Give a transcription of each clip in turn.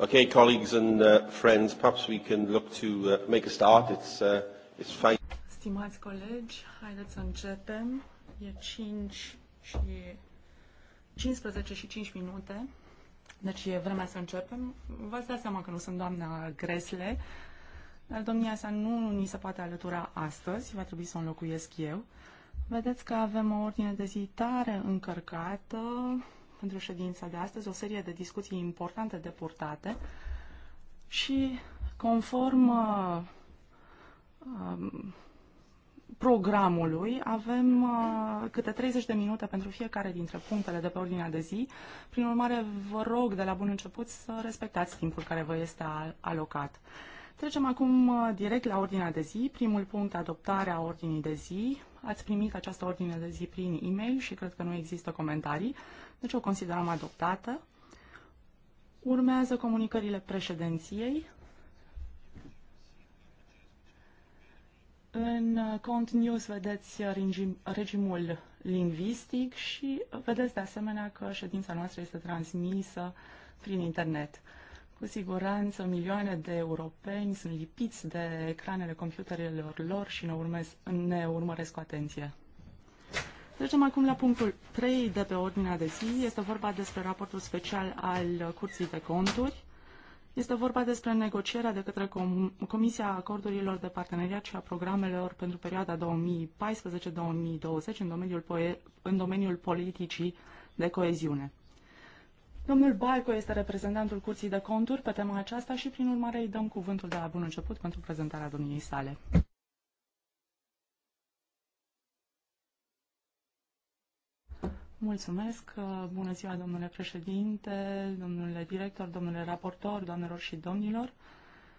Okay, colleagues and uh, friends, perhaps we can look to uh, make a start. It's, uh, it's fine. Stimați colegi, haideți să începem. E 5 și 15 și 5 minute. Deci e vremea să începem. Vă să seama că nu sunt doamna Gresle, dar domnia sa nu ni se poate alătura astăzi, va trebui să o înlocuiesc eu. Vedeți că avem o ordine de zi tare încărcată, pentru ședința de astăzi, o serie de discuții importante depurtate și conform uh, um, programului avem uh, câte 30 de minute pentru fiecare dintre punctele de pe ordinea de zi. Prin urmare, vă rog de la bun început să respectați timpul care vă este alocat. Trecem acum uh, direct la ordinea de zi. Primul punct, adoptarea ordinii de zi. Ați primit această ordine de zi prin e-mail și cred că nu există comentarii deci o considerăm adoptată. Urmează comunicările președinției. În cont news vedeți regimul lingvistic și vedeți de asemenea că ședința noastră este transmisă prin internet. Cu siguranță milioane de europeni sunt lipiți de ecranele computerelor lor și ne, urmez, ne urmăresc cu atenție. Trecem acum la punctul 3 de pe ordinea de zi. Este vorba despre raportul special al Curții de Conturi. Este vorba despre negocierea de către Com Comisia Acordurilor de Parteneriat și a Programelor pentru perioada 2014-2020 în domeniul, în domeniul politicii de coeziune. Domnul Balco este reprezentantul Curții de Conturi pe tema aceasta și, prin urmare, îi dăm cuvântul de la bun început pentru prezentarea domniei sale. Mulțumesc. Bună ziua, domnule președinte, domnule director, domnule raportor, doamnelor și domnilor.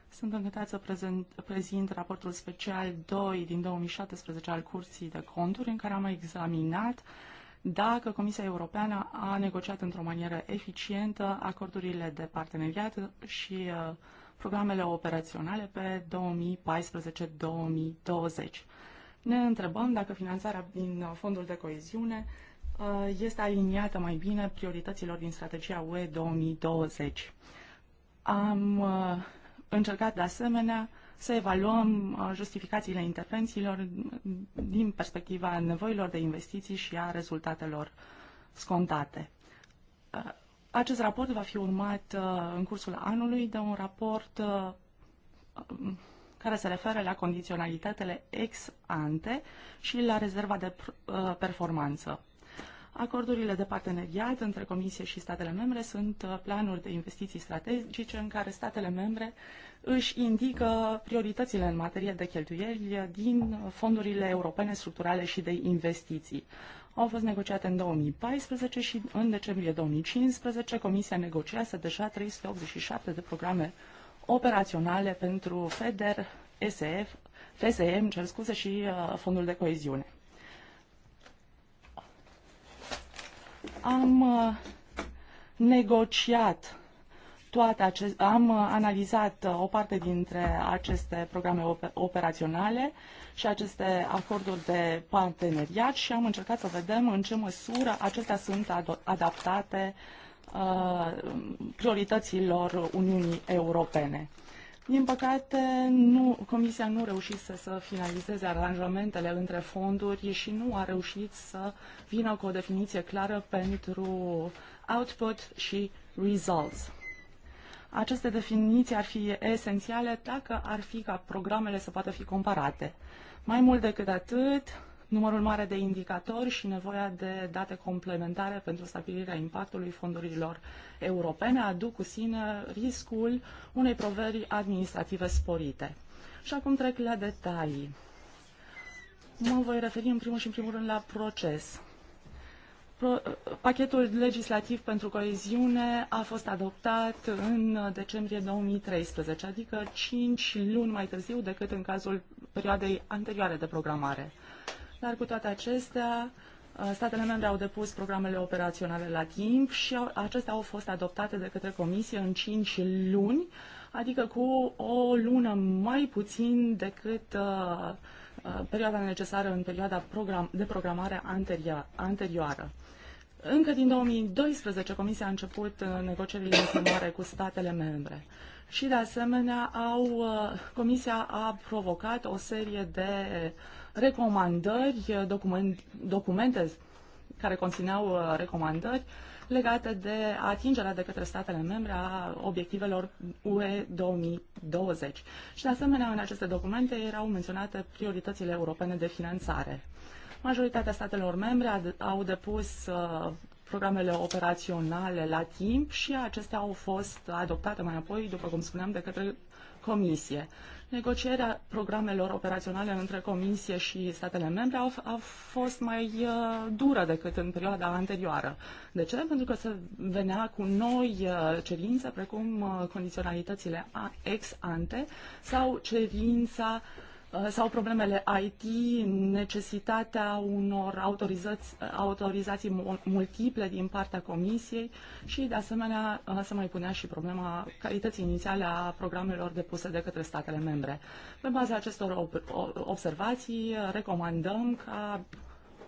Sunt încântat să prezent, prezint raportul special 2 din 2017 al Curții de Conturi, în care am examinat dacă Comisia Europeană a negociat într-o manieră eficientă acordurile de parteneriat și uh, programele operaționale pe 2014-2020. Ne întrebăm dacă finanțarea din fondul de coeziune Uh, este aliniată mai bine priorităților din strategia UE 2020. Am uh, încercat de asemenea să evaluăm uh, justificațiile intervențiilor din perspectiva nevoilor de investiții și a rezultatelor scontate. Acest raport va fi urmat în cursul anului de un raport care se referă la condiționalitatele ex ante și la rezerva de performanță. Acordurile de parteneriat între Comisie și statele membre sunt uh, planuri de investiții strategice în care statele membre își indică prioritățile în materie de cheltuieli din fondurile europene structurale și de investiții. Au fost negociate în 2014 și în decembrie 2015 Comisia negociase deja 387 de programe operaționale pentru FEDER, SF, FSM, cer scuze, și uh, Fondul de Coeziune. am uh, negociat toate aceste, am uh, analizat uh, o parte dintre aceste programe operaționale și aceste acorduri de parteneriat și am încercat să vedem în ce măsură acestea sunt adaptate priorităților Uniunii Europene. Din păcate, nu, Comisia nu a reușit să, să finalizeze aranjamentele între fonduri și nu a reușit să vină cu o definiție clară pentru output și results. Aceste definiții ar fi esențiale dacă ar fi ca programele să poată fi comparate. Mai mult decât atât, numărul mare de indicatori și nevoia de date complementare pentru stabilirea impactului fondurilor europene aduc cu sine riscul unei proveri administrative sporite. Și acum trec la detalii. Mă voi referi în primul și în primul rând la proces. Pro pachetul legislativ pentru coeziune a fost adoptat în decembrie 2013, adică 5 luni mai târziu decât în cazul perioadei anterioare de programare dar cu toate acestea, uh, statele membre au depus programele operaționale la timp și acestea au fost adoptate de către Comisie în 5 luni, adică cu o lună mai puțin decât uh, uh, perioada necesară în perioada de programare anterioară. Încă din 2012 Comisia a început negocierile sumare cu statele membre și de asemenea au, Comisia a provocat o serie de uh, recomandări, eh, document, documente care conțineau eh, recomandări legate de atingerea de către statele membre a obiectivelor UE 2020. Și de asemenea, în aceste documente erau menționate prioritățile europene de finanțare. Majoritatea statelor membre au depus eh, programele operaționale la timp și acestea au fost adoptate mai apoi, după cum spuneam, de către Comisie. Negocierea programelor operaționale între Comisie și statele membre au, a fost mai uh, dură decât în perioada anterioară. De ce? Pentru că se venea cu noi uh, cerințe, precum uh, condiționalitățile ex ante sau cerința uh, Uh, sau problemele IT, necesitatea unor autorizați, autorizații multiple din partea Comisiei și, de asemenea, uh, se mai punea și problema calității inițiale a programelor depuse de către statele membre. Pe baza acestor observații, recomandăm ca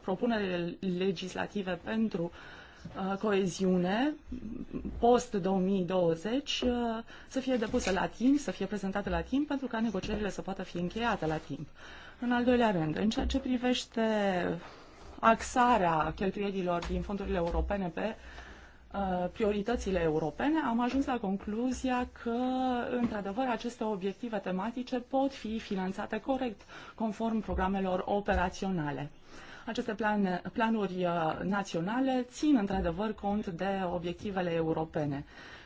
propunerile legislative pentru uh, Uh, coeziune post-2020 uh, să fie depusă la timp, să fie prezentată la timp, pentru ca negocierile să poată fi încheiate la timp. În al doilea rând, în ceea ce privește axarea cheltuielilor din fondurile europene pe uh, prioritățile europene, am ajuns la concluzia că, într-adevăr, aceste obiective tematice pot fi finanțate corect, conform programelor operaționale. Uh, aceste plane, planuri uh, naționale țin într-adevăr cont de obiectivele europene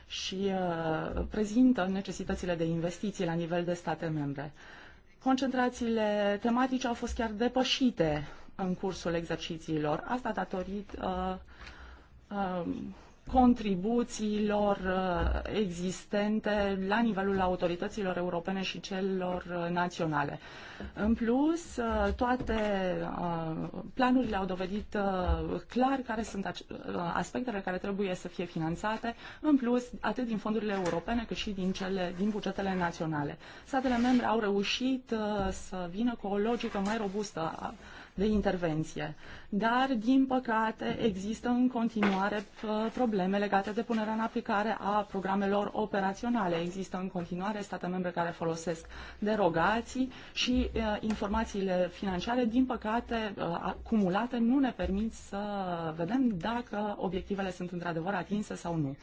și uh, prezintă necesitățile de investiții la nivel de state membre. Concentrațiile tematice au fost chiar depășite în cursul exercițiilor. Asta datorită uh, uh, contribuțiilor uh, existente la nivelul autorităților europene și celor uh, naționale. În plus, uh, toate planurile au dovedit clar care sunt aspectele care trebuie să fie finanțate, în plus, atât din fondurile europene cât și din, cele, din bugetele naționale. Statele membre au reușit să vină cu o logică mai robustă de intervenție. Dar, din păcate, există în continuare uh, probleme legate de punerea în aplicare a programelor operaționale. Există în continuare state membre care folosesc derogații și uh, informațiile financiare, din păcate, uh, acumulate, nu ne permit să vedem dacă obiectivele sunt într-adevăr atinse sau nu.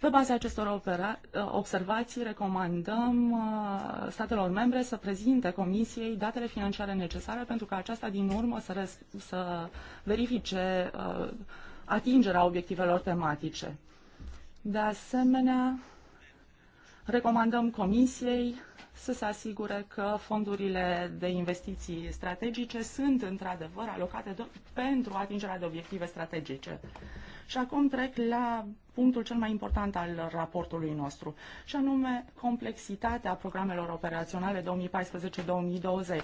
Pe baza acestor uh, observații, recomandăm uh, statelor membre să prezinte Comisiei datele financiare necesare pentru ca aceasta, din urmă, să, să verifice uh, atingerea obiectivelor tematice. De asemenea, recomandăm Comisiei să se asigure că fondurile de investiții strategice sunt într-adevăr alocate pentru atingerea de obiective strategice. Și acum trec la punctul cel mai important al raportului nostru, și anume complexitatea programelor operaționale 2014-2020.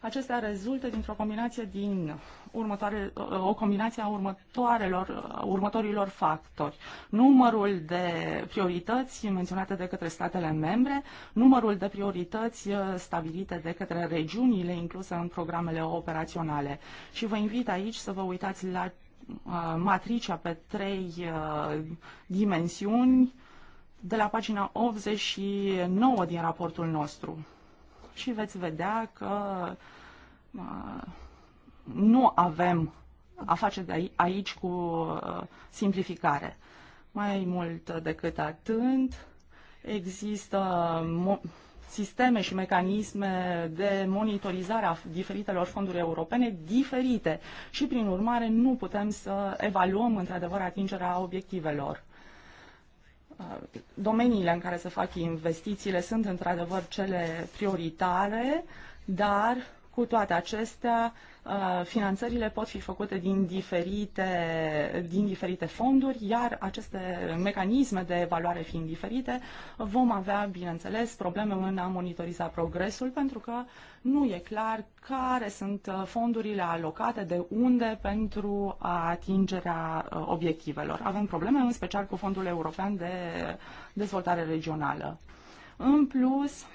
Acestea rezultă dintr-o combinație din următoare, o combinație a următoarelor, următorilor factori. Numărul de priorități menționate de către statele membre, numărul de priorități uh, stabilite de către regiunile incluse în programele operaționale. Și vă invit aici să vă uitați la Uh, matricea pe trei uh, dimensiuni de la pagina 89 din raportul nostru. Și veți vedea că uh, nu avem a face de aici cu simplificare. Mai mult decât atât, există sisteme și mecanisme de monitorizare a diferitelor fonduri europene diferite și, prin urmare, nu putem să evaluăm, într-adevăr, atingerea obiectivelor. Domeniile în care se fac investițiile sunt, într-adevăr, cele prioritare, dar cu toate acestea, uh, finanțările pot fi făcute din diferite, din diferite fonduri, iar aceste mecanisme de evaluare fiind diferite, vom avea, bineînțeles, probleme în a monitoriza progresul, pentru că nu e clar care sunt uh, fondurile alocate de unde pentru atingerea uh, obiectivelor. Avem probleme în special cu Fondul European de Dezvoltare Regională. În plus,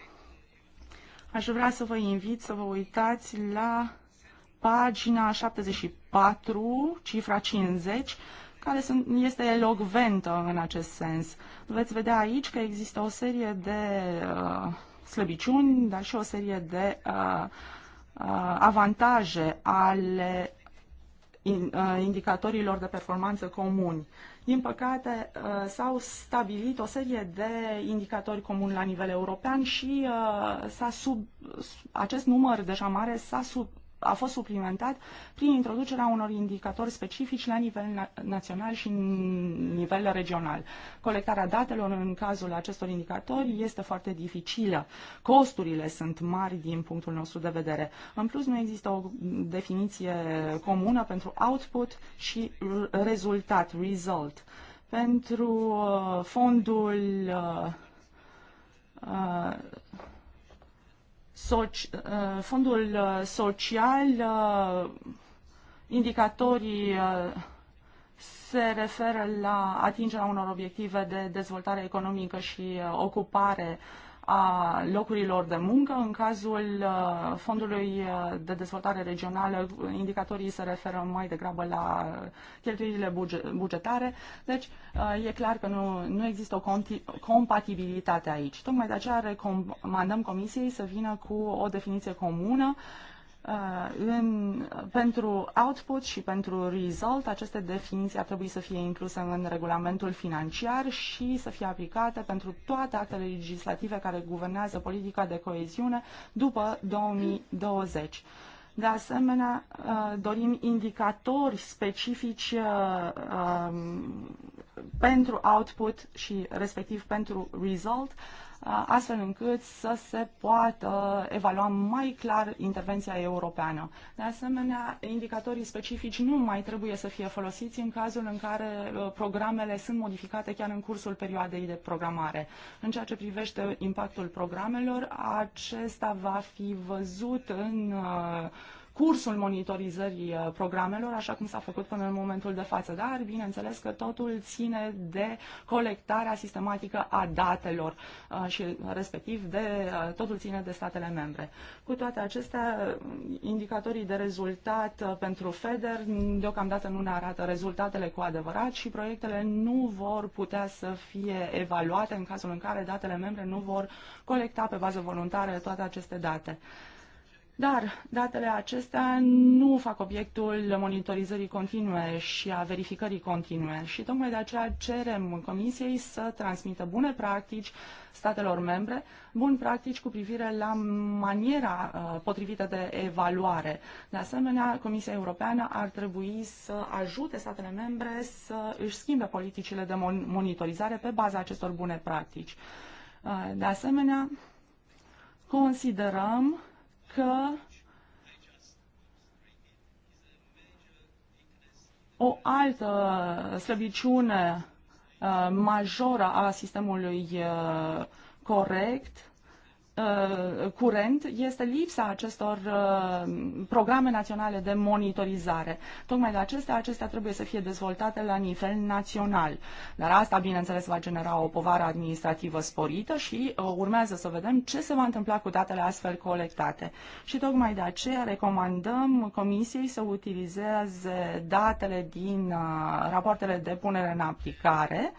Aș vrea să vă invit să vă uitați la pagina 74, cifra 50, care sunt, este elogventă în acest sens. Veți vedea aici că există o serie de uh, slăbiciuni, dar și o serie de uh, uh, avantaje ale in, uh, indicatorilor de performanță comuni. Din păcate, uh, s-au stabilit o serie de indicatori comuni la nivel european și uh, s-a sub, acest număr deja mare s-a sub, a fost suplimentat prin introducerea unor indicatori specifici la nivel na- național și nivel regional. Colectarea datelor în cazul acestor indicatori este foarte dificilă. Costurile sunt mari din punctul nostru de vedere. În plus, nu există o definiție comună pentru output și rezultat, result. Pentru uh, fondul uh, uh, soci, uh, fondul uh, social, uh, indicatorii se referă la atingerea unor obiective de dezvoltare economică și ocupare a locurilor de muncă. În cazul uh, Fondului uh, de Dezvoltare Regională, indicatorii se referă mai degrabă la cheltuielile bugetare. Deci, uh, e clar că nu, nu există o compatibilitate aici. Tocmai de aceea recomandăm Comisiei să vină cu o definiție comună Uh, în, pentru output și pentru result, aceste definiții ar trebui să fie incluse în regulamentul financiar și să fie aplicate pentru toate actele legislative care guvernează politica de coeziune după 2020. De asemenea, uh, dorim indicatori specifici uh, um, pentru output și respectiv pentru result, astfel încât să se poată evalua mai clar intervenția europeană. De asemenea, indicatorii specifici nu mai trebuie să fie folosiți în cazul în care uh, programele sunt modificate chiar în cursul perioadei de programare. În ceea ce privește impactul programelor, acesta va fi văzut în uh, cursul monitorizării uh, programelor, așa cum s-a făcut până în momentul de față, dar bineînțeles că totul ține de colectarea sistematică a datelor uh, și respectiv de uh, totul ține de statele membre. Cu toate acestea, indicatorii de rezultat pentru FEDER deocamdată nu ne arată rezultatele cu adevărat și proiectele nu vor putea să fie evaluate în cazul în care datele membre nu vor colecta pe bază voluntară toate aceste date. Dar datele acestea nu fac obiectul monitorizării continue și a verificării continue și tocmai de aceea cerem Comisiei să transmită bune practici statelor membre, bun practici cu privire la maniera uh, potrivită de evaluare. De asemenea, Comisia Europeană ar trebui să ajute statele membre să își schimbe politicile de monitorizare pe baza acestor bune practici. Uh, de asemenea, considerăm că o altă slăbiciune uh, majoră a sistemului uh, corect Uh, curent este lipsa acestor uh, programe naționale de monitorizare. Tocmai de acestea, acestea trebuie să fie dezvoltate la nivel național. Dar asta, bineînțeles, va genera o povară administrativă sporită și uh, urmează să vedem ce se va întâmpla cu datele astfel colectate. Și tocmai de aceea recomandăm Comisiei să utilizeze datele din rapoartele de punere în aplicare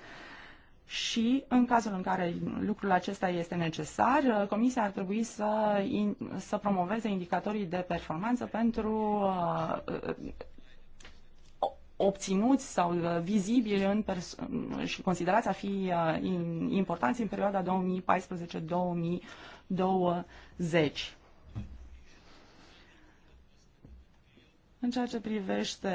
și în cazul în care lucrul acesta este necesar, uh, Comisia ar trebui să, in, să promoveze indicatorii de performanță pentru uh, uh obținuți sau uh, vizibili în și considerați a fi uh, in, importanți în perioada 2014-2020. În ceea ce privește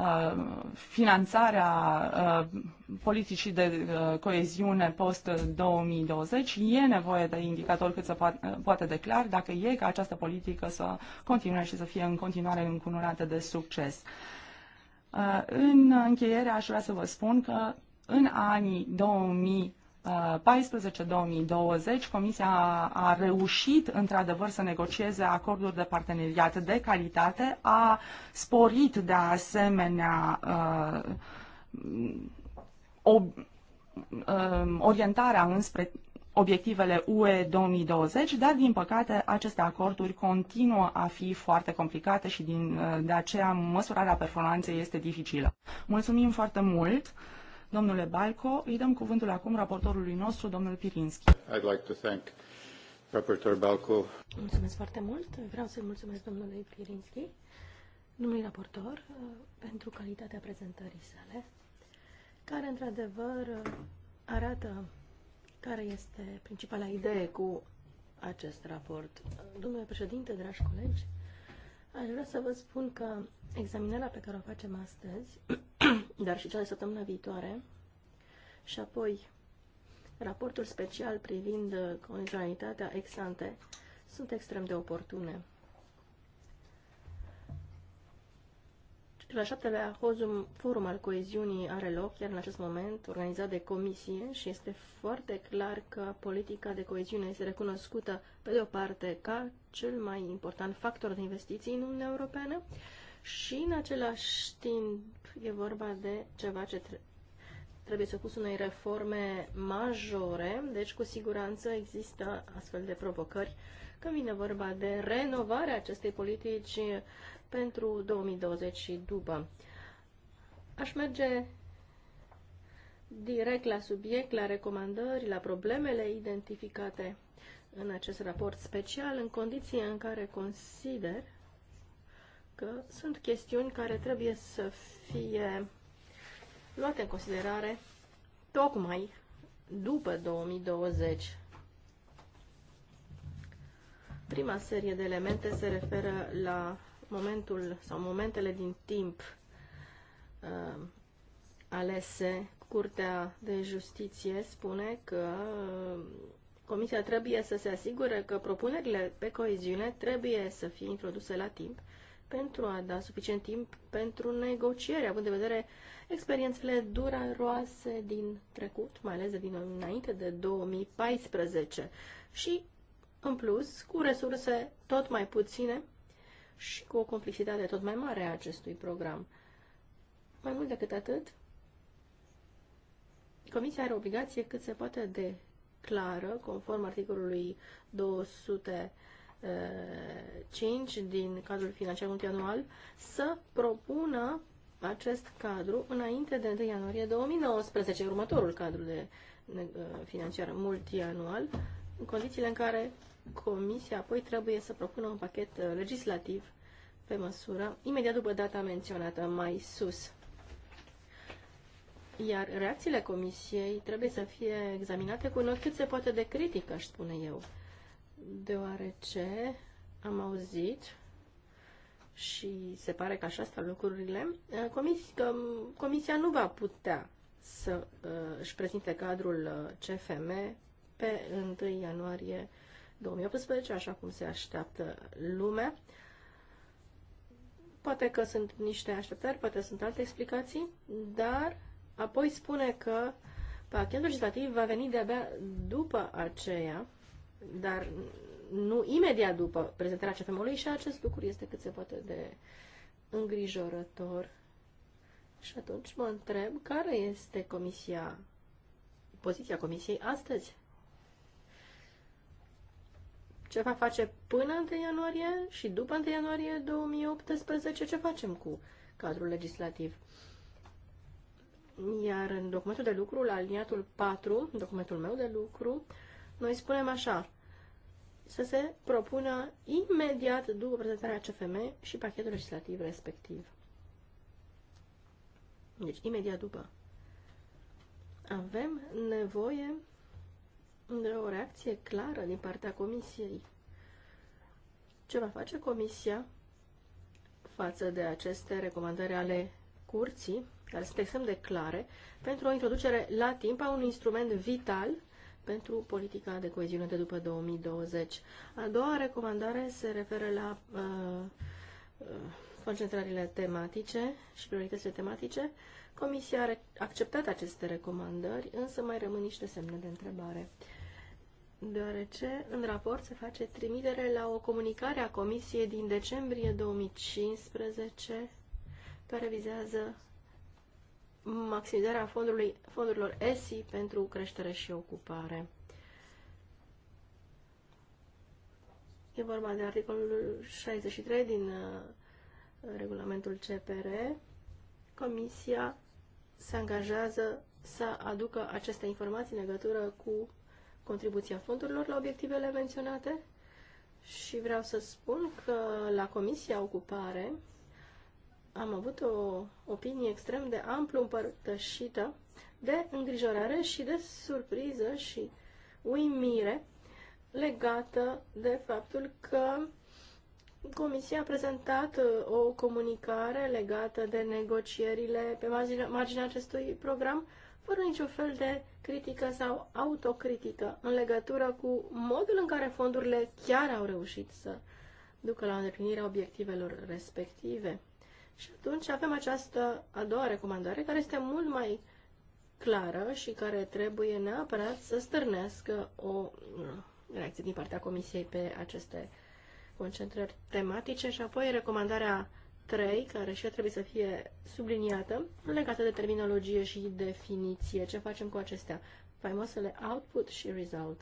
Uh, finanțarea uh, politicii de uh, coeziune post-2020, e nevoie de indicatori cât se poate declar dacă e ca această politică să continue și să fie în continuare încununată de succes. În încheiere aș vrea să vă spun că în anii 2000 2014-2020, Comisia a, a reușit într-adevăr să negocieze acorduri de parteneriat de calitate, a sporit de asemenea uh, ob, uh, orientarea înspre obiectivele UE 2020, dar din păcate aceste acorduri continuă a fi foarte complicate și din, uh, de aceea măsurarea performanței este dificilă. Mulțumim foarte mult! Domnule Balco, îi dăm cuvântul acum raportorului nostru, domnul Pirinski. I'd like to thank Raportor Balco. Mulțumesc foarte mult. Vreau să-i mulțumesc domnului Pirinski, domnului raportor, pentru calitatea prezentării sale, care într-adevăr arată care este principala idee cu acest raport. Domnule președinte, dragi colegi, Aș vrea să vă spun că examinarea pe care o facem astăzi, dar și cea de săptămâna viitoare, și apoi raportul special privind uh, condiționalitatea ex ante, sunt extrem de oportune. Cel al șaptelea forum al coeziunii are loc chiar în acest moment, organizat de comisie și este foarte clar că politica de coeziune este recunoscută, pe de o parte, ca cel mai important factor de investiții în Uniunea Europeană și, în același timp, e vorba de ceva ce tre- trebuie pus unei reforme majore, deci cu siguranță există astfel de provocări când vine vorba de renovarea acestei politici pentru 2020 și după. Aș merge direct la subiect, la recomandări, la problemele identificate în acest raport special, în condiții în care consider că sunt chestiuni care trebuie să fie luate în considerare tocmai după 2020. Prima serie de elemente se referă la momentul sau momentele din timp uh, alese, Curtea de Justiție spune că uh, Comisia trebuie să se asigure că propunerile pe coeziune trebuie să fie introduse la timp pentru a da suficient timp pentru negociere, având de vedere experiențele duraroase din trecut, mai ales din înainte de 2014 și, în plus, cu resurse tot mai puține, și cu o complicitate tot mai mare a acestui program. Mai mult decât atât, Comisia are obligație cât se poate de clară, conform articolului 205 eh, din cadrul financiar multianual, să propună acest cadru înainte de 1 ianuarie 2019, următorul cadru de eh, financiar multianual, în condițiile în care Comisia apoi trebuie să propună un pachet uh, legislativ pe măsură, imediat după data menționată mai sus. Iar reacțiile Comisiei trebuie să fie examinate cu un ochi cât se poate de critic, aș spune eu, deoarece am auzit și se pare că așa stau lucrurile, uh, că Comisia nu va putea să uh, își prezinte cadrul uh, CFM pe 1 ianuarie 2018, așa cum se așteaptă lumea. Poate că sunt niște așteptări, poate sunt alte explicații, dar apoi spune că pachetul legislativ va veni de-abia după aceea, dar nu imediat după prezentarea CFM-ului și acest lucru este cât se poate de îngrijorător. Și atunci mă întreb care este comisia, poziția comisiei astăzi ce va face până 1 ianuarie și după 1 ianuarie 2018, ce facem cu cadrul legislativ. Iar în documentul de lucru, la aliniatul 4, documentul meu de lucru, noi spunem așa, să se propună imediat după prezentarea CFM și pachetul legislativ respectiv. Deci, imediat după. Avem nevoie o reacție clară din partea Comisiei. Ce va face Comisia față de aceste recomandări ale curții, care sunt extrem de clare, pentru o introducere la timp a unui instrument vital pentru politica de coeziune de după 2020. A doua recomandare se referă la uh, uh concentrările tematice și prioritățile tematice. Comisia a acceptat aceste recomandări, însă mai rămân niște semne de întrebare deoarece în raport se face trimitere la o comunicare a Comisiei din decembrie 2015 care vizează maximizarea fondului, fondurilor ESI pentru creștere și ocupare. E vorba de articolul 63 din uh, regulamentul CPR. Comisia se angajează să aducă aceste informații în legătură cu contribuția fondurilor la obiectivele menționate și vreau să spun că la Comisia Ocupare am avut o opinie extrem de amplu împărtășită de îngrijorare și de surpriză și uimire legată de faptul că Comisia a prezentat uh, o comunicare legată de negocierile pe marginea acestui program fără niciun fel de critică sau autocritică în legătură cu modul în care fondurile chiar au reușit să ducă la îndeplinirea obiectivelor respective. Și atunci avem această a doua recomandare care este mult mai clară și care trebuie neapărat să stârnească o uh, reacție din partea Comisiei pe aceste concentrări tematice și apoi recomandarea 3, care și trebuie să fie subliniată, legată de terminologie și definiție. Ce facem cu acestea? Faimoasele output și result.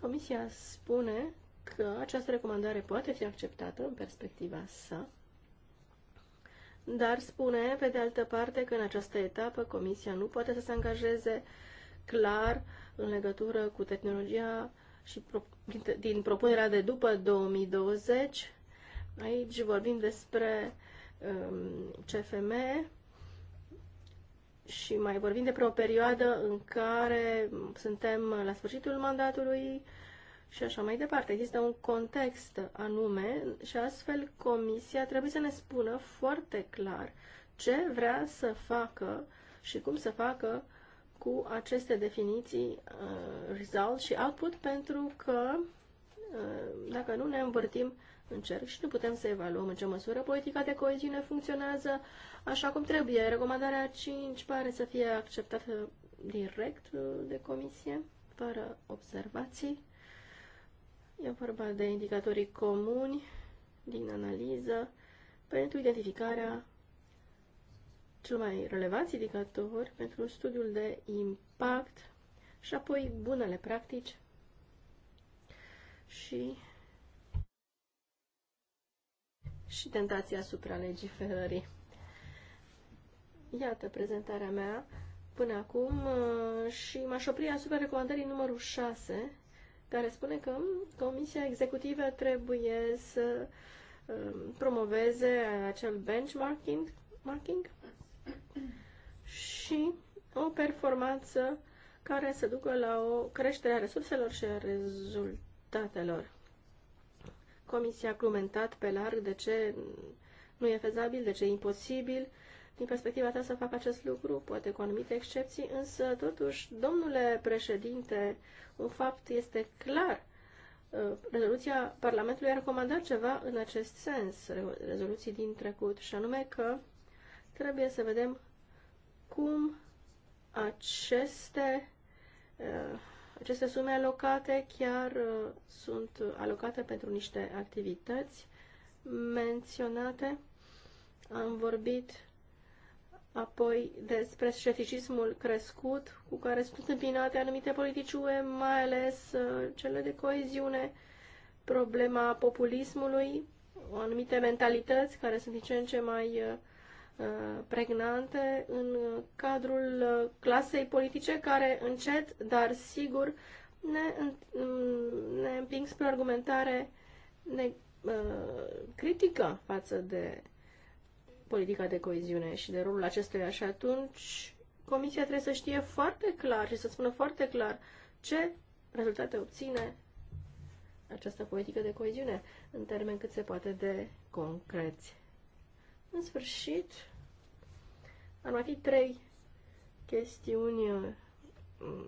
Comisia spune că această recomandare poate fi acceptată în perspectiva sa, dar spune, pe de altă parte, că în această etapă Comisia nu poate să se angajeze clar în legătură cu tehnologia și pro- din propunerea de după 2020 Aici vorbim despre um, CFM și mai vorbim de o perioadă în care suntem la sfârșitul mandatului și așa mai departe. Există un context anume și astfel Comisia trebuie să ne spună foarte clar ce vrea să facă și cum să facă cu aceste definiții uh, result și output pentru că uh, dacă nu ne învârtim în și nu putem să evaluăm în ce măsură politica de coeziune funcționează așa cum trebuie. Recomandarea 5 pare să fie acceptată direct uh, de comisie, fără observații. E vorba de indicatorii comuni din analiză pentru identificarea cel mai relevanți indicatori pentru studiul de impact și apoi bunele practici și și tentația asupra legiferării. Iată prezentarea mea până acum uh, și m-aș opri asupra recomandării numărul 6, care spune că mm, Comisia Executivă trebuie să uh, promoveze acel benchmarking marking, și o performanță care să ducă la o creștere a resurselor și a rezultatelor. Comisia a comentat pe larg de ce nu e fezabil, de ce e imposibil din perspectiva ta să fac acest lucru, poate cu anumite excepții, însă totuși, domnule președinte, un fapt este clar. Uh, rezoluția Parlamentului a recomandat ceva în acest sens, rezoluții din trecut, și anume că trebuie să vedem cum aceste uh, aceste sume alocate chiar uh, sunt alocate pentru niște activități menționate. Am vorbit apoi despre scepticismul crescut cu care sunt întâmpinate anumite politici UE, mai ales uh, cele de coeziune, problema populismului, anumite mentalități care sunt din ce în ce mai uh, Uh, pregnante în cadrul uh, clasei politice care încet, dar sigur, ne, ne împing spre argumentare ne, uh, critică față de politica de coeziune și de rolul acestuia și atunci Comisia trebuie să știe foarte clar și să spună foarte clar ce rezultate obține această politică de coeziune în termeni cât se poate de concreți. În sfârșit, ar mai fi trei chestiuni uh,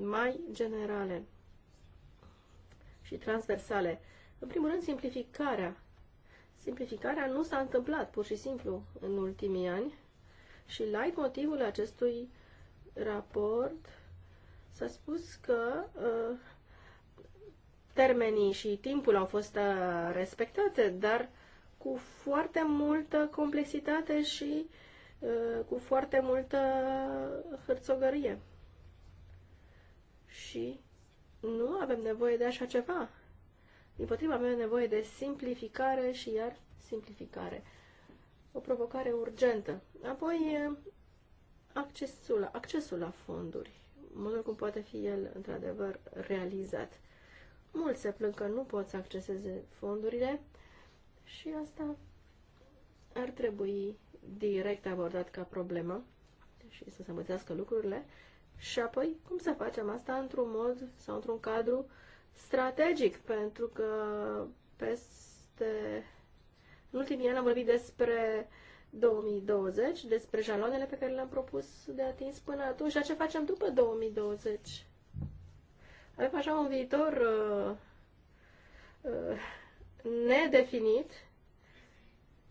mai generale și transversale. În primul rând, simplificarea. Simplificarea nu s-a întâmplat pur și simplu în ultimii ani și la motivul acestui raport s-a spus că uh, termenii și timpul au fost uh, respectate, dar uh, cu foarte multă complexitate și uh, cu foarte multă hârțogărie. Și nu avem nevoie de așa ceva. Din potriva, avem nevoie de simplificare și iar simplificare. O provocare urgentă. Apoi, uh, accesul, accesul la fonduri. Modul cum poate fi el, într-adevăr, realizat. Mulți se plâng că nu pot să acceseze fondurile și asta ar trebui direct abordat ca problemă și să se învățească lucrurile. Și apoi, cum să facem asta într-un mod sau într-un cadru strategic? Pentru că peste... În ultimii ani am vorbit despre 2020, despre jaloanele pe care le-am propus de atins până atunci, dar ce facem după 2020? Avem așa un viitor uh, uh, nedefinit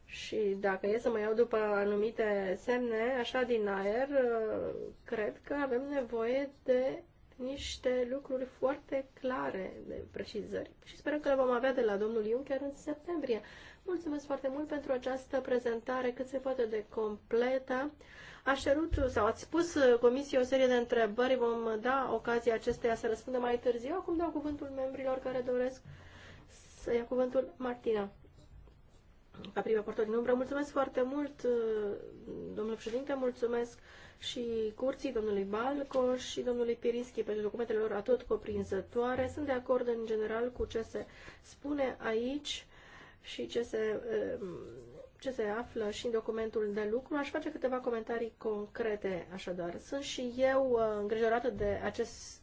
și dacă e să mă iau după anumite semne, așa din aer, uh, cred că avem nevoie de niște lucruri foarte clare de precizări și sperăm că le vom avea de la domnul Juncker în septembrie. Mulțumesc foarte mult pentru această prezentare cât se poate de completă. Aș cerut sau ați spus comisiei o serie de întrebări, vom da ocazia acesteia să răspundă mai târziu. Acum dau cuvântul membrilor care doresc să ia cuvântul Martina. Ca prima portă din umbră, mulțumesc foarte mult, uh, domnule președinte, mulțumesc și curții domnului Balco și domnului Pirinski pentru documentele lor atot coprinzătoare. Sunt de acord în general cu ce se spune aici și ce se, uh, ce se află și în documentul de lucru. Aș face câteva comentarii concrete, așadar. Sunt și eu uh, îngrijorată de acest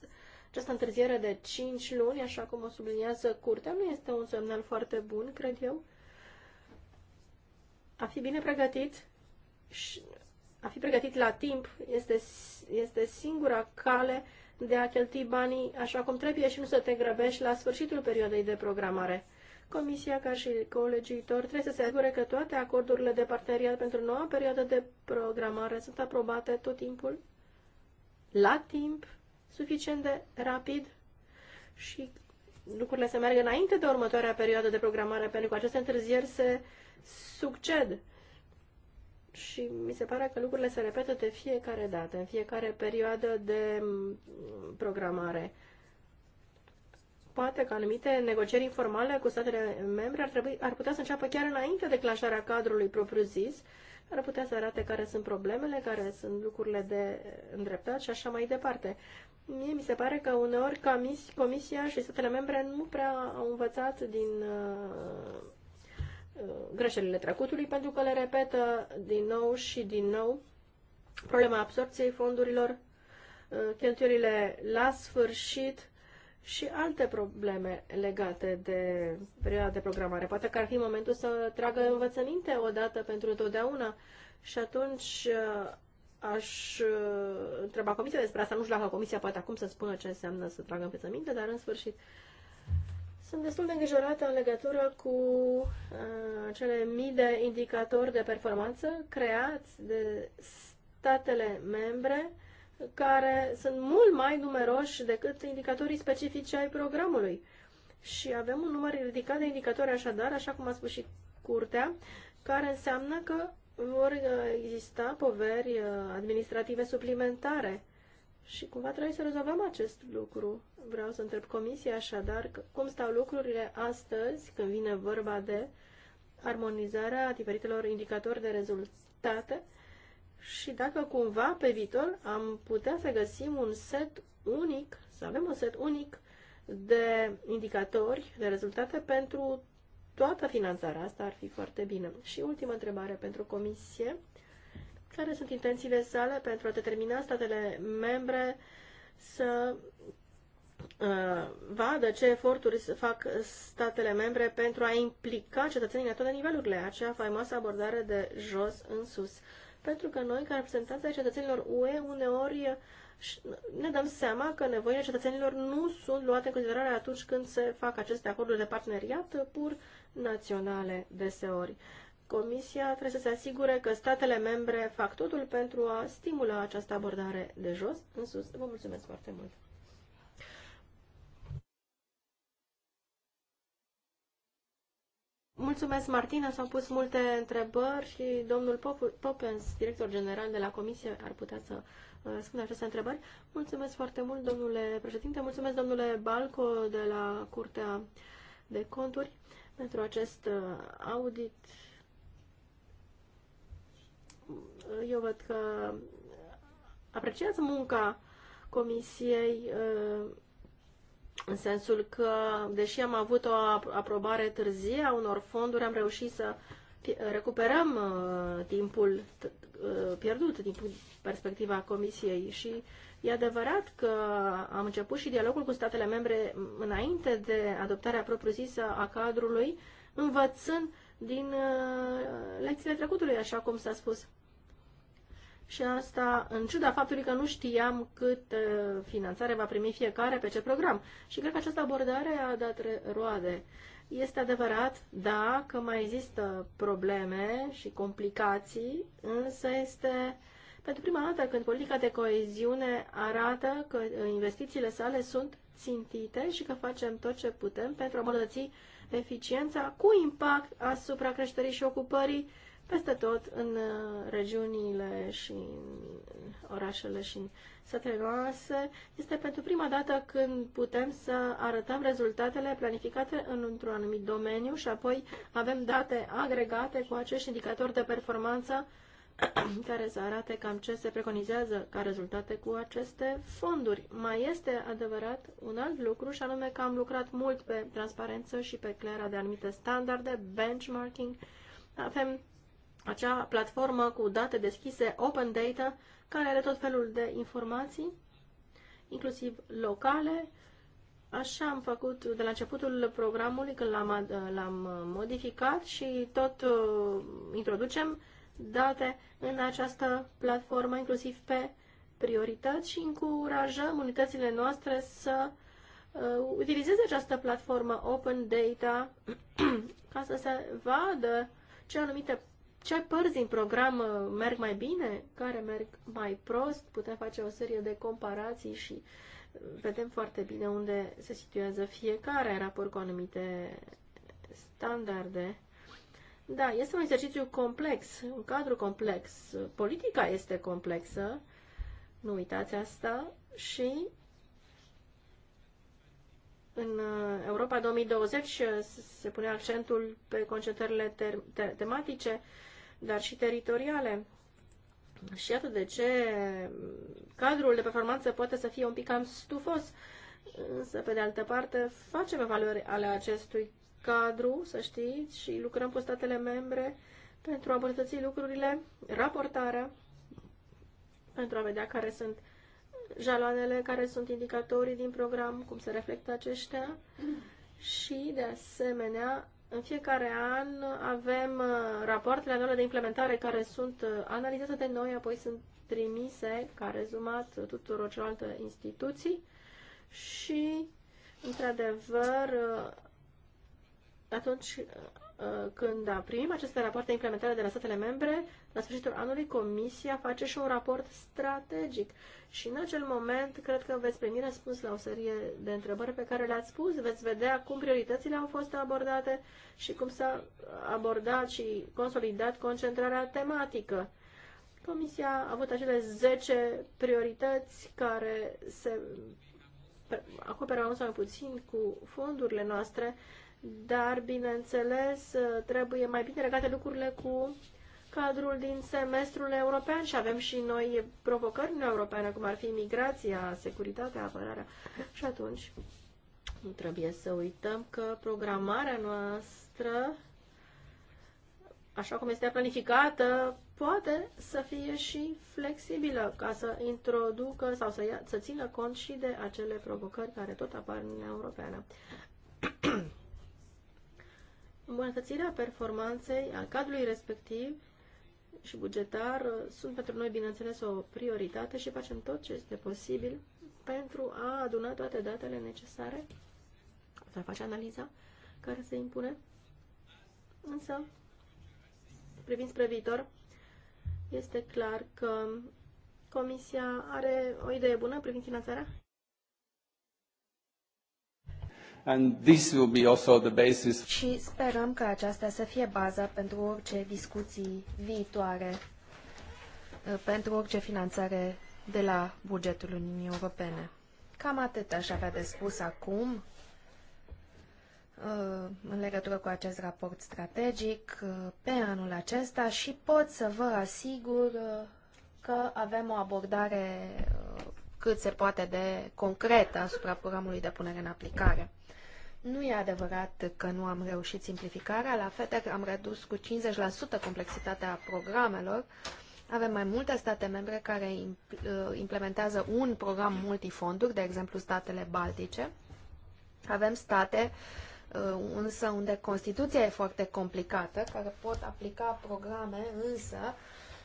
această întârziere de 5 luni, așa cum o subliniază curtea, nu este un semnal foarte bun, cred eu. A fi bine pregătit și a fi pregătit la timp este, este singura cale de a cheltui banii așa cum trebuie și nu să te grăbești la sfârșitul perioadei de programare. Comisia, ca și colegiitor, trebuie să se asigure că toate acordurile de parteneriat pentru noua perioadă de programare sunt aprobate tot timpul, la timp, suficient de rapid și lucrurile să meargă înainte de următoarea perioadă de programare, pentru că aceste întârzieri se succed. Și mi se pare că lucrurile se repetă de fiecare dată, în fiecare perioadă de mm, programare. Poate că anumite negocieri informale cu statele membre ar, trebui, ar putea să înceapă chiar înainte de declanșarea cadrului propriu-zis, ar putea să arate care sunt problemele, care sunt lucrurile de îndreptat și așa mai departe. Mie mi se pare că uneori Comisia și statele membre nu prea au învățat din uh, uh, greșelile trecutului pentru că le repetă din nou și din nou problema absorpției fondurilor, uh, cheltuielile la sfârșit și alte probleme legate de perioada de programare. Poate că ar fi momentul să tragă învățăminte odată pentru totdeauna și atunci uh, aș uh, întreba comisia despre asta. Nu știu dacă comisia poate acum să spună ce înseamnă să tragă minte dar în sfârșit sunt destul de îngrijorată în legătură cu uh, cele mii de indicatori de performanță creați de statele membre care sunt mult mai numeroși decât indicatorii specifice ai programului. Și avem un număr ridicat de indicatori așadar, așa cum a spus și curtea, care înseamnă că vor uh, exista poveri uh, administrative suplimentare și cumva trebuie să rezolvăm acest lucru. Vreau să întreb comisia așadar cum stau lucrurile astăzi când vine vorba de armonizarea diferitelor indicatori de rezultate și dacă cumva pe viitor am putea să găsim un set unic, să avem un set unic de indicatori, de rezultate pentru toată finanțarea asta ar fi foarte bine. Și ultima întrebare pentru Comisie. Care sunt intențiile sale pentru a determina statele membre să uh, vadă ce eforturi fac statele membre pentru a implica cetățenii la toate nivelurile, acea faimoasă abordare de jos în sus. Pentru că noi, ca reprezentanți ai cetățenilor UE, uneori ne dăm seama că nevoile cetățenilor nu sunt luate în considerare atunci când se fac aceste acorduri de parteneriat pur naționale deseori. Comisia trebuie să se asigure că statele membre fac totul pentru a stimula această abordare de jos în sus. Vă mulțumesc foarte mult! Mulțumesc, Martina. S-au pus multe întrebări și domnul Popens, director general de la Comisie, ar putea să răspundă uh, aceste întrebări. Mulțumesc foarte mult, domnule președinte. Mulțumesc, domnule Balco, de la Curtea de Conturi pentru acest uh, audit. Eu văd că apreciez munca Comisiei uh, în sensul că, deși am avut o aprobare târzie a unor fonduri, am reușit să recuperăm uh, timpul uh, pierdut din perspectiva Comisiei și e adevărat că am început și dialogul cu statele membre înainte de adoptarea propriu-zisă a cadrului, învățând din uh, lecțiile trecutului, așa cum s-a spus. Și asta în ciuda faptului că nu știam cât finanțare va primi fiecare pe ce program. Și cred că această abordare a dat roade. Este adevărat, da, că mai există probleme și complicații, însă este pentru prima dată când politica de coeziune arată că investițiile sale sunt țintite și că facem tot ce putem pentru a îmbunătăți eficiența cu impact asupra creșterii și ocupării peste tot în uh, regiunile și în uh, orașele și în satele noastre. Este pentru prima dată când putem să arătăm rezultatele planificate într-un anumit domeniu și apoi avem date agregate cu acești indicatori de performanță care să arate cam ce se preconizează ca rezultate cu aceste fonduri. Mai este adevărat un alt lucru și anume că am lucrat mult pe transparență și pe clara de anumite standarde, benchmarking. Avem acea platformă cu date deschise, open data, care are tot felul de informații, inclusiv locale. Așa am făcut de la începutul programului, când l-am, l-am uh, modificat și tot uh, introducem date în această platformă, inclusiv pe priorități și încurajăm unitățile noastre să uh, utilizeze această platformă Open Data ca să se vadă ce anumite ce părți din program uh, merg mai bine, care merg mai prost, putem face o serie de comparații și uh, vedem foarte bine unde se situează fiecare raport cu anumite standarde. Da, este un exercițiu complex, un cadru complex. Politica este complexă, nu uitați asta, și în uh, Europa 2020 se pune accentul pe concentrările tematice dar și teritoriale. Și iată de ce cadrul de performanță poate să fie un pic cam stufos, însă, pe de altă parte, facem evaluări ale acestui cadru, să știți, și lucrăm cu statele membre pentru a îmbunătăți lucrurile, raportarea, pentru a vedea care sunt jaloanele, care sunt indicatorii din program, cum se reflectă aceștia și, de asemenea, în fiecare an avem uh, rapoartele anuale de implementare care sunt uh, analizate de noi, apoi sunt trimise ca rezumat uh, tuturor celorlalte instituții și, într-adevăr, atunci Uh, când primim aceste rapoarte implementare de la statele membre, la sfârșitul anului Comisia face și un raport strategic. Și în acel moment cred că veți primi răspuns la o serie de întrebări pe care le-ați spus, veți vedea cum prioritățile au fost abordate și cum s-a abordat și consolidat concentrarea tematică. Comisia a avut acele 10 priorități care se acoperă mai mult sau mai puțin cu fondurile noastre dar, bineînțeles, trebuie mai bine legate lucrurile cu cadrul din semestrul european și avem și noi provocări în europeană, cum ar fi migrația, securitatea, apărarea. Și atunci nu trebuie să uităm că programarea noastră, așa cum este planificată, poate să fie și flexibilă ca să introducă sau să, ia, să țină cont și de acele provocări care tot apar în Uniunea Europeană. Îmbunătățirea performanței al cadrului respectiv și bugetar uh, sunt pentru noi, bineînțeles, o prioritate și facem tot ce este posibil pentru a aduna toate datele necesare, pentru a face analiza care se impune. Însă, privind spre viitor, este clar că Comisia are o idee bună privind finanțarea And this will be also the basis. Și sperăm că aceasta să fie baza pentru orice discuții viitoare, uh, pentru orice finanțare de la bugetul Uniunii Europene. Cam atât aș avea de spus acum uh, în legătură cu acest raport strategic uh, pe anul acesta și pot să vă asigur că avem o abordare cât se poate de concretă asupra programului de punere în aplicare. Nu e adevărat că nu am reușit simplificarea. La FETEC am redus cu 50% complexitatea programelor. Avem mai multe state membre care uh, implementează un program multifonduri, de exemplu statele baltice. Avem state uh, însă unde Constituția e foarte complicată, care pot aplica programe însă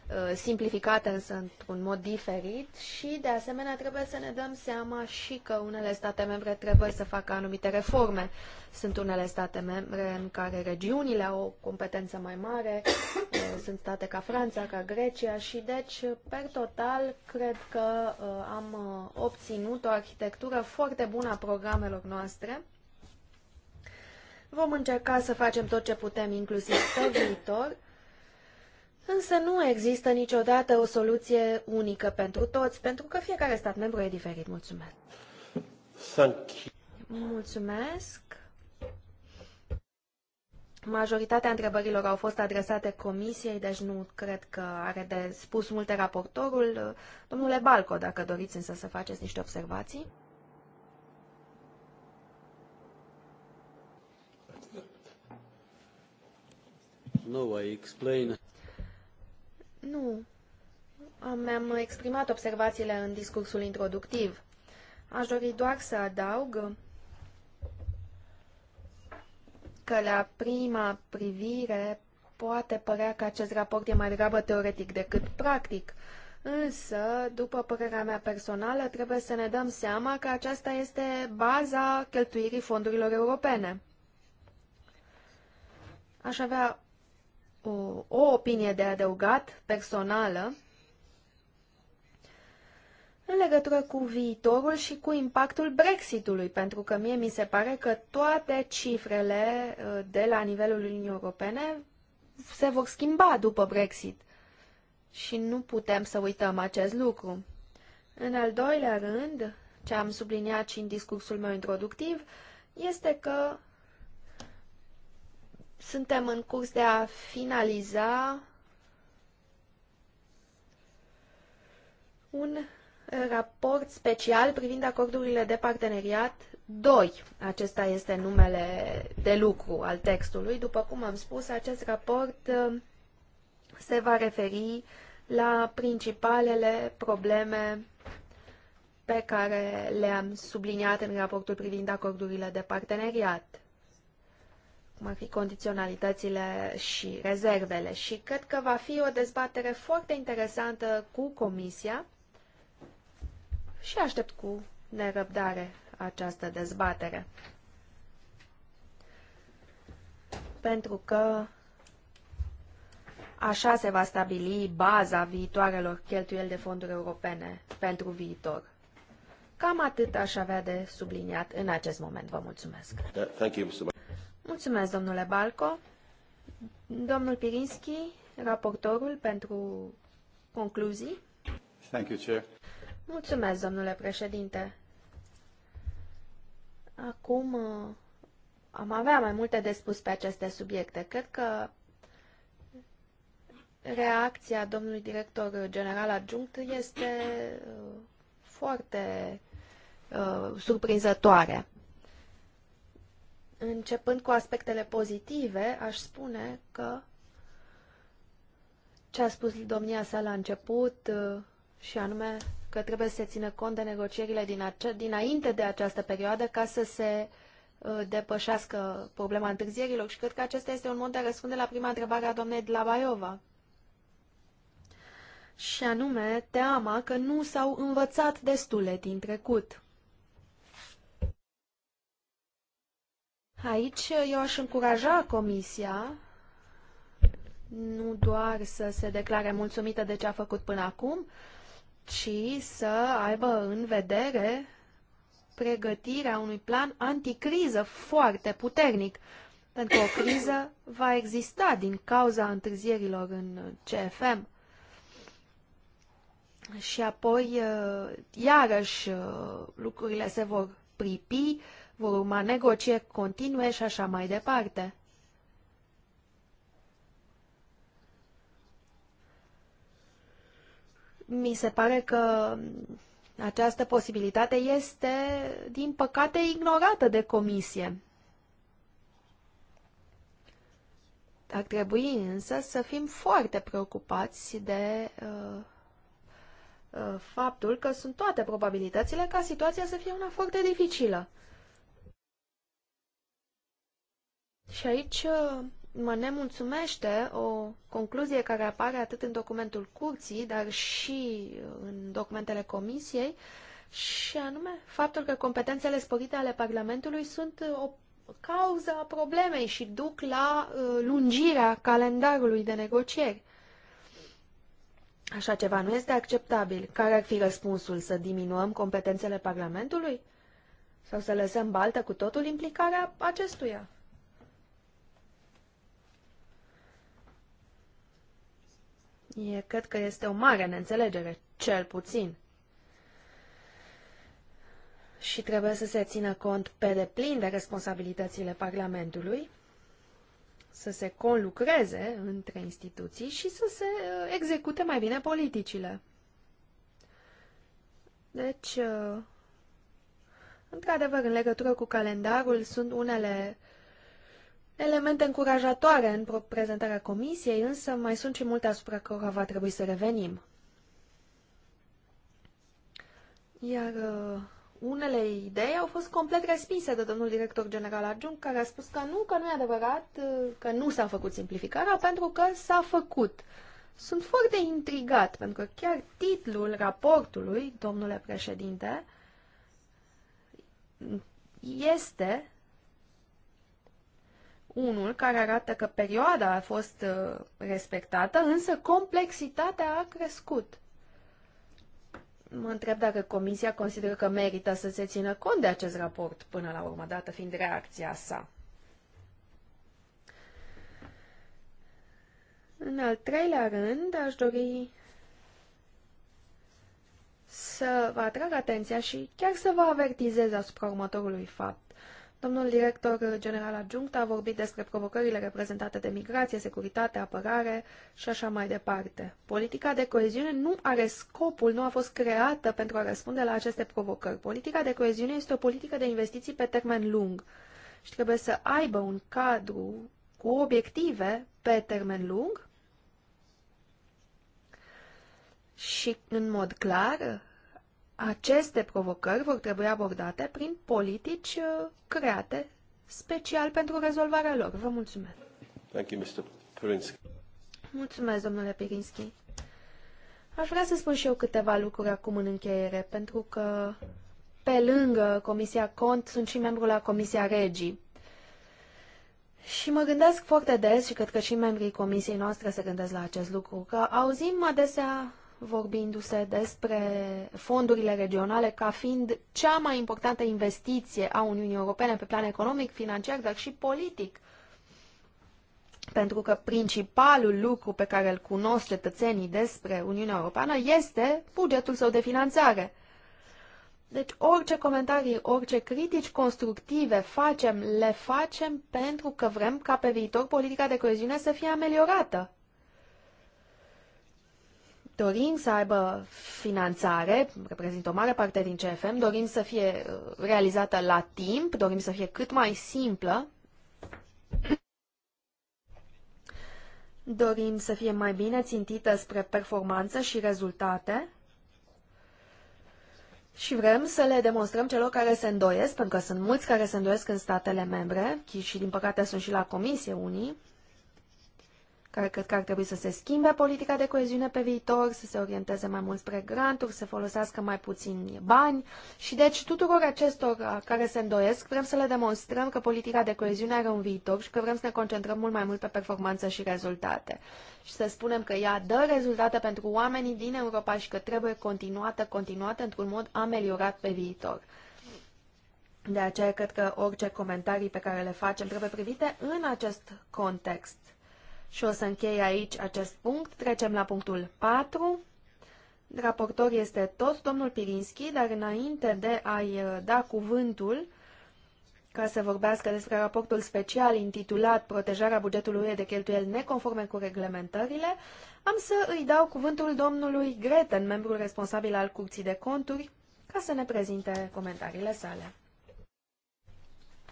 Uh, simplificate însă într-un mod diferit și de asemenea trebuie să ne dăm seama și că unele state membre trebuie să facă anumite reforme. Sunt unele state membre în care regiunile au o competență mai mare, uh, sunt state ca Franța, ca Grecia și deci, per total, cred că uh, am obținut o arhitectură foarte bună a programelor noastre. Vom încerca să facem tot ce putem, inclusiv pe viitor, Însă nu există niciodată o soluție unică pentru toți, pentru că fiecare stat membru e diferit. Mulțumesc! Thank you. Mulțumesc! Majoritatea întrebărilor au fost adresate comisiei, deci nu cred că are de spus multe raportorul. Domnule Balco, dacă doriți însă să faceți niște observații. No, I explain. Nu. Mi-am exprimat observațiile în discursul introductiv. Aș dori doar să adaug că la prima privire poate părea că acest raport e mai degrabă teoretic decât practic, însă, după părerea mea personală, trebuie să ne dăm seama că aceasta este baza cheltuirii fondurilor europene. Aș avea o, o opinie de adăugat personală în legătură cu viitorul și cu impactul Brexitului, pentru că mie mi se pare că toate cifrele uh, de la nivelul Uniunii Europene se vor schimba după Brexit. Și nu putem să uităm acest lucru. În al doilea rând, ce am subliniat și în discursul meu introductiv, este că suntem în curs de a finaliza un raport special privind acordurile de parteneriat 2. Acesta este numele de lucru al textului. După cum am spus, acest raport uh, se va referi la principalele probleme pe care le-am subliniat în raportul privind acordurile de parteneriat cum ar fi condiționalitățile și rezervele. Și cred că va fi o dezbatere foarte interesantă cu Comisia și aștept cu nerăbdare această dezbatere. Pentru că așa se va stabili baza viitoarelor cheltuieli de fonduri europene pentru viitor. Cam atât aș avea de subliniat în acest moment. Vă mulțumesc. Mulțumesc, domnule Balco. Domnul Pirinski, raportorul pentru concluzii. Thank you, Chair. Mulțumesc, domnule președinte. Acum uh, am avea mai multe de spus pe aceste subiecte. Cred că reacția domnului director general adjunct este uh, foarte uh, surprinzătoare. Începând cu aspectele pozitive, aș spune că ce a spus domnia sa la început, uh, și anume că trebuie să se țină cont de negocierile din ace- dinainte de această perioadă ca să se uh, depășească problema întârzierilor și cred că acesta este un mod de a răspunde la prima întrebare a doamnei Dlabaiova. Și anume, teama că nu s-au învățat destule din trecut. Aici eu aș încuraja Comisia nu doar să se declare mulțumită de ce a făcut până acum, ci să aibă în vedere pregătirea unui plan anticriză foarte puternic, pentru că o criză va exista din cauza întârzierilor în CFM. Și apoi, iarăși, lucrurile se vor pripi, vor urma negocieri continue și așa mai departe. Mi se pare că această posibilitate este, din păcate, ignorată de comisie. Ar trebui însă să fim foarte preocupați de uh, uh, faptul că sunt toate probabilitățile ca situația să fie una foarte dificilă. Și aici uh, mă nemulțumește o concluzie care apare atât în documentul curții, dar și uh, în documentele comisiei, și anume faptul că competențele sporite ale Parlamentului sunt uh, o cauză a problemei și duc la lungirea calendarului de negocieri. Așa ceva nu este acceptabil. Care ar fi răspunsul? Să diminuăm competențele Parlamentului? Sau să lăsăm baltă cu totul implicarea acestuia? E, cred că este o mare neînțelegere, cel puțin. Și trebuie să se țină cont pe deplin de responsabilitățile Parlamentului, să se conlucreze între instituții și să se uh, execute mai bine politicile. Deci, uh, într-adevăr, în legătură cu calendarul, sunt unele uh, elemente încurajatoare în prezentarea comisiei, însă mai sunt și multe asupra cărora va trebui să revenim. Iar uh, unele idei au fost complet respinse de domnul director general adjunct, care a spus că nu, că nu e adevărat, uh, că nu s-a făcut simplificarea, pentru că s-a făcut. Sunt foarte intrigat, pentru că chiar titlul raportului, domnule președinte, este unul care arată că perioada a fost uh, respectată, însă complexitatea a crescut. Mă întreb dacă Comisia consideră că merită să se țină cont de acest raport până la urmă, dată fiind reacția sa. În al treilea rând, aș dori să vă atrag atenția și chiar să vă avertizez asupra următorului fapt. Domnul director general adjunct a vorbit despre provocările reprezentate de migrație, securitate, apărare și așa mai departe. Politica de coeziune nu are scopul, nu a fost creată pentru a răspunde la aceste provocări. Politica de coeziune este o politică de investiții pe termen lung și trebuie să aibă un cadru cu obiective pe termen lung și în mod clar aceste provocări vor trebui abordate prin politici uh, create special pentru rezolvarea lor. Vă mulțumesc. Thank you, Mr. Pirinski. Mulțumesc, domnule Pirinski. Aș vrea să spun și eu câteva lucruri acum în încheiere, pentru că pe lângă Comisia Cont sunt și membru la Comisia Regii. Și mă gândesc foarte des, și cred că și membrii comisiei noastre se gândesc la acest lucru, că auzim adesea vorbindu-se despre fondurile regionale ca fiind cea mai importantă investiție a Uniunii Europene pe plan economic, financiar, dar și politic. Pentru că principalul lucru pe care îl cunosc cetățenii despre Uniunea Europeană este bugetul său de finanțare. Deci orice comentarii, orice critici constructive facem, le facem pentru că vrem ca pe viitor politica de coeziune să fie ameliorată. Dorim să aibă finanțare, reprezintă o mare parte din CFM, dorim să fie uh, realizată la timp, dorim să fie cât mai simplă, dorim să fie mai bine țintită spre performanță și rezultate și vrem să le demonstrăm celor care se îndoiesc, pentru că sunt mulți care se îndoiesc în statele membre și din păcate sunt și la comisie unii, care cred că ar trebui să se schimbe politica de coeziune pe viitor, să se orienteze mai mult spre granturi, să folosească mai puțin bani și deci tuturor acestor uh, care se îndoiesc vrem să le demonstrăm că politica de coeziune are un viitor și că vrem să ne concentrăm mult mai mult pe performanță și rezultate. Și să spunem că ea dă rezultate pentru oamenii din Europa și că trebuie continuată, continuată într-un mod ameliorat pe viitor. De aceea cred că orice comentarii pe care le facem trebuie privite în acest context. Și o să închei aici acest punct. Trecem la punctul 4. Raportor este tot domnul Pirinski, dar înainte de a-i uh, da cuvântul ca să vorbească despre raportul special intitulat Protejarea bugetului de cheltuieli neconforme cu reglementările, am să îi dau cuvântul domnului Greten, membrul responsabil al Curții de Conturi, ca să ne prezinte comentariile sale.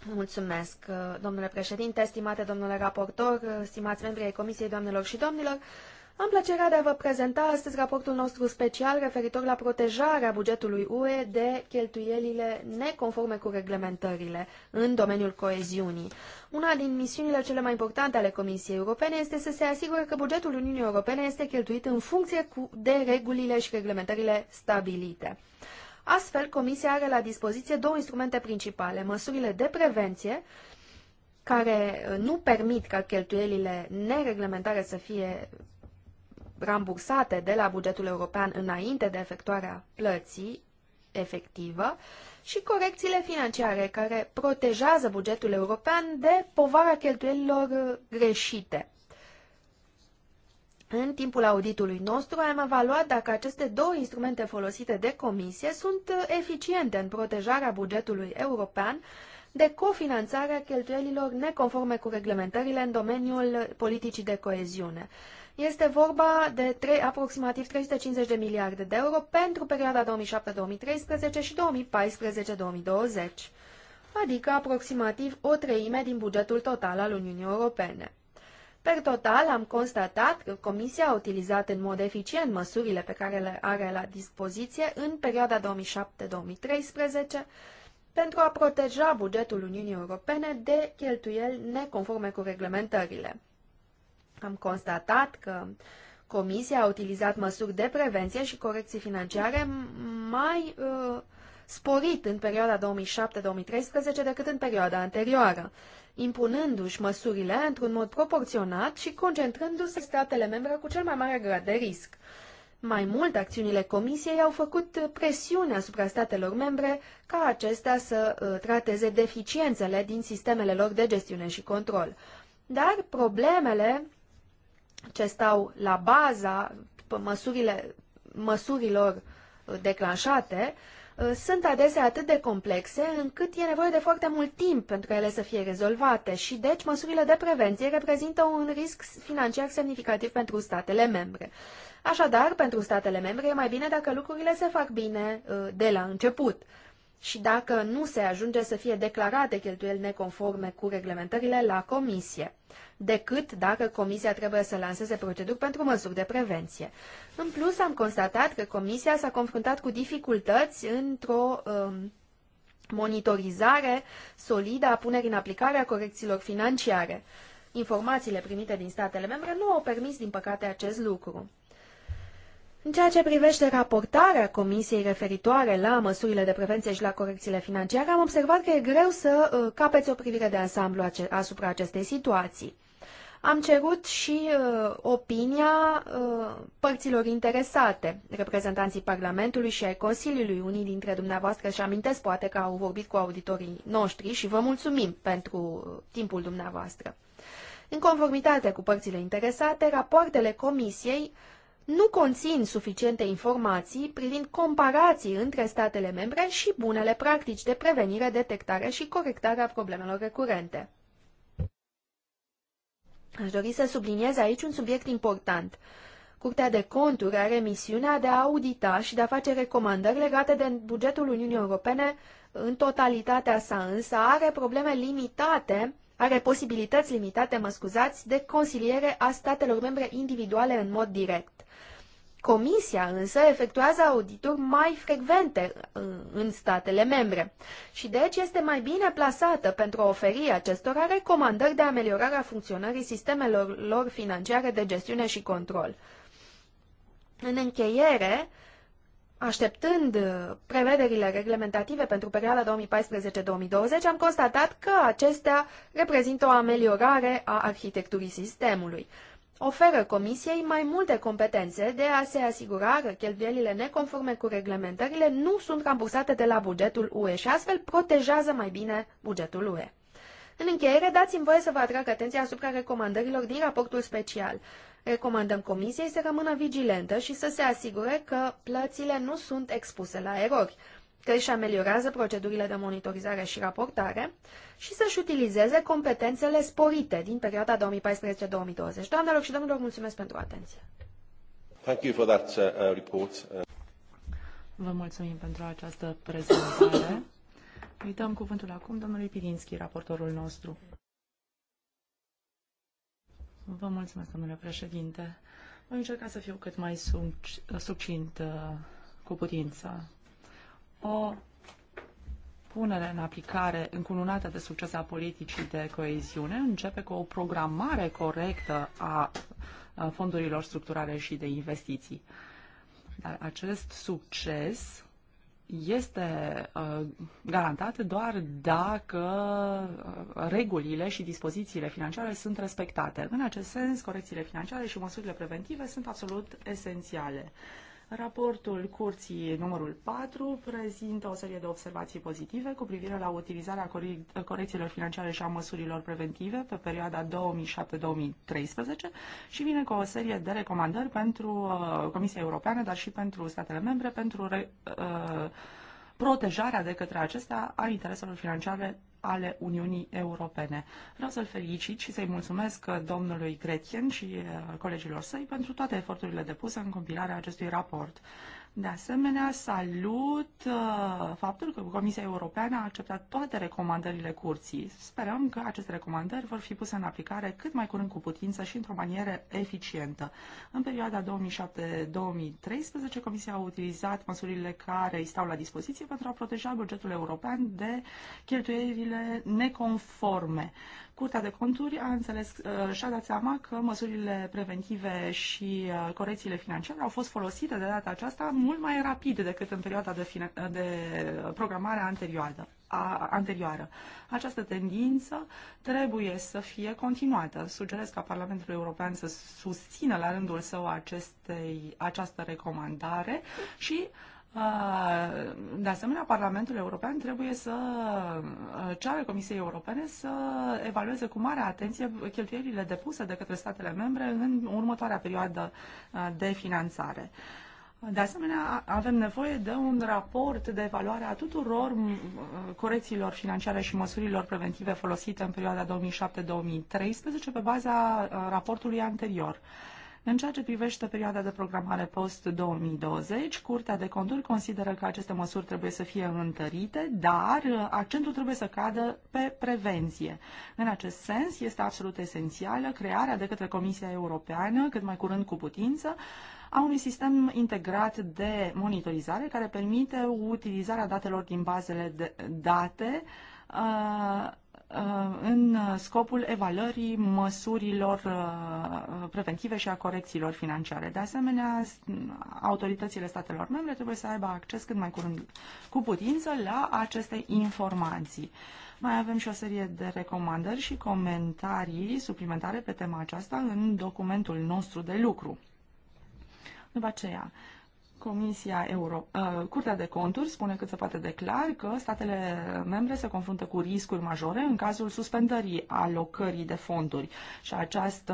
Mulțumesc, uh, domnule președinte, stimate domnule raportor, uh, stimați membri ai Comisiei Doamnelor și Domnilor. Am plăcerea de a vă prezenta astăzi raportul nostru special referitor la protejarea bugetului UE de cheltuielile neconforme cu reglementările în domeniul coeziunii. Una din misiunile cele mai importante ale Comisiei Europene este să se asigure că bugetul Uniunii Europene este cheltuit în funcție de regulile și reglementările stabilite. Astfel, Comisia are la dispoziție două instrumente principale, măsurile de prevenție, care uh, nu permit ca cheltuielile nereglementare să fie rambursate de la bugetul european înainte de efectuarea plății efectivă și corecțiile financiare care protejează bugetul european de povara cheltuielilor uh, greșite. În timpul auditului nostru am evaluat dacă aceste două instrumente folosite de comisie sunt uh, eficiente în protejarea bugetului european de cofinanțarea cheltuielilor neconforme cu reglementările în domeniul politicii de coeziune. Este vorba de 3, aproximativ 350 de miliarde de euro pentru perioada 2007-2013 și 2014-2020, adică aproximativ o treime din bugetul total al Uniunii Europene. Per total, am constatat că Comisia a utilizat în mod eficient măsurile pe care le are la dispoziție în perioada 2007-2013 pentru a proteja bugetul Uniunii Europene de cheltuieli neconforme cu reglementările. Am constatat că Comisia a utilizat măsuri de prevenție și corecții financiare mai uh, sporit în perioada 2007-2013 decât în perioada anterioară impunându-și măsurile într-un mod proporționat și concentrându-se statele membre cu cel mai mare grad de risc. Mai mult, acțiunile Comisiei au făcut presiune asupra statelor membre ca acestea să uh, trateze deficiențele din sistemele lor de gestiune și control. Dar problemele ce stau la baza măsurile, măsurilor uh, declanșate Uh, sunt adesea atât de complexe încât e nevoie de foarte mult timp pentru ca ele să fie rezolvate și deci măsurile de prevenție reprezintă un risc financiar semnificativ pentru statele membre. Așadar, pentru statele membre e mai bine dacă lucrurile se fac bine uh, de la început și dacă nu se ajunge să fie declarate cheltuieli neconforme cu reglementările la comisie, decât dacă comisia trebuie să lanseze proceduri pentru măsuri de prevenție. În plus, am constatat că comisia s-a confruntat cu dificultăți într-o um, monitorizare solidă a punerii în aplicare a corecțiilor financiare. Informațiile primite din statele membre nu au permis, din păcate, acest lucru. În ceea ce privește raportarea Comisiei referitoare la măsurile de prevenție și la corecțiile financiare, am observat că e greu să uh, capeți o privire de ansamblu asupra acestei situații. Am cerut și uh, opinia uh, părților interesate, reprezentanții Parlamentului și ai Consiliului. Unii dintre dumneavoastră și amintesc poate că au vorbit cu auditorii noștri și vă mulțumim pentru uh, timpul dumneavoastră. În conformitate cu părțile interesate, rapoartele Comisiei uh, nu conțin suficiente informații privind comparații între statele membre și bunele practici de prevenire, detectare și corectare a problemelor recurente. Aș dori să subliniez aici un subiect important. Curtea de conturi are misiunea de a audita și de a face recomandări legate de bugetul Uniunii Europene în totalitatea sa, însă are probleme limitate are posibilități limitate, mă scuzați, de consiliere a statelor membre individuale în mod direct. Comisia însă efectuează audituri mai frecvente uh, în statele membre și deci este mai bine plasată pentru a oferi acestora recomandări de ameliorare a funcționării sistemelor lor financiare de gestiune și control. În încheiere, Așteptând uh, prevederile reglementative pentru perioada 2014-2020, am constatat că acestea reprezintă o ameliorare a arhitecturii sistemului. Oferă Comisiei mai multe competențe de a se asigura că cheltuielile neconforme cu reglementările nu sunt rambursate de la bugetul UE și astfel protejează mai bine bugetul UE. În încheiere, dați-mi voie să vă atrag atenția asupra recomandărilor din raportul special recomandăm comisiei să rămână vigilentă și să se asigure că plățile nu sunt expuse la erori, că își ameliorează procedurile de monitorizare și raportare și să-și utilizeze competențele sporite din perioada 2014-2020. Doamnelor și domnilor, mulțumesc pentru atenție! Thank you for that, uh, uh report. Vă mulțumim pentru această prezentare. Îi dăm cuvântul acum domnului Pirinski, raportorul nostru. Vă mulțumesc, domnule președinte. Voi încerca să fiu cât mai succint uh, cu putință. O punere în aplicare încununată de succes politicii de coeziune începe cu o programare corectă a fondurilor structurale și de investiții. Dar acest succes este uh, garantată doar dacă uh, regulile și dispozițiile financiare sunt respectate. În acest sens, corecțiile financiare și măsurile preventive sunt absolut esențiale. Raportul curții numărul 4 prezintă o serie de observații pozitive cu privire la utilizarea corecțiilor financiare și a măsurilor preventive pe perioada 2007-2013 și vine cu o serie de recomandări pentru uh, Comisia Europeană, dar și pentru statele membre pentru re, uh, protejarea de către acestea a intereselor financiare ale Uniunii Europene. Vreau să-l felicit și să-i mulțumesc domnului Gretchen și eh, colegilor săi pentru toate eforturile depuse în compilarea acestui raport. De asemenea, salut uh, faptul că Comisia Europeană a acceptat toate recomandările curții. Sperăm că aceste recomandări vor fi puse în aplicare cât mai curând cu putință și într-o manieră eficientă. În perioada 2007-2013, Comisia a utilizat măsurile care îi stau la dispoziție pentru a proteja bugetul european de cheltuielile neconforme. Curtea de conturi a înțeles uh, și-a dat seama că măsurile preventive și uh, corecțiile financiare au fost folosite de data aceasta mult mai rapid decât în perioada de, de programare anterioară. A, anterioară. Această tendință trebuie să fie continuată. Sugerez ca Parlamentul European să susțină la rândul său acestei, această recomandare și uh, de asemenea, Parlamentul European trebuie să ceară Comisiei Europene să evalueze cu mare atenție cheltuielile depuse de către statele membre în următoarea perioadă de finanțare. De asemenea, avem nevoie de un raport de evaluare a tuturor corecțiilor financiare și măsurilor preventive folosite în perioada 2007-2013 pe baza raportului anterior. În ceea ce privește perioada de programare post-2020, Curtea de Conturi consideră că aceste măsuri trebuie să fie întărite, dar uh, accentul trebuie să cadă pe prevenție. În acest sens, este absolut esențială crearea de către Comisia Europeană, cât mai curând cu putință, a unui sistem integrat de monitorizare care permite utilizarea datelor din bazele de date uh, Uh, în scopul evaluării măsurilor uh, preventive și a corecțiilor financiare. De asemenea, autoritățile statelor membre trebuie să aibă acces cât mai curând cu putință la aceste informații. Mai avem și o serie de recomandări și comentarii suplimentare pe tema aceasta în documentul nostru de lucru. După aceea, uh, Comisia Euro, uh, Curtea de Conturi spune cât se poate de clar că statele membre se confruntă cu riscuri majore în cazul suspendării alocării de fonduri și această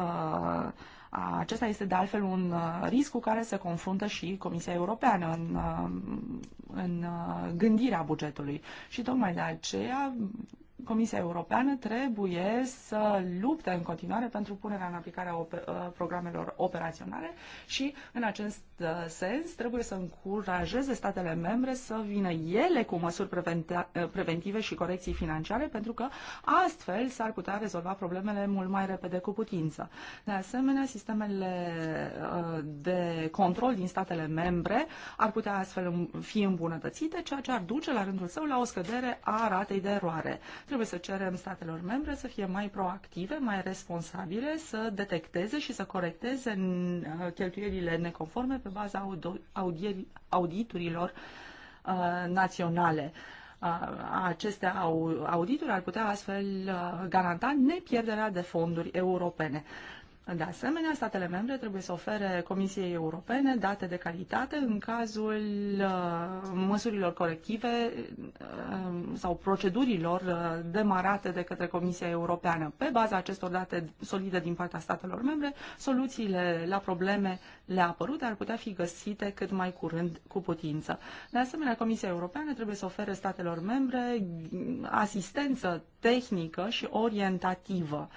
acesta este de altfel un uh, risc cu care se confruntă și Comisia Europeană în, uh, în uh, gândirea bugetului. Și tocmai de aceea Comisia Europeană trebuie să lupte în continuare pentru punerea în aplicare a uh, programelor operaționale și, în acest uh, sens, trebuie să încurajeze statele membre să vină ele cu măsuri uh, preventive și corecții financiare, pentru că astfel s-ar putea rezolva problemele mult mai repede cu putință. De asemenea, sistemele de control din statele membre ar putea astfel fi îmbunătățite, ceea ce ar duce la rândul său la o scădere a ratei de eroare. Trebuie să cerem statelor membre să fie mai proactive, mai responsabile, să detecteze și să corecteze uh, cheltuielile neconforme pe baza auditurilor uh, naționale uh, aceste audituri ar putea astfel garanta nepierderea de fonduri europene. De asemenea, statele membre trebuie să ofere Comisiei Europene date de calitate în cazul uh, măsurilor corective uh, sau procedurilor uh, demarate de către Comisia Europeană. Pe baza acestor date solide din partea statelor membre, soluțiile la probleme le apărute ar putea fi găsite cât mai curând cu putință. De asemenea, Comisia Europeană trebuie să ofere statelor membre asistență tehnică și orientativă.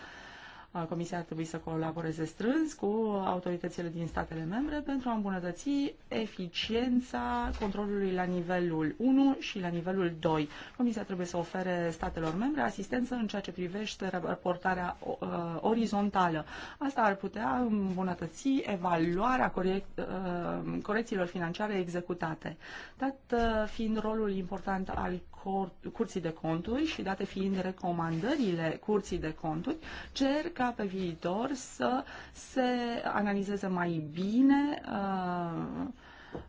Comisia ar trebui să colaboreze strâns cu autoritățile din statele membre pentru a îmbunătăți eficiența controlului la nivelul 1 și la nivelul 2. Comisia trebuie să ofere statelor membre asistență în ceea ce privește raportarea uh, orizontală. Asta ar putea îmbunătăți evaluarea corect, uh, corecțiilor financiare executate. Dat uh, fiind rolul important al Curții de Conturi și date fiind recomandările Curții de Conturi, cer ca pe viitor să se analizeze mai bine uh,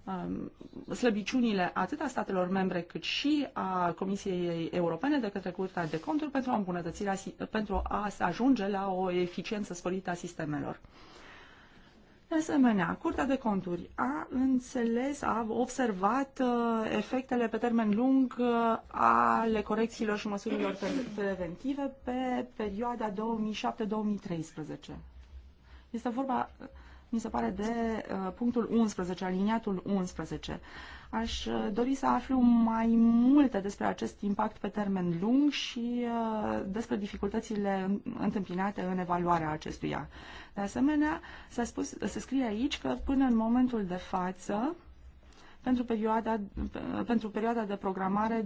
um, slăbiciunile atât a statelor membre cât și a Comisiei Europene de către Curtea de Conturi pentru a, pentru a ajunge la o eficiență sporită a sistemelor. De asemenea, Curtea de Conturi a înțeles, a observat uh, efectele pe termen lung uh, ale corecțiilor și măsurilor preventive pe perioada 2007-2013. Este vorba, mi se pare, de uh, punctul 11, aliniatul 11. Aș uh, dori să aflu mai multe despre acest impact pe termen lung și uh, despre dificultățile întâmpinate în evaluarea acestuia. De asemenea, se, spus, se scrie aici că până în momentul de față, pentru perioada, pentru perioada de programare 2007-2013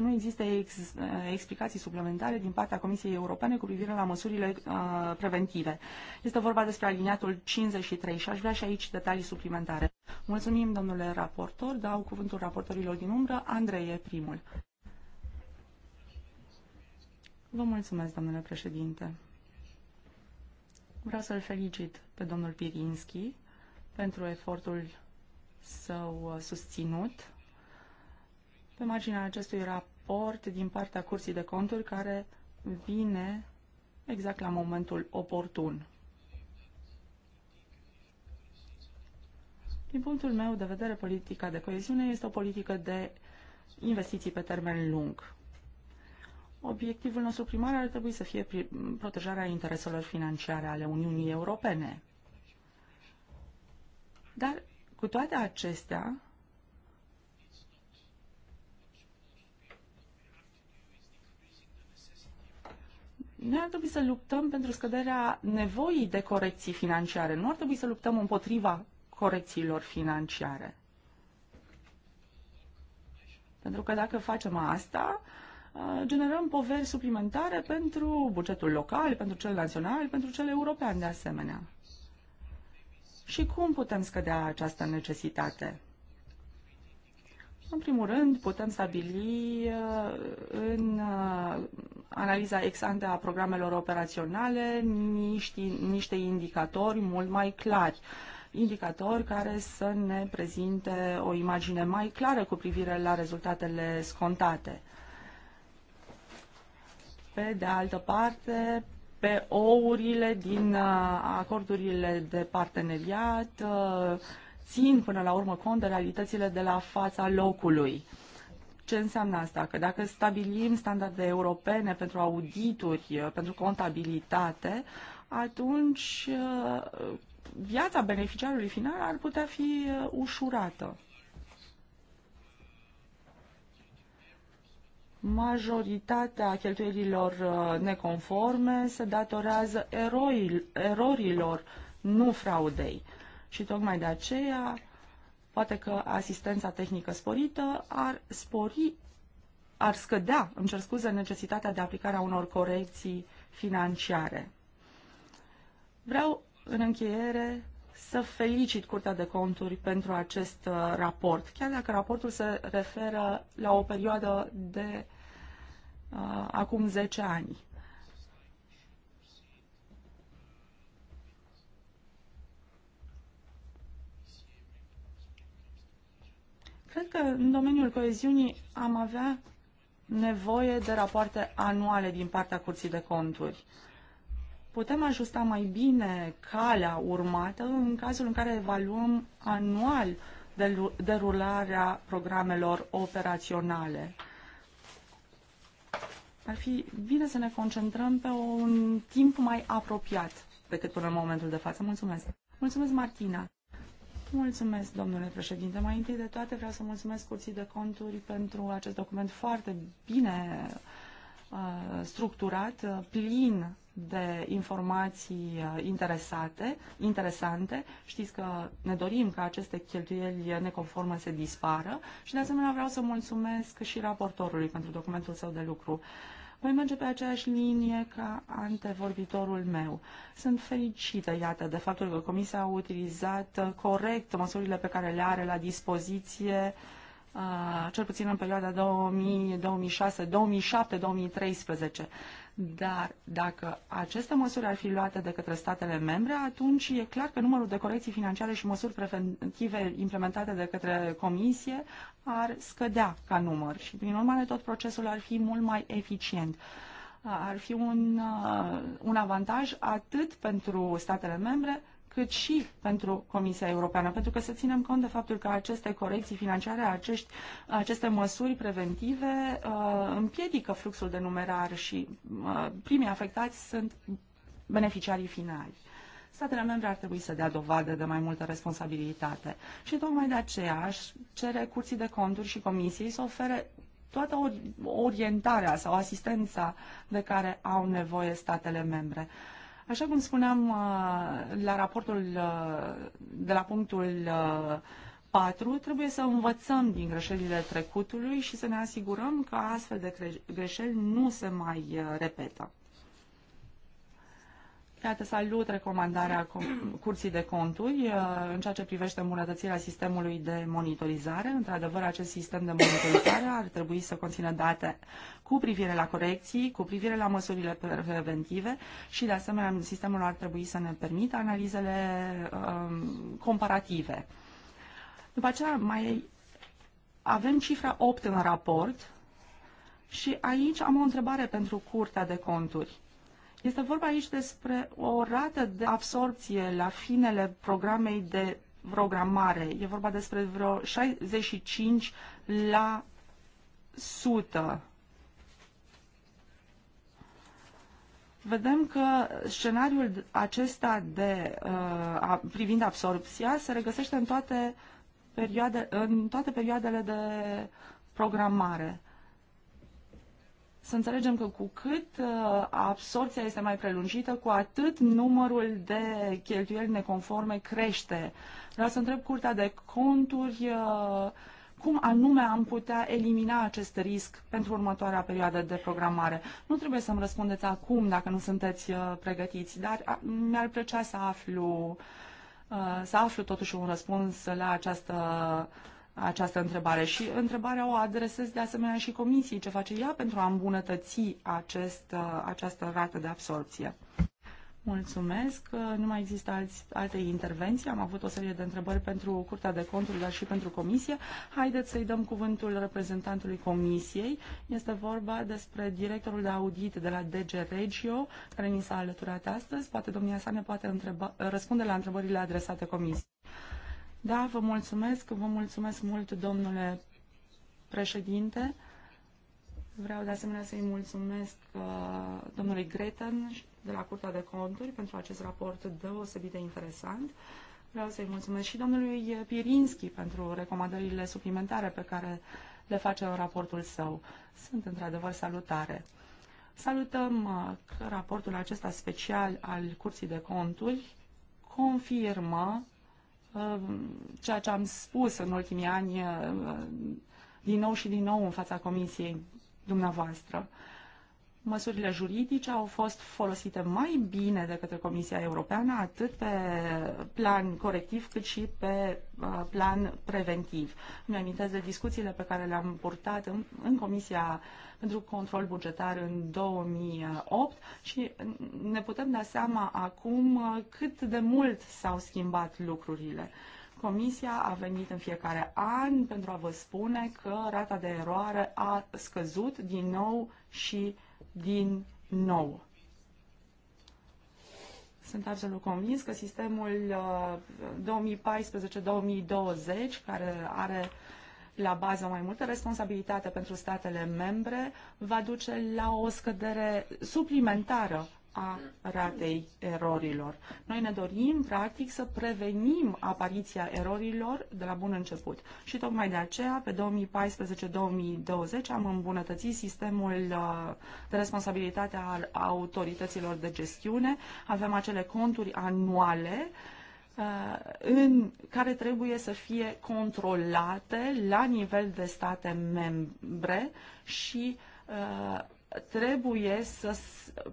nu există ex, explicații suplimentare din partea Comisiei Europene cu privire la măsurile uh, preventive. Este vorba despre aliniatul 53 și aș vrea și aici detalii suplimentare. Mulțumim, domnule raportor. Dau cuvântul raportorilor din umbră. Andrei e primul. Vă mulțumesc, domnule președinte. Vreau să-l felicit pe domnul Pirinski pentru efortul său uh, susținut pe marginea acestui raport din partea Curții de Conturi care vine exact la momentul oportun. Din punctul meu de vedere, politica de coeziune este o politică de investiții pe termen lung. Obiectivul nostru primar ar trebui să fie protejarea intereselor financiare ale Uniunii Europene. Dar, cu toate acestea, noi ar trebui să luptăm pentru scăderea nevoii de corecții financiare. Nu ar trebui să luptăm împotriva corecțiilor financiare. Pentru că dacă facem asta, ă, generăm poveri suplimentare pentru bugetul local, pentru cel național, pentru cel european de asemenea. Și cum putem scădea această necesitate? În primul rând, putem stabili uh, în uh, analiza ex ante a programelor operaționale niște, niște indicatori mult mai clari indicatori care să ne prezinte o imagine mai clară cu privire la rezultatele scontate. Pe de altă parte, pe ourile din uh, acordurile de parteneriat uh, țin până la urmă cont de realitățile de la fața locului. Ce înseamnă asta? Că dacă stabilim standarde europene pentru audituri, uh, pentru contabilitate, atunci viața beneficiarului final ar putea fi ușurată. majoritatea cheltuielilor uh, neconforme se datorează erorilor, nu fraudei. Și tocmai de aceea, poate că asistența tehnică sporită ar spori, ar scădea, îmi cer scuze, necesitatea de aplicarea unor corecții financiare. Vreau, în încheiere, să felicit Curtea de Conturi pentru acest uh, raport, chiar dacă raportul se referă la o perioadă de Uh, acum 10 ani. Cred că în domeniul coeziunii am avea nevoie de rapoarte anuale din partea Curții de Conturi. Putem ajusta mai bine calea urmată în cazul în care evaluăm anual derularea programelor operaționale ar fi bine să ne concentrăm pe un timp mai apropiat decât până în momentul de față. Mulțumesc! Mulțumesc, Martina! Mulțumesc, domnule președinte. Mai întâi de toate vreau să mulțumesc Curții de Conturi pentru acest document foarte bine uh, structurat, uh, plin de informații uh, interesate, interesante. Știți că ne dorim ca aceste cheltuieli uh, neconforme să dispară și de asemenea vreau să mulțumesc și raportorului pentru documentul său de lucru. Uh, voi merge pe aceeași linie ca antevorbitorul meu. Sunt fericită, iată, de faptul că Comisia a utilizat corect măsurile pe care le are la dispoziție uh, cel puțin în perioada 2006, 2007, 2013. Dar dacă aceste măsuri ar fi luate de către statele membre, atunci e clar că numărul de corecții financiare și măsuri preventive implementate de către Comisie ar scădea ca număr și, prin urmare, tot procesul ar fi mult mai eficient ar fi un, uh, un avantaj atât pentru statele membre, cât și pentru Comisia Europeană, pentru că să ținem cont de faptul că aceste corecții financiare, acești, aceste măsuri preventive uh, împiedică fluxul de numerar și uh, primii afectați sunt beneficiarii finali. Statele membre ar trebui să dea dovadă de mai multă responsabilitate și tocmai de aceea aș cere curții de conturi și comisiei să ofere toată orientarea sau asistența de care au nevoie statele membre. Uh, Așa cum spuneam uh, la raportul uh, de la punctul 4, uh, trebuie să învățăm din greșelile trecutului și să ne asigurăm că astfel de greșeli nu se mai repetă te salut recomandarea Curții de Conturi uh, în ceea ce privește îmbunătățirea sistemului de monitorizare. Într-adevăr, acest sistem de monitorizare ar trebui să conțină date cu privire la corecții, cu privire la măsurile preventive și, de asemenea, sistemul ar trebui să ne permită analizele um, comparative. După aceea, mai avem cifra 8 în raport și aici am o întrebare pentru Curtea de Conturi. Este vorba aici despre o rată de absorpție la finele programei de programare. E vorba despre vreo 65 la 100. vedem că scenariul acesta de, uh, privind absorpția se regăsește în toate, perioade, în toate perioadele de programare să înțelegem că cu cât uh, absorpția este mai prelungită, cu atât numărul de cheltuieli neconforme crește. Vreau să întreb Curtea de Conturi uh, cum anume am putea elimina acest risc pentru următoarea perioadă de programare. Nu trebuie să-mi răspundeți acum dacă nu sunteți uh, pregătiți, dar mi-ar plăcea să aflu, să aflu totuși un răspuns la această această întrebare și întrebarea o adresez de asemenea și comisiei, ce face ea pentru a îmbunătăți acest, uh, această rată de absorpție. Mulțumesc. Uh, nu mai există alți, alte intervenții. Am avut o serie de întrebări pentru Curtea de Conturi, dar și pentru Comisie. Haideți să-i dăm cuvântul reprezentantului Comisiei. Este vorba despre directorul de audit de la DG Regio, care ni s-a alăturat astăzi. Poate domnia sa ne poate întreba, răspunde la întrebările adresate Comisiei. Da, vă mulțumesc, vă mulțumesc mult, domnule președinte. Vreau de asemenea să-i mulțumesc uh, domnului Greten de la Curtea de Conturi pentru acest raport deosebit de interesant. Vreau să-i mulțumesc și domnului Pirinski pentru recomandările suplimentare pe care le face în raportul său. Sunt într-adevăr salutare. Salutăm uh, că raportul acesta special al Curții de Conturi confirmă Uh, ceea ce am spus în ultimii ani uh, din nou și din nou în fața comisiei dumneavoastră. Uh, măsurile juridice au fost folosite mai bine de către Comisia Europeană, atât pe plan corectiv, cât și pe uh, plan preventiv. Îmi amintesc de discuțiile pe care le-am purtat în, în Comisia pentru Control Bugetar în 2008 și ne putem da seama acum uh, cât de mult s-au schimbat lucrurile. Comisia a venit în fiecare an pentru a vă spune că rata de eroare a scăzut din nou și din nou. Sunt absolut convins că sistemul 2014-2020, uh, care are la bază mai multă responsabilitate pentru statele membre, va duce la o scădere suplimentară a ratei erorilor. Noi ne dorim, practic, să prevenim apariția erorilor de la bun început. Și tocmai de aceea, pe 2014-2020, am îmbunătățit sistemul uh, de responsabilitate al autorităților de gestiune. Avem acele conturi anuale uh, în care trebuie să fie controlate la nivel de state membre și uh, trebuie să,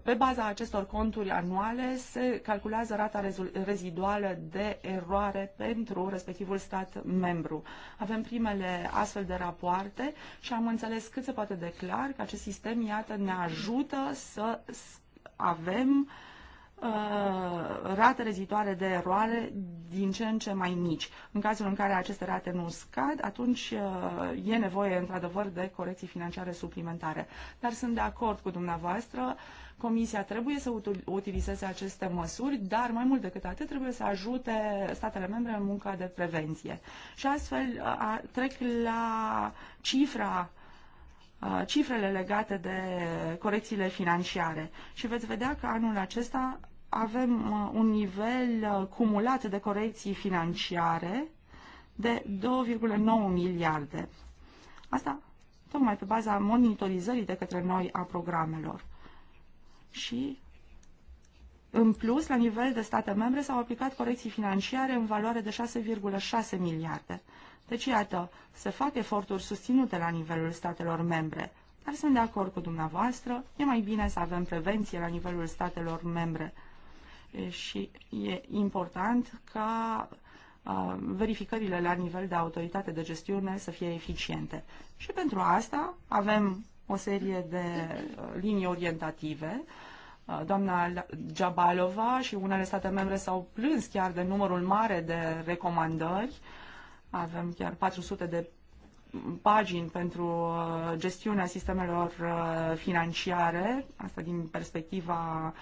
pe baza acestor conturi anuale, se calculează rata reziduală de eroare pentru respectivul stat membru. Avem primele astfel de rapoarte și am înțeles cât se poate declar că acest sistem, iată, ne ajută să avem uh, Uh, rate rezitoare de eroare din ce în ce mai mici. În cazul în care aceste rate nu scad, atunci uh, e nevoie într-adevăr de corecții financiare suplimentare. Dar sunt de acord cu dumneavoastră, Comisia trebuie să utilizeze aceste măsuri, dar mai mult decât atât trebuie să ajute statele membre în munca de prevenție. Și astfel uh, trec la cifra cifrele legate de corecțiile financiare. Și veți vedea că anul acesta avem uh, un nivel uh, cumulat de corecții financiare de 2,9 miliarde. Asta tocmai pe baza monitorizării de către noi a programelor. Și în plus, la nivel de state membre s-au aplicat corecții financiare în valoare de 6,6 miliarde. Deci, iată, se fac eforturi susținute la nivelul statelor membre. Dar sunt de acord cu dumneavoastră, e mai bine să avem prevenție la nivelul statelor membre și e important ca verificările la nivel de autoritate de gestiune să fie eficiente. Și pentru asta avem o serie de linii orientative. Doamna Jabalova și unele state membre s-au plâns chiar de numărul mare de recomandări. Avem chiar 400 de pagini pentru gestiunea sistemelor financiare, asta din perspectiva uh,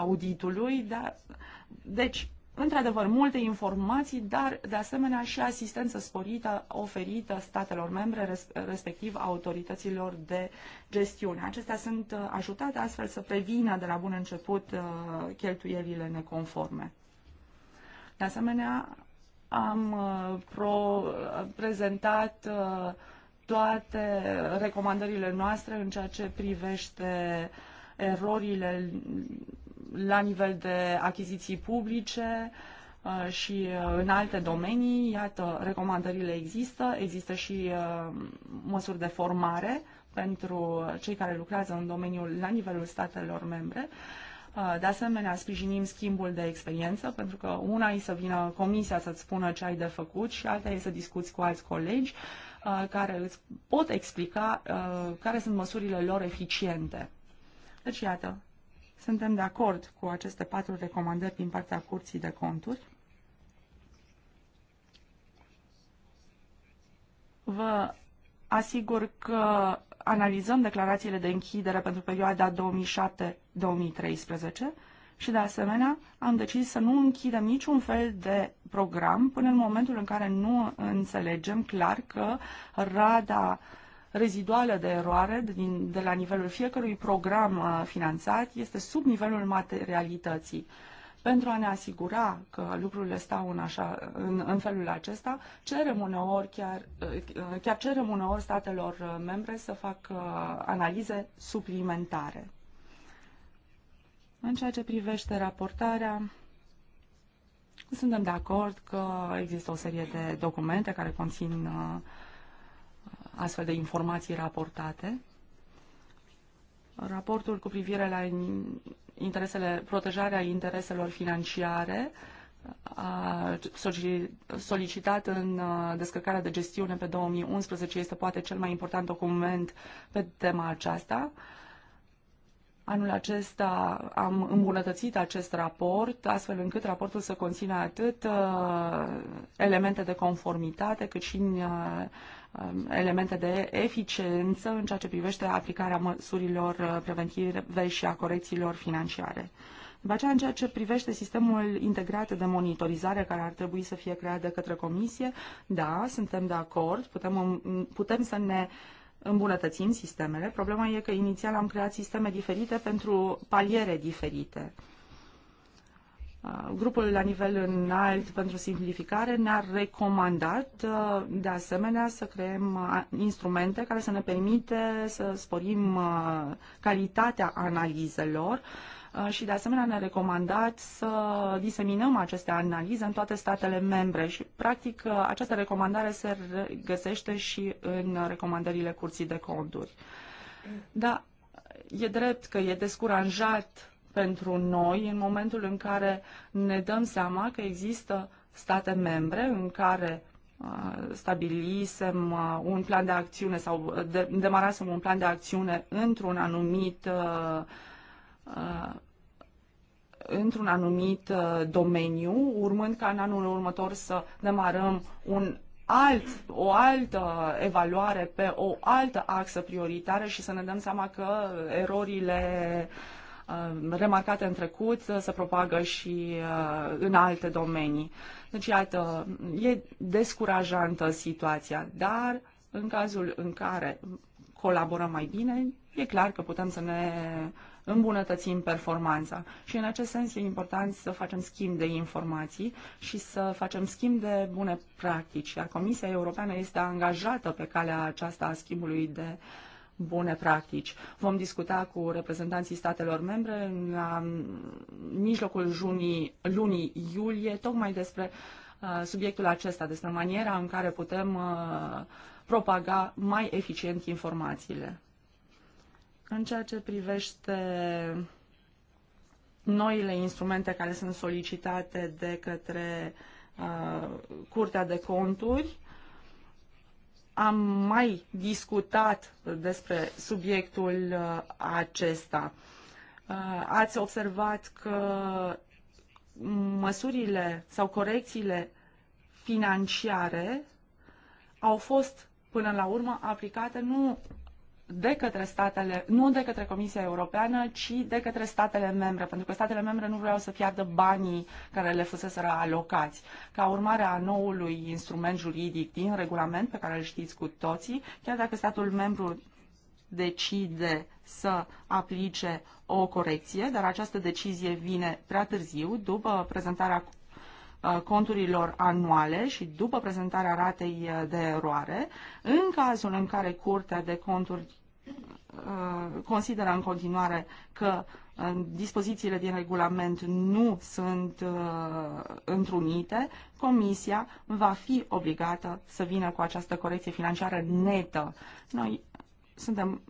auditului, dar, deci, într-adevăr, multe informații, dar, de asemenea, și asistență sporită oferită statelor membre, respectiv autorităților de gestiune. Acestea sunt uh, ajutate astfel să prevină de la bun început uh, cheltuielile neconforme. De asemenea, am uh, pro, prezentat toate recomandările noastre în ceea ce privește uh, erorile la nivel de achiziții publice uh, și uh, în alte domenii, iată, recomandările există, există și uh, măsuri de formare pentru cei care lucrează în domeniul la nivelul statelor membre. De asemenea, sprijinim schimbul de experiență, pentru că una e să vină comisia să-ți spună ce ai de făcut și alta e să discuți cu alți colegi care îți pot explica care sunt măsurile lor eficiente. Deci, iată, suntem de acord cu aceste patru recomandări din partea Curții de Conturi. Vă asigur că analizăm declarațiile de închidere pentru perioada 2007-2013 și, de asemenea, am decis să nu închidem niciun fel de program până în momentul în care nu înțelegem clar că rada uh, reziduală de eroare din, de la nivelul fiecărui program uh, finanțat este sub nivelul materialității. Pentru a ne asigura că lucrurile stau în, așa, în, în felul acesta, cerem uneori chiar, uh, chiar cerem uneori statelor uh, membre să facă analize suplimentare. În ceea ce privește raportarea, suntem de acord că există o serie de documente care conțin uh, astfel de informații raportate. Raportul cu privire la interesele, protejarea intereselor financiare a solicitat în uh, descărcarea de gestiune pe 2011 este poate cel mai important document pe tema aceasta. Anul acesta am îmbunătățit acest raport, astfel încât raportul să conțină atât uh, elemente de conformitate, cât și uh, Um, elemente de eficiență în ceea ce privește aplicarea măsurilor uh, preventive și a corecțiilor financiare. După aceea, în ceea ce privește sistemul integrat de monitorizare care ar trebui să fie creat de către Comisie, da, suntem de acord, putem, um, putem să ne îmbunătățim sistemele. Problema e că inițial am creat sisteme diferite pentru paliere diferite. Grupul la nivel înalt pentru simplificare ne-a recomandat de asemenea să creăm instrumente care să ne permite să sporim calitatea analizelor și de asemenea ne-a recomandat să diseminăm aceste analize în toate statele membre și practic această recomandare se găsește și în recomandările Curții de Conturi. Da, e drept că e descurajat pentru noi în momentul în care ne dăm seama că există state membre în care uh, stabilisem uh, un plan de acțiune sau uh, de, demarasem un plan de acțiune într-un anumit într-un anumit domeniu, urmând ca în anul următor să demarăm un alt, o altă evaluare pe o altă axă prioritară și să ne dăm seama că erorile uh, Uh, remarcate în trecut se propagă și uh, în alte domenii. Deci, iată, e descurajantă situația, dar în cazul în care colaborăm mai bine, e clar că putem să ne îmbunătățim performanța. Și în acest sens e important să facem schimb de informații și să facem schimb de bune practici. Iar Comisia Europeană este angajată pe calea aceasta a schimbului de uh, bune practici. Vom discuta cu reprezentanții statelor membre la mijlocul junii, lunii iulie tocmai despre uh, subiectul acesta, despre maniera în care putem uh, propaga mai eficient informațiile. În ceea ce privește noile instrumente care sunt solicitate de către uh, Curtea de Conturi, am mai discutat despre subiectul uh, acesta. Uh, ați observat că măsurile sau corecțiile financiare au fost până la urmă aplicate nu de către statele, nu de către Comisia Europeană, ci de către statele membre, pentru că statele membre nu vreau să piardă banii care le fuseseră alocați. Ca urmare a noului instrument juridic din regulament, pe care îl știți cu toții, chiar dacă statul membru decide să aplice o corecție, dar această decizie vine prea târziu, după prezentarea uh, conturilor anuale și după prezentarea ratei uh, de eroare, în cazul în care Curtea de Conturi Uh, consideră în continuare că uh, dispozițiile din regulament nu sunt uh, întrunite, Comisia va fi obligată să vină cu această corecție financiară netă. Noi suntem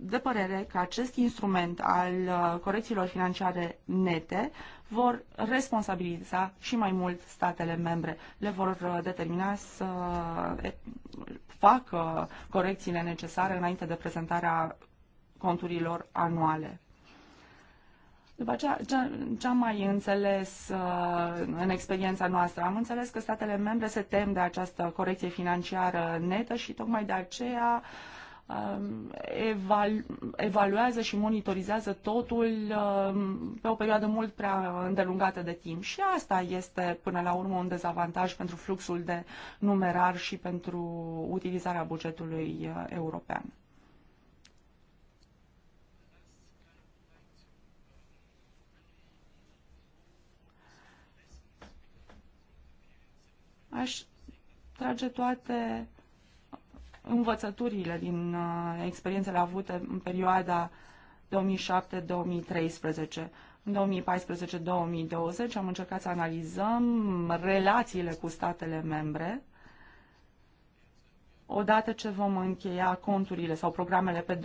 de părere că acest instrument al uh, corecțiilor financiare nete vor responsabiliza și mai mult statele membre. Le vor uh, determina să facă corecțiile necesare înainte de prezentarea conturilor anuale. După aceea, ce am mai înțeles uh, în experiența noastră? Am înțeles că statele membre se tem de această corecție financiară netă și tocmai de aceea uh, Um, evalu- evaluează și monitorizează totul um, pe o perioadă mult prea îndelungată de timp. Și asta este, până la urmă, un dezavantaj pentru fluxul de numerar și pentru utilizarea bugetului uh, european. Aș trage toate învățăturile din uh, experiențele avute în perioada 2007-2013. În 2014-2020 am încercat să analizăm relațiile cu statele membre Odată ce vom încheia conturile sau programele pe 2007-2013,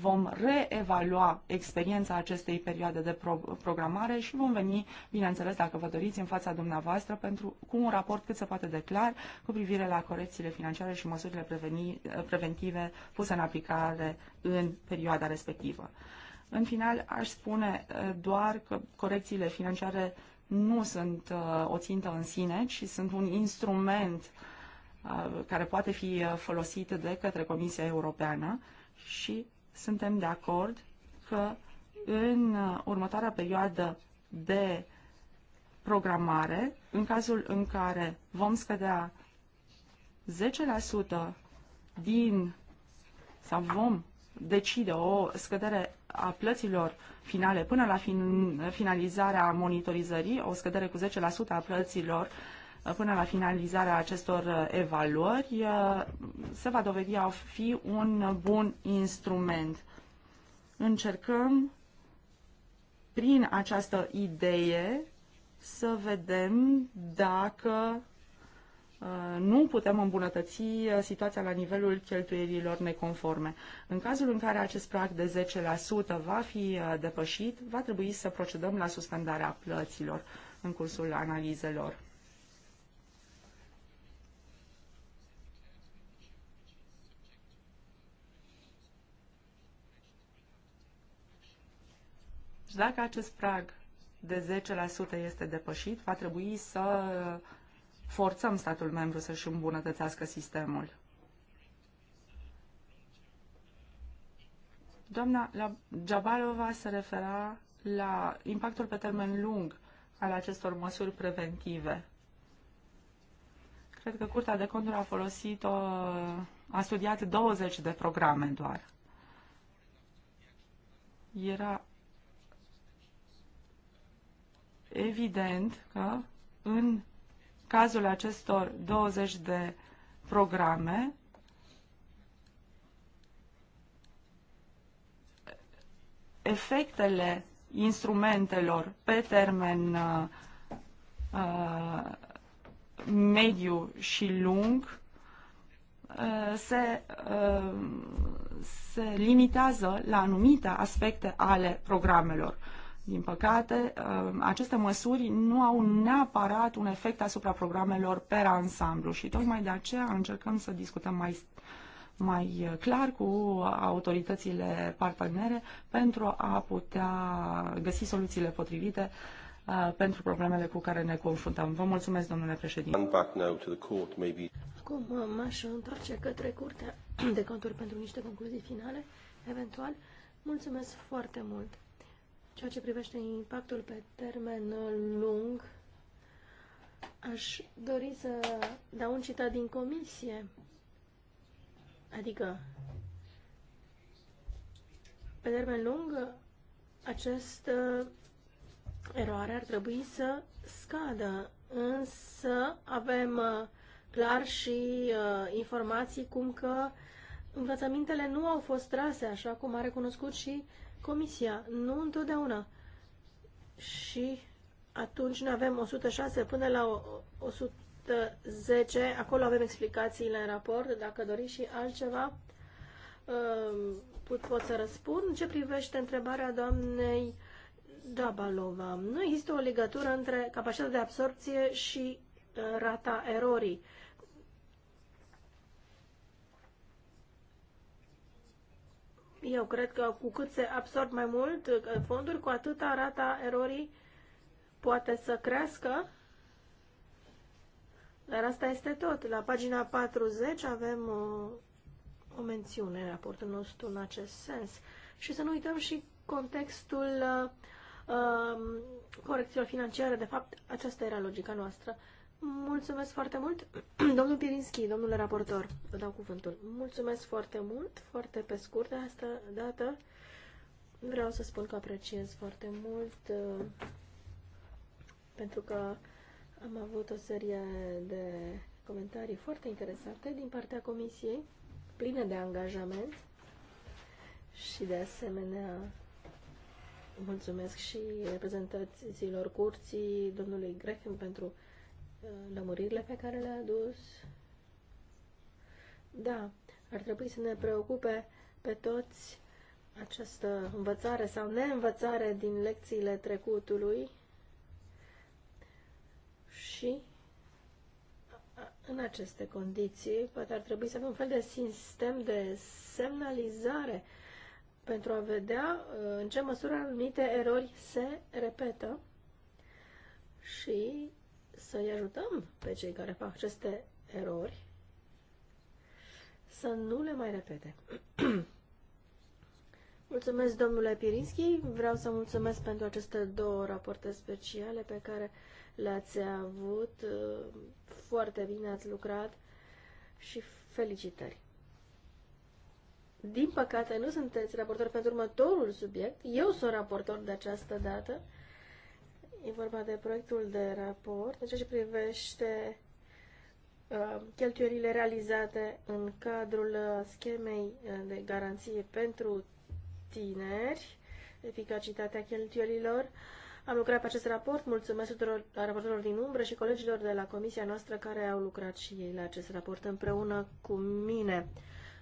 vom reevalua experiența acestei perioade de pro- programare și vom veni, bineînțeles, dacă vă doriți, în fața dumneavoastră pentru, cu un raport cât se poate de clar cu privire la corecțiile financiare și măsurile preveni, preventive puse în aplicare în perioada respectivă. În final, aș spune eh, doar că corecțiile financiare nu sunt eh, o țintă în sine, ci sunt un instrument uh, care poate fi folosit de către Comisia Europeană și suntem de acord că în următoarea perioadă de programare, în cazul în care vom scădea 10% din sau vom decide o scădere a plăților finale până la fin, finalizarea monitorizării, o scădere cu 10% a plăților până la finalizarea acestor uh, evaluări uh, se va dovedi a fi un bun instrument. Încercăm prin această idee să vedem dacă uh, nu putem îmbunătăți situația la nivelul cheltuierilor neconforme. În cazul în care acest prag de 10% va fi depășit, va trebui să procedăm la suspendarea plăților în cursul analizelor. Și deci dacă acest prag de 10% este depășit, va trebui să forțăm statul membru să-și îmbunătățească sistemul. Doamna Jabalova se refera la impactul pe termen lung al acestor măsuri preventive. Cred că Curtea de Conturi a folosit, o, uh, a studiat 20 de programe doar. Era evident că în cazul acestor 20 de programe, efectele instrumentelor pe termen uh, uh, mediu și lung uh, se, uh, se limitează la anumite aspecte ale programelor. Uh, din păcate, uh, aceste măsuri nu au neapărat un efect asupra programelor per ansamblu și tocmai de aceea încercăm să discutăm mai, mai clar cu autoritățile partenere pentru a putea găsi soluțiile potrivite uh, pentru problemele cu care ne confruntăm. Vă mulțumesc, domnule președinte. Acum uh, m-aș întoarce către Curtea de Conturi pentru niște concluzii finale, eventual. Mulțumesc foarte mult! ceea ce privește impactul pe termen lung, aș dori să dau un citat din comisie. Adică, pe termen lung, această uh, eroare ar trebui să scadă, însă avem uh, clar și uh, informații cum că învățămintele nu au fost trase, așa cum a recunoscut și uh, Comisia, nu întotdeauna. Și atunci ne avem 106 până la 110, acolo avem explicațiile în raport, dacă doriți și altceva um, pot, pot să răspund. Ce privește întrebarea doamnei Dabalova, nu există o legătură între capacitatea de absorpție și uh, rata erorii. Eu cred că cu cât se absorb mai mult uh, fonduri, cu atâta rata erorii poate să crească. Dar asta este tot. La pagina 40 avem o, uh, o mențiune în raportul nostru în acest sens. Și să nu uităm și contextul uh, um, corecțiilor financiare. De fapt, aceasta era logica noastră. Mulțumesc foarte mult. Domnul Pirinski, domnule raportor, vă dau cuvântul. Mulțumesc foarte mult, foarte pe scurt de asta dată. Vreau să spun că apreciez foarte mult uh, pentru că am avut o serie de comentarii foarte interesante din partea comisiei, pline de angajament și de asemenea mulțumesc și reprezentanților curții, domnului Grefin pentru lămuririle pe care le-a adus. Da, ar trebui să ne preocupe pe toți această învățare sau neînvățare din lecțiile trecutului și în aceste condiții poate ar trebui să avem un fel de sistem de semnalizare pentru a vedea uh, în ce măsură anumite erori se repetă și să-i ajutăm pe cei care fac aceste erori să nu le mai repete. mulțumesc, domnule Pirinski. Vreau să mulțumesc pentru aceste două rapoarte speciale pe care le-ați avut. Foarte bine ați lucrat și felicitări. Din păcate, nu sunteți raportor pentru următorul subiect. Eu sunt raportor de această dată E vorba de proiectul de raport în ceea ce privește uh, cheltuielile realizate în cadrul uh, schemei uh, de garanție pentru tineri, eficacitatea cheltuielilor. Am lucrat pe acest raport. Mulțumesc tuturor raportorilor din umbră și colegilor de la comisia noastră care au lucrat și ei la acest raport împreună cu mine.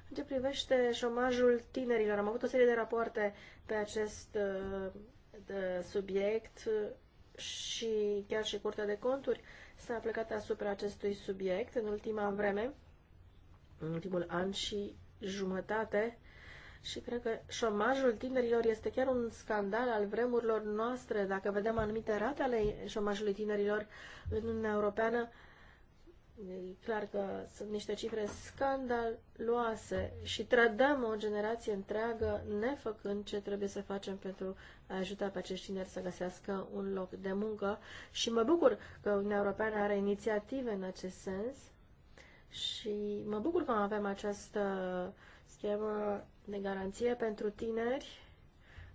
În ce privește șomajul tinerilor, am avut o serie de rapoarte pe acest uh, de subiect și chiar și Curtea de Conturi s-a plecat asupra acestui subiect în ultima vreme, în ultimul an și jumătate, și cred că șomajul tinerilor este chiar un scandal al vremurilor noastre. Dacă vedem anumite rate ale șomajului tinerilor în Uniunea Europeană, E clar că sunt niște cifre scandaloase și trădăm o generație întreagă nefăcând ce trebuie să facem pentru a ajuta pe acești tineri să găsească un loc de muncă și mă bucur că Uniunea Europeană are inițiative în acest sens și mă bucur că avem această schemă de garanție pentru tineri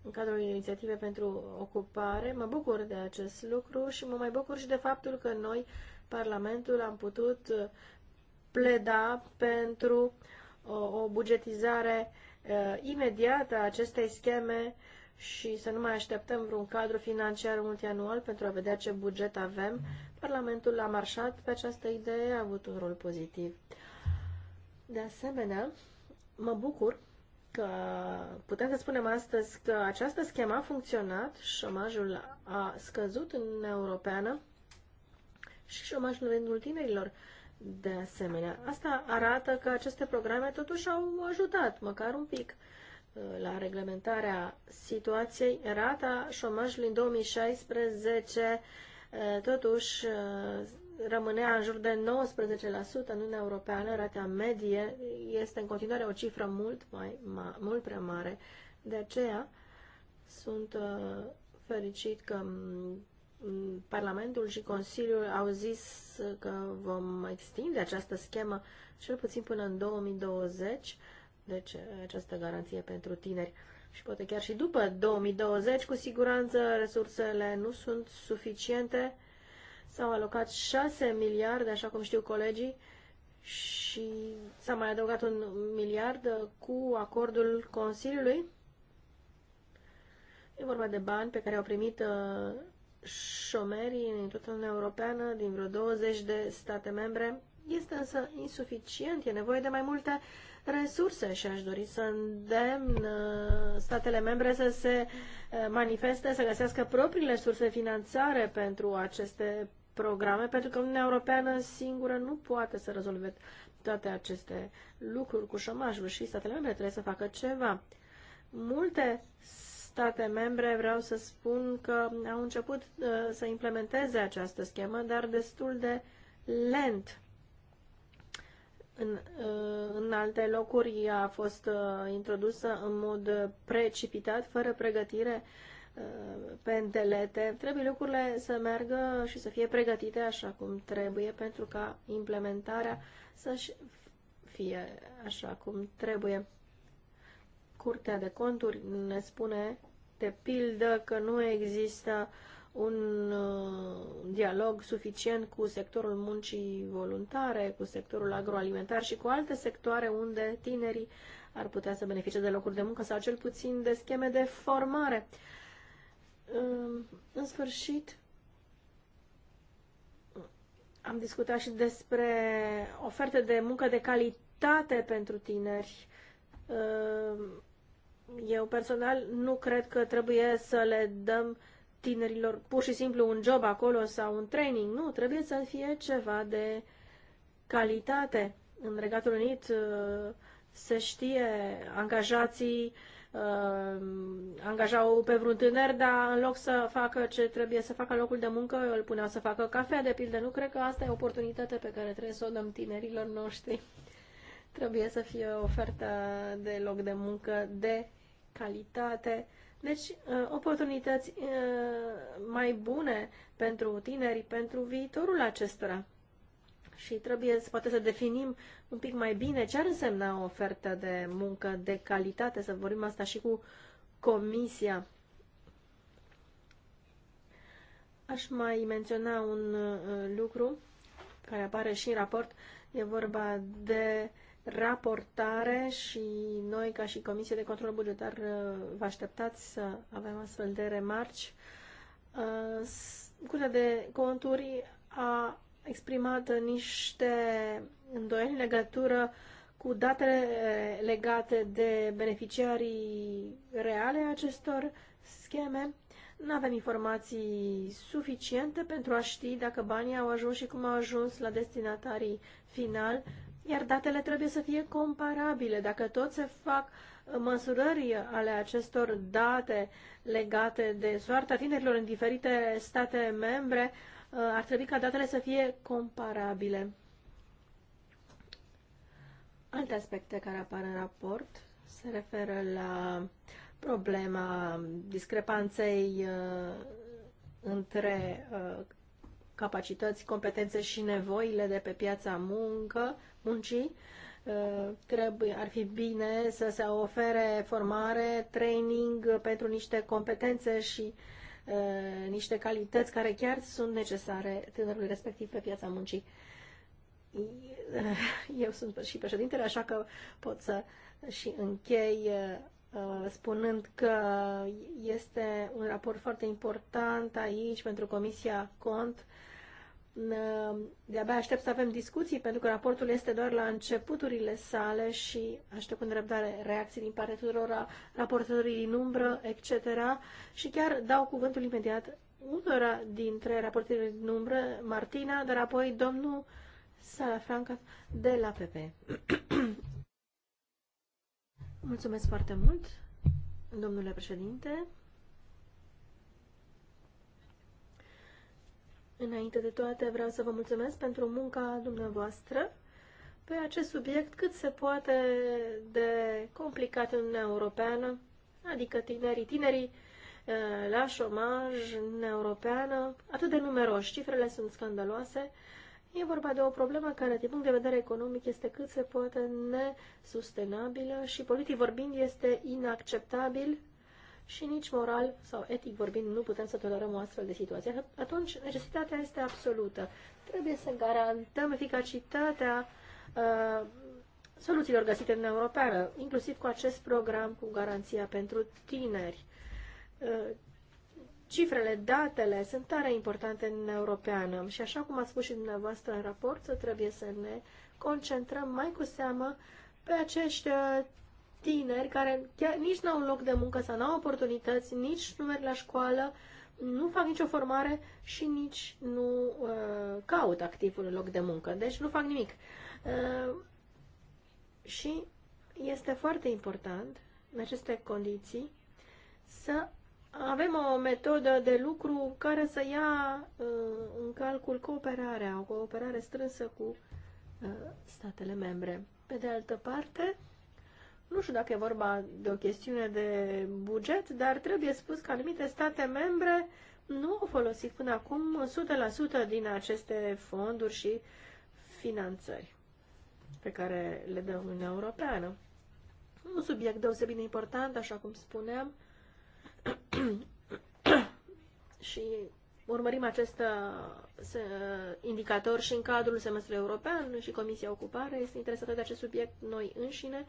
în cadrul inițiative pentru ocupare. Mă bucur de acest lucru și mă mai bucur și de faptul că noi Parlamentul am putut uh, pleda pentru uh, o bugetizare uh, imediată a acestei scheme și să nu mai așteptăm vreun cadru financiar multianual pentru a vedea ce buget avem. Parlamentul a marșat pe această idee, a avut un rol pozitiv. De asemenea, mă bucur că putem să spunem astăzi că această schemă a funcționat, șomajul a scăzut în Europeană și șomajul în rândul tinerilor. De asemenea, asta arată că aceste programe totuși au ajutat, măcar un pic, uh, la reglementarea situației. Rata șomajului în 2016 uh, totuși uh, rămânea în jur de 19% în Uniunea Europeană, rata medie este în continuare o cifră mult, mai, ma, mult prea mare. De aceea sunt fericit că mm, Parlamentul și Consiliul au zis că vom extinde această schemă cel puțin până în 2020, deci uh, această garanție pentru tineri. Și poate chiar și după 2020, cu siguranță, resursele nu sunt suficiente. S-au alocat 6 miliarde, așa cum știu colegii, și s-a mai adăugat un miliard uh, cu acordul Consiliului. E vorba de bani pe care au primit uh, șomerii în toată Uniunea Europeană din vreo 20 de state membre este însă insuficient, e nevoie de mai multe resurse și aș dori să îndemn uh, statele membre să se uh, manifeste, să găsească propriile surse finanțare pentru aceste programe, pentru că Uniunea Europeană singură nu poate să rezolve toate aceste lucruri cu șomajul și statele membre trebuie să facă ceva. Multe state membre, vreau să spun că au început uh, să implementeze această schemă, dar destul de lent. În, uh, în alte locuri a fost uh, introdusă în mod precipitat, fără pregătire uh, pe întelete. Trebuie lucrurile să meargă și să fie pregătite așa cum trebuie pentru ca implementarea să fie așa cum trebuie. Curtea de conturi ne spune de pildă că nu există un uh, dialog suficient cu sectorul muncii voluntare, cu sectorul agroalimentar și cu alte sectoare unde tinerii ar putea să beneficieze de locuri de muncă sau cel puțin de scheme de formare. Um, în sfârșit, am discutat și despre oferte de muncă de calitate pentru tineri um, eu personal nu cred că trebuie să le dăm tinerilor pur și simplu un job acolo sau un training. Nu, trebuie să fie ceva de calitate. În Regatul Unit uh, se știe, angajații uh, angajau pe vreun tânăr, dar în loc să facă ce trebuie să facă locul de muncă, îl puneau să facă cafea, de pildă. Nu cred că asta e oportunitatea pe care trebuie să o dăm tinerilor noștri. Trebuie să fie o ofertă de loc de muncă de calitate, deci uh, oportunități uh, mai bune pentru tineri, pentru viitorul acestora. Și trebuie să poate să definim un pic mai bine ce ar însemna o ofertă de muncă de calitate, să vorbim asta și cu comisia. Aș mai menționa un uh, lucru care apare și în raport. E vorba de uh, raportare și noi, ca și Comisie de Control Bugetar, uh, vă așteptați să avem astfel de remarci. Uh, Curtea de Conturi a exprimat niște îndoieli în legătură cu datele legate de beneficiarii reale acestor scheme. Nu avem informații suficiente pentru a ști dacă banii au ajuns și cum au ajuns la destinatarii final iar datele trebuie să fie comparabile. Dacă tot se fac măsurări ale acestor date legate de soarta tinerilor în diferite state membre, ar trebui ca datele să fie comparabile. Alte aspecte care apar în raport se referă la problema discrepanței uh, între uh, capacități, competențe și nevoile de pe piața muncă, muncii, uh, trebuie, ar fi bine să se ofere formare, training pentru niște competențe și uh, niște calități care chiar sunt necesare tânărului respectiv pe piața muncii. Eu sunt și președintele, așa că pot să și închei uh, spunând că este un raport foarte important aici pentru Comisia Cont de-abia aștept să avem discuții, pentru că raportul este doar la începuturile sale și aștept cu nerăbdare reacții din partea tuturor raportorii din umbră, etc. Și chiar dau cuvântul imediat unora dintre raportările din umbră, Martina, dar apoi domnul Franca de la PP. Mulțumesc foarte mult, domnule președinte. Înainte de toate, vreau să vă mulțumesc pentru munca dumneavoastră pe acest subiect cât se poate de complicat în Uniunea Europeană, adică tinerii, tinerii eh, la șomaj în Europeană, atât de numeroși, cifrele sunt scandaloase. E vorba de o problemă care, din punct de vedere economic, este cât se poate nesustenabilă și, politic vorbind, este inacceptabil și nici moral sau etic vorbind nu putem să tolerăm o astfel de situație. Atunci necesitatea este absolută. Trebuie să garantăm eficacitatea uh, soluțiilor găsite în Europeană, inclusiv cu acest program cu garanția pentru tineri. Uh, cifrele, datele sunt tare importante în Europeană și așa cum ați spus și dumneavoastră în raport, trebuie să ne concentrăm mai cu seamă pe acești uh, tineri care chiar nici n-au loc de muncă sau n-au oportunități, nici nu merg la școală, nu fac nicio formare și nici nu uh, caut activ un loc de muncă. Deci nu fac nimic. Uh, și este foarte important în aceste condiții să avem o metodă de lucru care să ia uh, în calcul cooperarea, o cooperare strânsă cu uh, statele membre. Pe de altă parte, nu știu dacă e vorba de o chestiune de buget, dar trebuie spus că anumite state membre nu au folosit până acum 100% din aceste fonduri și finanțări pe care le dă Uniunea Europeană. Un subiect deosebit de important, așa cum spuneam, și urmărim acest uh, uh, indicator și în cadrul semestrului european și Comisia Ocupare este interesată de acest subiect noi înșine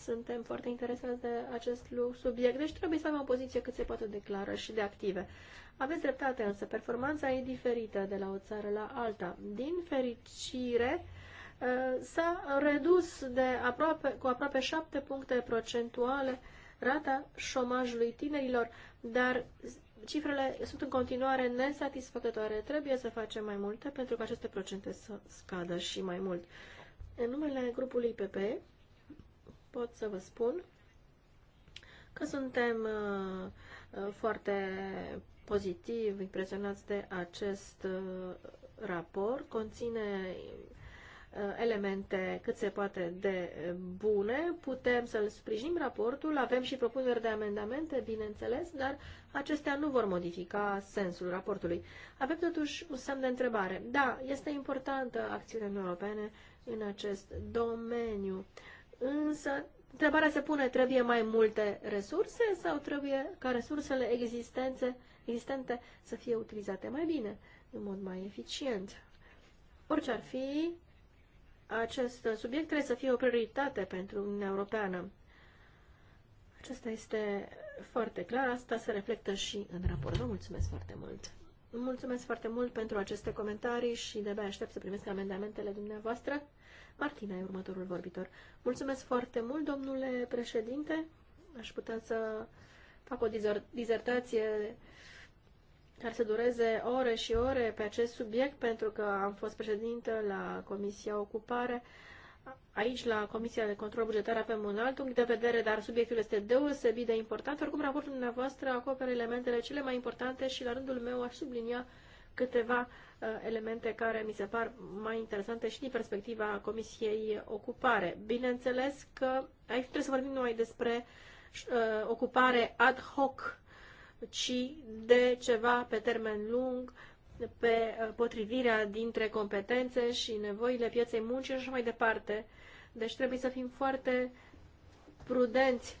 suntem foarte interesați de acest subiect, deci trebuie să avem o poziție cât se poate de clară și de active. Aveți dreptate, însă performanța e diferită de la o țară la alta. Din fericire, ă, s-a redus de aproape, cu aproape 7 puncte procentuale rata șomajului tinerilor, dar cifrele sunt în continuare nesatisfăcătoare. Trebuie să facem mai multe pentru că aceste procente să scadă și mai mult. În numele grupului PP pot să vă spun că suntem uh, uh, foarte pozitiv impresionați de acest uh, raport. Conține elemente cât se poate de bune, putem să-l sprijinim raportul, avem și propuneri de amendamente, bineînțeles, dar acestea nu vor modifica sensul raportului. Avem totuși un semn de întrebare. Da, este importantă acțiunea europene în acest domeniu. Uh, Însă, întrebarea se pune, trebuie mai multe resurse sau trebuie ca resursele existențe, existente să fie utilizate mai bine, în mod mai eficient? Orice ar fi, acest subiect trebuie să fie o prioritate pentru Uniunea Europeană. Acesta este foarte clar, asta se reflectă și în raport. Vă mulțumesc foarte mult! Mulțumesc foarte mult pentru aceste comentarii și de-abia aștept să primesc amendamentele dumneavoastră. Martina e următorul vorbitor. Mulțumesc foarte mult, domnule președinte. Aș putea să fac o dizertație care să dureze ore și ore pe acest subiect, pentru că am fost președintă la Comisia Ocupare. Aici, la Comisia de Control Bugetar, avem un alt punct de vedere, dar subiectul este deosebit de important. Oricum, raportul dumneavoastră acoperă elementele cele mai importante și, la rândul meu, aș sublinia câteva uh, elemente care mi se par mai interesante și din perspectiva Comisiei Ocupare. Bineînțeles că aici trebuie să vorbim numai despre uh, ocupare ad hoc, ci de ceva pe termen lung, pe uh, potrivirea dintre competențe și nevoile pieței muncii și așa mai departe. Deci trebuie să fim foarte prudenți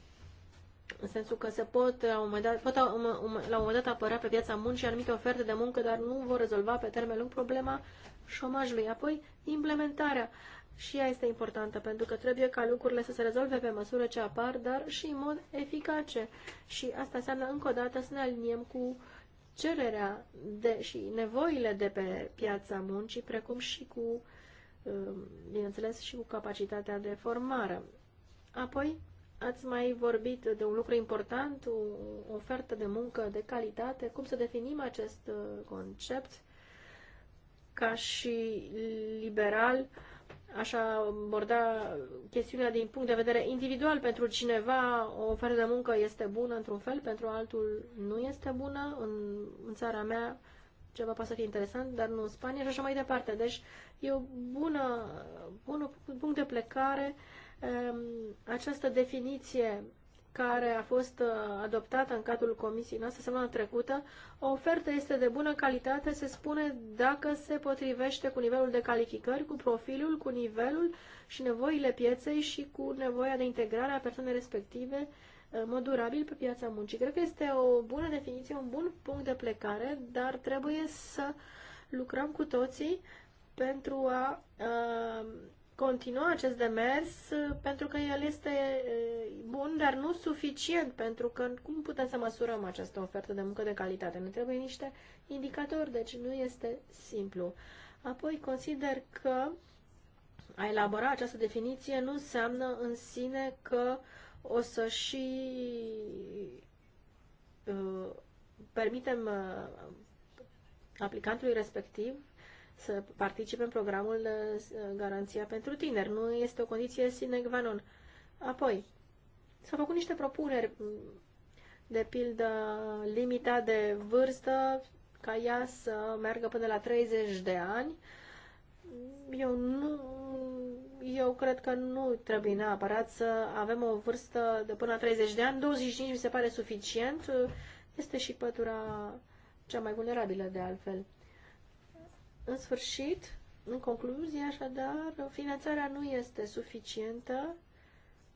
în sensul că se pot, la un moment dat, pot la un moment dat apărea pe piața muncii anumite oferte de muncă, dar nu vor rezolva pe termen lung problema șomajului. Apoi, implementarea. Și ea este importantă, pentru că trebuie ca lucrurile să se rezolve pe măsură ce apar, dar și în mod eficace. Și asta înseamnă, încă o dată, să ne aliniem cu cererea de, și nevoile de pe piața muncii, precum și cu, um, bineînțeles, și cu capacitatea de formare. Apoi, Ați mai vorbit de un lucru important, o ofertă de muncă de calitate. Cum să definim acest uh, concept? Ca și liberal, aș aborda chestiunea din punct de vedere individual. Pentru cineva o ofertă de muncă este bună într-un fel, pentru altul nu este bună. În, în țara mea ceva poate să fie interesant, dar nu în Spania și așa mai departe. Deci e o bună, bună punct de plecare uh, Ehm, această definiție care a fost uh, adoptată în cadrul comisiei noastre săptămâna trecută, o ofertă este de bună calitate, se spune, dacă se potrivește cu nivelul de calificări, cu profilul, cu nivelul și nevoile pieței și cu nevoia de integrare a persoanei respective uh, în mod durabil pe piața muncii. Cred că este o bună definiție, un bun punct de plecare, dar trebuie să lucrăm cu toții pentru a, a uh, continua acest demers uh, pentru că el este uh, bun, dar nu suficient, pentru că cum putem să măsurăm această ofertă de muncă de calitate? Ne trebuie niște indicatori, deci nu este simplu. Apoi consider că a elabora această definiție nu înseamnă în sine că o să și uh, permitem uh, aplicantului respectiv să participe în programul uh, uh, Garanția pentru Tineri. Nu este o condiție sine qua non. Apoi, s-au făcut niște propuneri, de pildă limita de vârstă, ca ea să meargă până la 30 de ani. Eu nu, eu cred că nu trebuie neapărat să avem o vârstă de până la 30 de ani. 25 mi se pare suficient. Este și pătura cea mai vulnerabilă de altfel. În sfârșit, în concluzie, așadar, finanțarea nu este suficientă,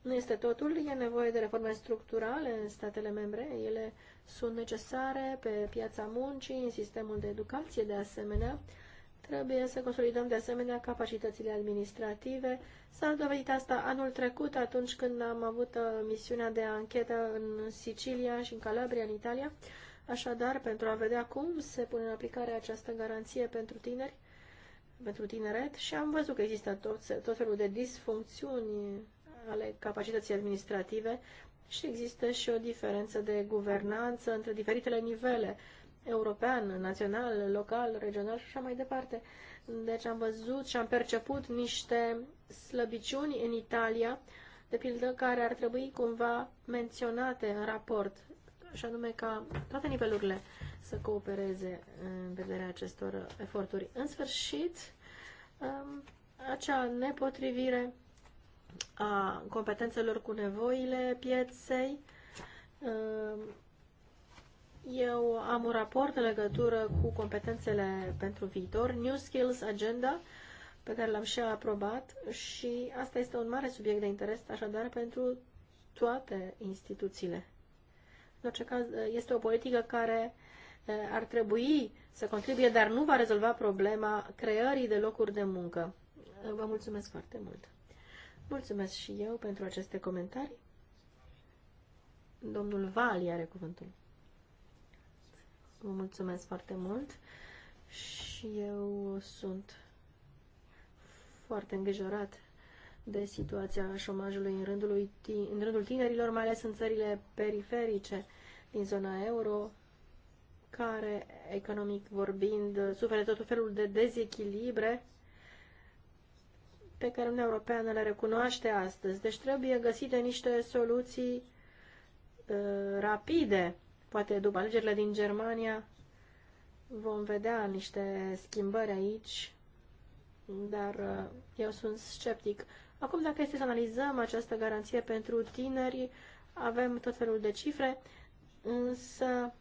nu este totul, e nevoie de reforme structurale în statele membre, ele sunt necesare pe piața muncii, în sistemul de educație, de asemenea. Trebuie să consolidăm de asemenea capacitățile administrative. S-a dovedit asta anul trecut, atunci când am avut uh, misiunea de anchetă în Sicilia și în Calabria, în Italia Așadar, pentru a vedea cum se pune în aplicare această garanție pentru tineri, pentru tineret și am văzut că există tot, tot felul de disfuncțiuni ale capacității administrative și există și o diferență de guvernanță între diferitele nivele, european, național, local, regional și așa mai departe. Deci am văzut și am perceput niște slăbiciuni în Italia, de pildă, care ar trebui cumva menționate în raport și anume ca toate nivelurile să coopereze în vederea acestor eforturi. În sfârșit, um, acea nepotrivire a competențelor cu nevoile pieței. Um, eu am un raport în legătură cu competențele pentru viitor, New Skills Agenda, pe care l-am și aprobat și asta este un mare subiect de interes, așadar, pentru toate instituțiile. În orice caz, este o politică care eh, ar trebui să contribuie, dar nu va rezolva problema creării de locuri de muncă. Eh, vă mulțumesc foarte mult. Mulțumesc și eu pentru aceste comentarii. Domnul Vali are cuvântul. Vă mulțumesc foarte mult și eu sunt foarte îngrijorat de situația șomajului în rândul, în rândul tinerilor, mai ales în țările periferice din zona euro, care, economic vorbind, suferă tot felul de dezechilibre pe care Uniunea Europeană le recunoaște astăzi. Deci trebuie găsite niște soluții uh, rapide. Poate după alegerile din Germania vom vedea niște schimbări aici, dar uh, eu sunt sceptic. Acum, dacă este să analizăm această garanție pentru tineri, avem tot felul de cifre, însă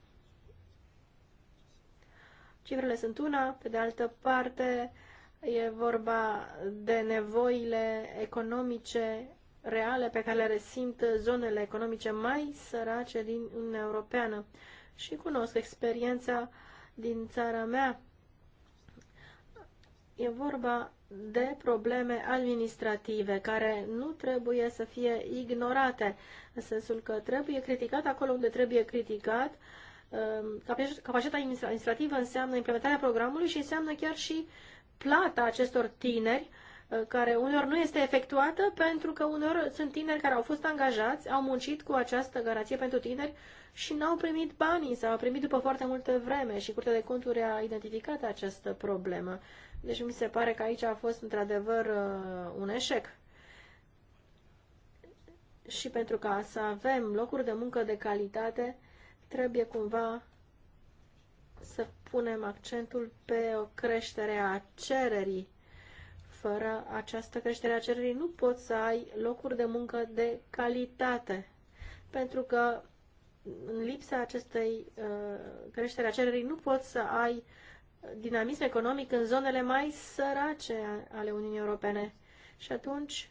cifrele sunt una, pe de altă parte e vorba de nevoile economice reale pe care le resimt zonele economice mai sărace din Uniunea Europeană. Și cunosc experiența din țara mea. E vorba de probleme administrative care nu trebuie să fie ignorate, în sensul că trebuie criticat acolo unde trebuie criticat. Um, capacitatea administrativă înseamnă implementarea programului și înseamnă chiar și plata acestor tineri uh, care uneori nu este efectuată pentru că uneori sunt tineri care au fost angajați, au muncit cu această garanție pentru tineri și n-au primit banii sau au primit după foarte multă vreme și Curtea de Conturi a identificat această problemă. Deci mi se pare că aici a fost într-adevăr uh, un eșec. Și pentru ca să avem locuri de muncă de calitate, trebuie cumva să punem accentul pe o creștere a cererii. Fără această creștere a cererii nu poți să ai locuri de muncă de calitate. Pentru că în lipsa acestei uh, creștere a cererii nu poți să ai uh, dinamism economic în zonele mai sărace ale Uniunii Europene. Și atunci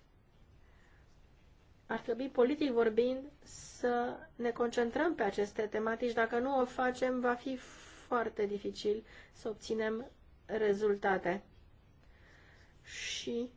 ar trebui, politic vorbind, să ne concentrăm pe aceste tematici. Dacă nu o facem, va fi foarte dificil să obținem rezultate. Și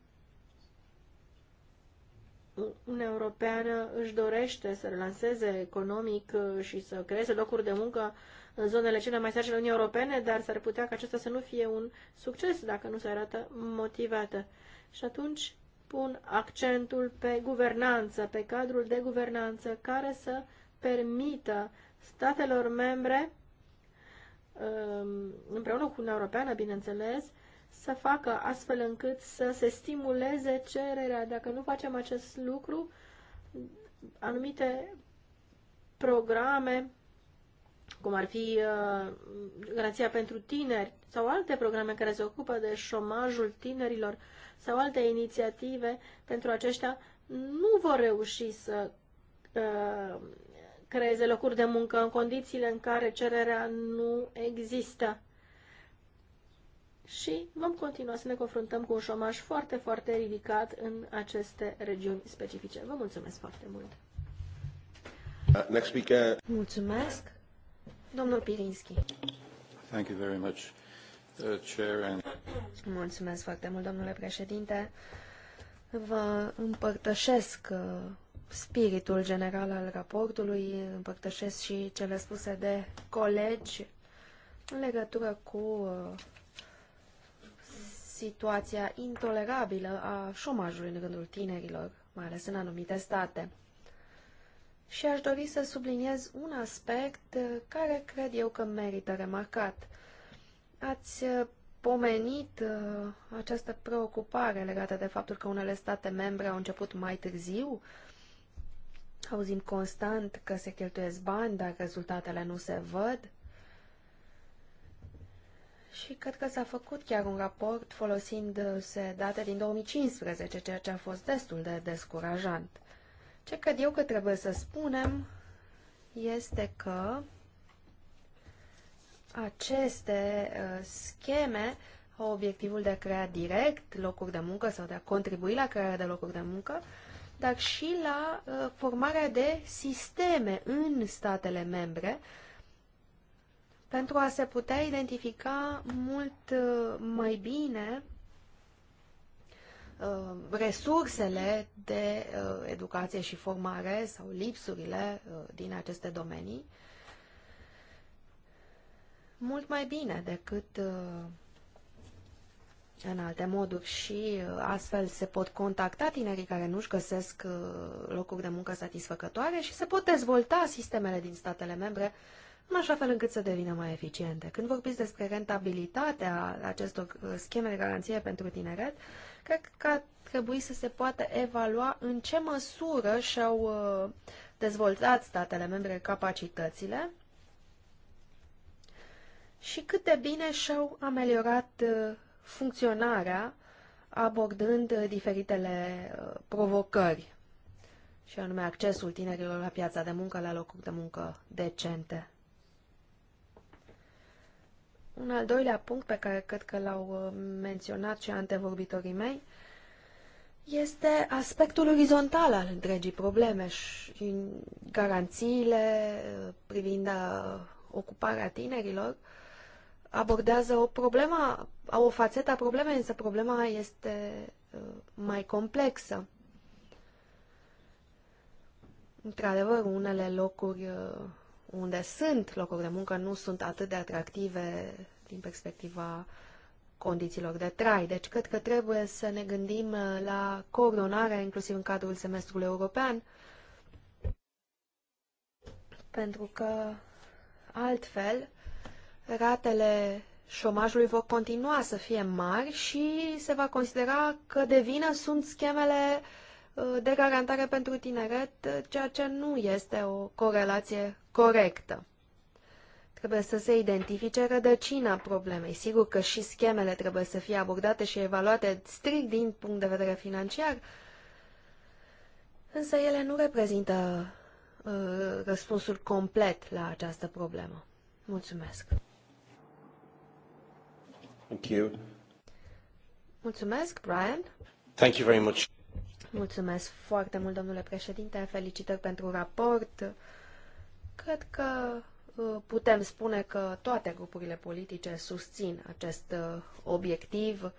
Uniunea Europeană își dorește să relanseze economic și să creeze locuri de muncă uh, în zonele cele mai ale Uniunii Europene, dar s-ar putea ca acesta să nu fie un succes dacă nu se arată motivată. Și atunci pun accentul pe guvernanță, pe cadrul de guvernanță care să permită statelor membre, um, împreună cu Uniunea Europeană, bineînțeles, să facă astfel încât să se stimuleze cererea. Dacă nu facem acest lucru, anumite programe cum ar fi uh, garanția pentru tineri sau alte programe care se ocupă de șomajul tinerilor sau alte inițiative pentru aceștia, nu vor reuși să uh, creeze locuri de muncă în condițiile în care cererea nu există. Și vom continua să ne confruntăm cu un șomaj foarte, foarte ridicat în aceste regiuni specifice. Vă mulțumesc foarte mult! Uh, mulțumesc! Domnul Pirinski. Thank you very much, uh, Chair. And... Mulțumesc foarte mult, domnule președinte. Vă împărtășesc uh, spiritul general al raportului, împărtășesc și cele spuse de colegi în legătură cu uh, situația intolerabilă a șomajului în rândul tinerilor, mai ales în anumite state și aș dori să subliniez un aspect uh, care cred eu că merită remarcat. Ați uh, pomenit uh, această preocupare legată de faptul că unele state membre au început mai târziu. Auzim constant că se cheltuiesc bani, dar rezultatele nu se văd. Și cred că s-a făcut chiar un raport folosindu-se date din 2015, ceea ce a fost destul de descurajant. Ce cred eu că trebuie să spunem este că aceste uh, scheme au obiectivul de a crea direct locuri de muncă sau de a contribui la crearea de locuri de muncă, dar și la uh, formarea de sisteme în statele membre pentru a se putea identifica mult uh, mai bine Uh, resursele de uh, educație și formare sau lipsurile uh, din aceste domenii mult mai bine decât în alte moduri și astfel se pot contacta tinerii care nu-și găsesc locuri de muncă satisfăcătoare și se pot dezvolta sistemele din statele membre în așa fel încât să devină mai eficiente. Când vorbiți despre rentabilitatea acestor scheme de garanție pentru tineret, Cred că ar trebui să se poată evalua în ce măsură și-au uh, dezvoltat statele membre capacitățile și cât de bine și-au ameliorat uh, funcționarea abordând uh, diferitele provocări, și anume accesul tinerilor la piața de muncă, la locuri de muncă decente. Un al doilea punct pe care cred că l-au uh, menționat și antevorbitorii mei este aspectul orizontal al întregii probleme și garanțiile uh, privind uh, ocuparea tinerilor abordează o problemă, au o fațetă a problemei, însă problema este mai complexă. Într-adevăr, unele locuri unde sunt locuri de muncă nu sunt atât de atractive din perspectiva condițiilor de trai. Deci cred că trebuie să ne gândim uh, la coordonarea inclusiv în cadrul semestrului european, pentru că altfel ratele șomajului vor continua să fie mari și se va considera că de vină sunt schemele uh, de garantare pentru tineret, uh, ceea ce nu este o corelație corectă. Trebuie să se identifice rădăcina problemei. Sigur că și schemele trebuie să fie abordate și evaluate strict din punct de vedere financiar, însă ele nu reprezintă uh, răspunsul complet la această problemă. Mulțumesc! Thank you. Mulțumesc, Brian! Thank you very much. Mulțumesc foarte mult, domnule președinte. Felicitări pentru raport. Cred că uh, putem spune că toate grupurile politice susțin acest uh, obiectiv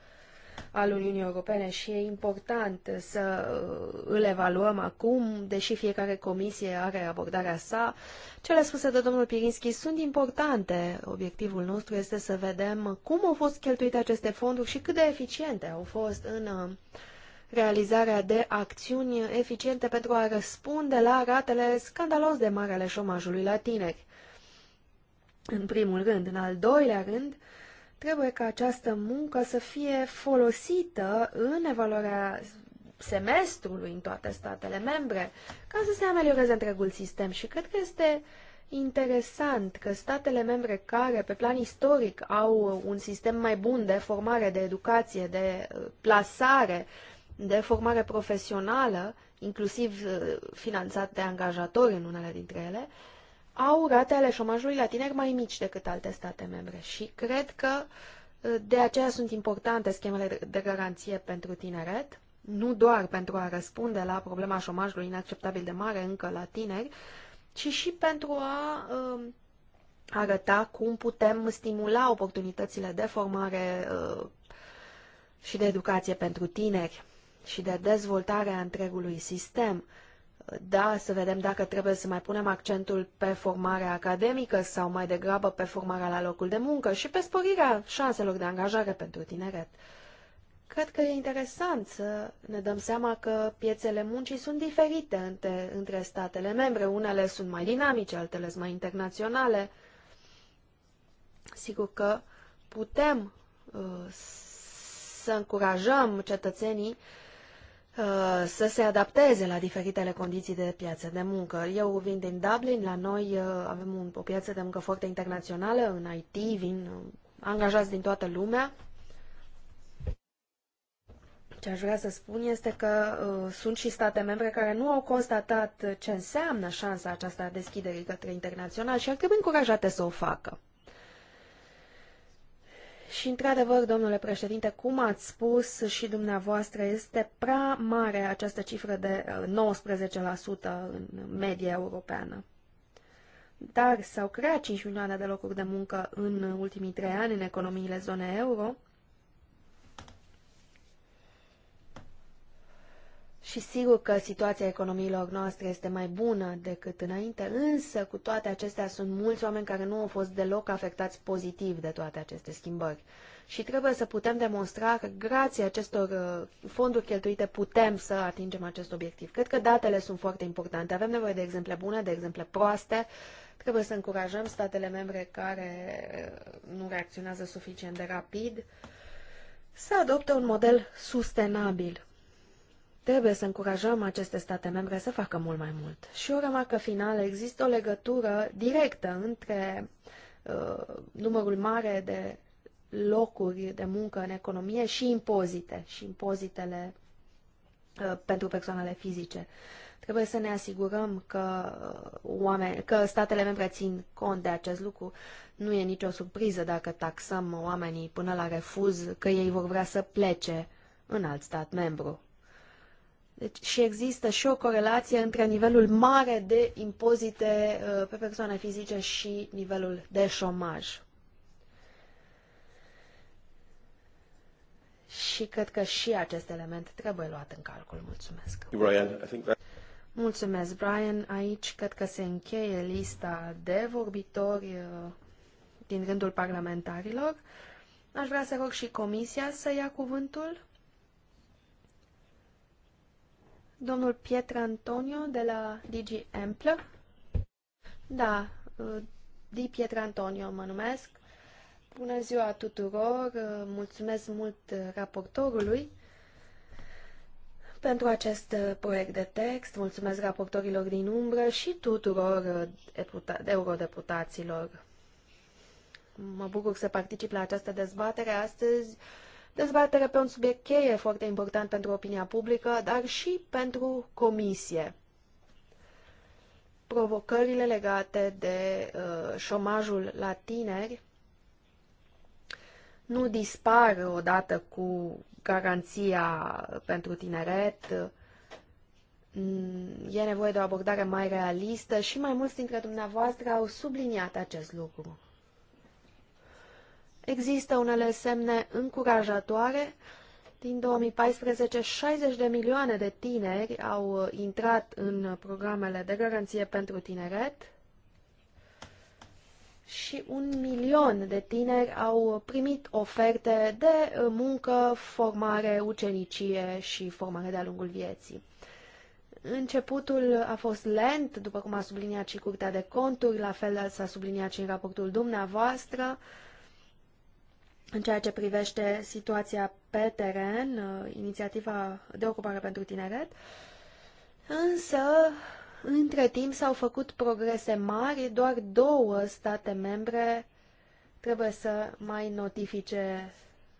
al Uniunii Europene și e important să uh, îl evaluăm acum, deși fiecare comisie are abordarea sa. Cele spuse de domnul Pirinski sunt importante. Obiectivul nostru este să vedem cum au fost cheltuite aceste fonduri și cât de eficiente au fost în realizarea de acțiuni eficiente pentru a răspunde la ratele scandalos de mari ale șomajului la tineri. În primul rând, în al doilea rând, trebuie ca această muncă să fie folosită în evaluarea semestrului în toate statele membre, ca să se amelioreze întregul sistem. Și cred că este interesant că statele membre care, pe plan istoric, au un sistem mai bun de formare, de educație, de uh, plasare de formare profesională, inclusiv uh, finanțat de angajatori în unele dintre ele, au rate ale șomajului la tineri mai mici decât alte state membre și cred că uh, de aceea sunt importante schemele de garanție pentru tineret, nu doar pentru a răspunde la problema șomajului inacceptabil de mare încă la tineri, ci și pentru a um, arăta cum putem stimula oportunitățile de formare uh, și de educație pentru tineri și de dezvoltare a întregului sistem. Da, să vedem dacă trebuie să mai punem accentul pe formarea academică sau mai degrabă pe formarea la locul de muncă și pe sporirea șanselor de angajare pentru tineret. Cred că e interesant să ne dăm seama că piețele muncii sunt diferite între, între statele membre. Unele sunt mai dinamice, altele sunt mai internaționale. Sigur că putem uh, să încurajăm cetățenii uh, Uh, să se adapteze la diferitele condiții de piață de muncă. Eu vin din Dublin, la noi uh, avem un, o piață de muncă foarte internațională, în IT vin uh, angajați din toată lumea. Ce aș vrea să spun este că uh, sunt și state membre care nu au constatat ce înseamnă șansa aceasta a deschiderii către internațional și ar trebui încurajate să o facă. Și, într-adevăr, domnule președinte, cum ați spus și dumneavoastră, este prea mare această cifră de 19% uh, în media europeană. Dar s-au creat 5 milioane de locuri de muncă în ultimii trei ani în economiile zonei euro, Și sigur că situația economiilor noastre este mai bună decât înainte, însă cu toate acestea sunt mulți oameni care nu au fost deloc afectați pozitiv de toate aceste schimbări. Și trebuie să putem demonstra că grație acestor uh, fonduri cheltuite putem să atingem acest obiectiv. Cred că datele sunt foarte importante. Avem nevoie de exemple bune, de exemple proaste. Trebuie să încurajăm statele membre care uh, nu reacționează suficient de rapid să adopte un model sustenabil Trebuie să încurajăm aceste state membre să facă mult mai mult. Și o remarcă finală, există o legătură directă între uh, numărul mare de locuri de muncă în economie și impozite și impozitele uh, pentru persoanele fizice. Trebuie să ne asigurăm că, uh, oameni, că statele membre țin cont de acest lucru. Nu e nicio surpriză dacă taxăm oamenii până la refuz că ei vor vrea să plece în alt stat membru. Deci și există și o corelație între nivelul mare de impozite uh, pe persoane fizice și nivelul de șomaj. Și cred că și acest element trebuie luat în calcul. Mulțumesc. Brian, I think that... Mulțumesc, Brian. Aici cred că se încheie lista de vorbitori uh, din rândul parlamentarilor. Aș vrea să rog și Comisia să ia cuvântul. Domnul Pietro Antonio de la DG Amplă. Da, uh, Di Pietro Antonio mă numesc. Bună ziua tuturor, uh, mulțumesc mult uh, raportorului pentru acest proiect de text, mulțumesc raportorilor din umbră și tuturor eurodeputaților. Mă bucur să particip la această dezbatere astăzi dezbatere pe un subiect cheie foarte important pentru opinia publică, dar și pentru comisie. Provocările legate de uh, șomajul la tineri nu dispar odată cu garanția pentru tineret. Mm, e nevoie de o abordare mai realistă și mai mulți dintre dumneavoastră au subliniat acest lucru. Există unele semne încurajatoare. Din 2014, 60 de milioane de tineri au uh, intrat în programele de garanție pentru tineret și un milion de tineri au primit oferte de uh, muncă, formare, ucenicie și formare de-a lungul vieții. Începutul a fost lent, după cum a subliniat și Curtea de Conturi, la fel s-a subliniat și în raportul dumneavoastră, în ceea ce privește situația pe teren, uh, inițiativa de ocupare pentru tineret, însă între timp s-au făcut progrese mari, doar două state membre trebuie să mai notifice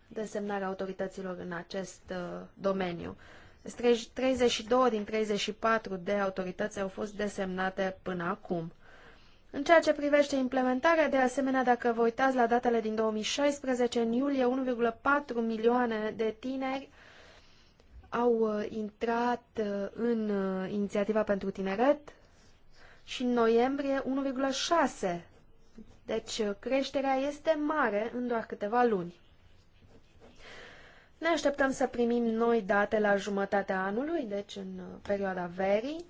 desemnarea autorităților în acest uh, domeniu. 32 din 34 de autorități au fost desemnate până acum. În ceea ce privește implementarea, de asemenea, dacă vă uitați la datele din 2016, în iulie 1,4 milioane de tineri au uh, intrat uh, în uh, inițiativa pentru tineret și în noiembrie 1,6. Deci creșterea este mare în doar câteva luni. Ne așteptăm să primim noi date la jumătatea anului, deci în perioada verii,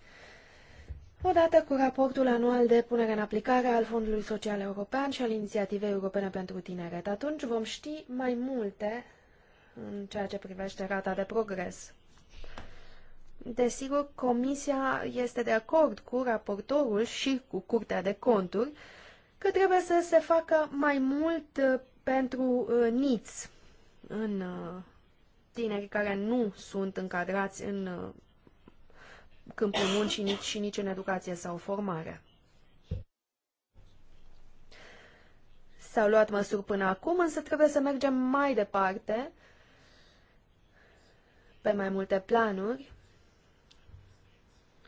odată cu raportul anual de punere în aplicare al Fondului Social European și al Inițiativei Europene pentru Tineret. Atunci vom ști mai multe în ceea ce privește rata de progres. Desigur, Comisia este de acord cu raportorul și cu Curtea de Conturi că trebuie să se facă mai mult uh, pentru uh, niți în uh, tinerii care nu sunt încadrați în câmpul muncii nici, și nici în educație sau formare. S-au luat măsuri până acum, însă trebuie să mergem mai departe, pe mai multe planuri,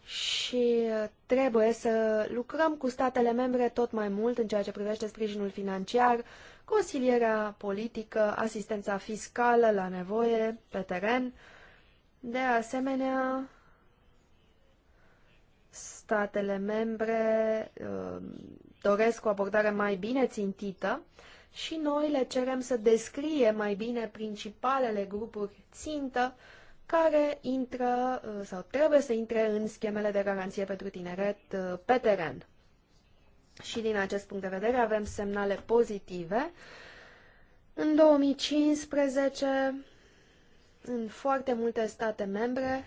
și trebuie să lucrăm cu statele membre tot mai mult în ceea ce privește sprijinul financiar, consilierea politică, asistența fiscală la nevoie pe teren. De asemenea, statele membre uh, doresc o abordare mai bine țintită și noi le cerem să descrie mai bine principalele grupuri țintă care intră uh, sau trebuie să intre în schemele de garanție pentru tineret uh, pe teren. Și din acest punct de vedere avem semnale pozitive. În 2015, în foarte multe state membre,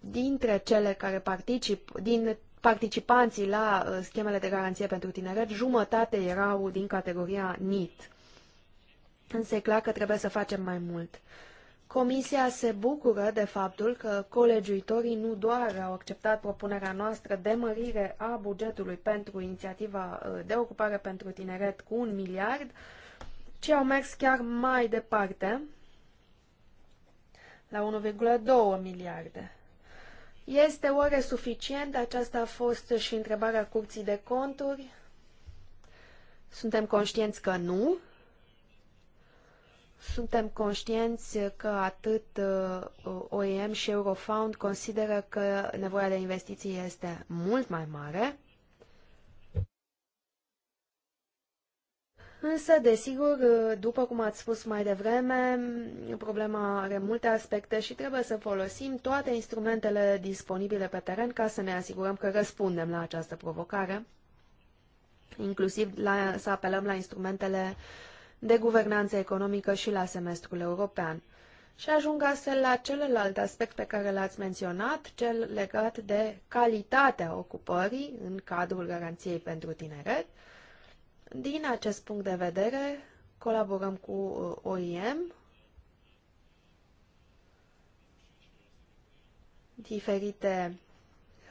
dintre cele care particip, din participanții la uh, schemele de garanție pentru tineret, jumătate erau din categoria NIT. Însă e clar că trebuie să facem mai mult. Comisia se bucură de faptul că colegiuitorii nu doar au acceptat propunerea noastră de mărire a bugetului pentru inițiativa uh, de ocupare pentru tineret cu un miliard, ci au mers chiar mai departe, la 1,2 miliarde. Este oare suficient? Aceasta a fost și întrebarea Curții de Conturi. Suntem conștienți că nu. Suntem conștienți că atât uh, OEM și Eurofound consideră că nevoia de investiții este mult mai mare. Însă, desigur, după cum ați spus mai devreme, problema are multe aspecte și trebuie să folosim toate instrumentele disponibile pe teren ca să ne asigurăm că răspundem la această provocare, inclusiv la, să apelăm la instrumentele de guvernanță economică și la semestrul european. Și ajung astfel la celălalt aspect pe care l-ați menționat, cel legat de calitatea ocupării în cadrul garanției pentru tineret, din acest punct de vedere, colaborăm cu uh, OIM, diferite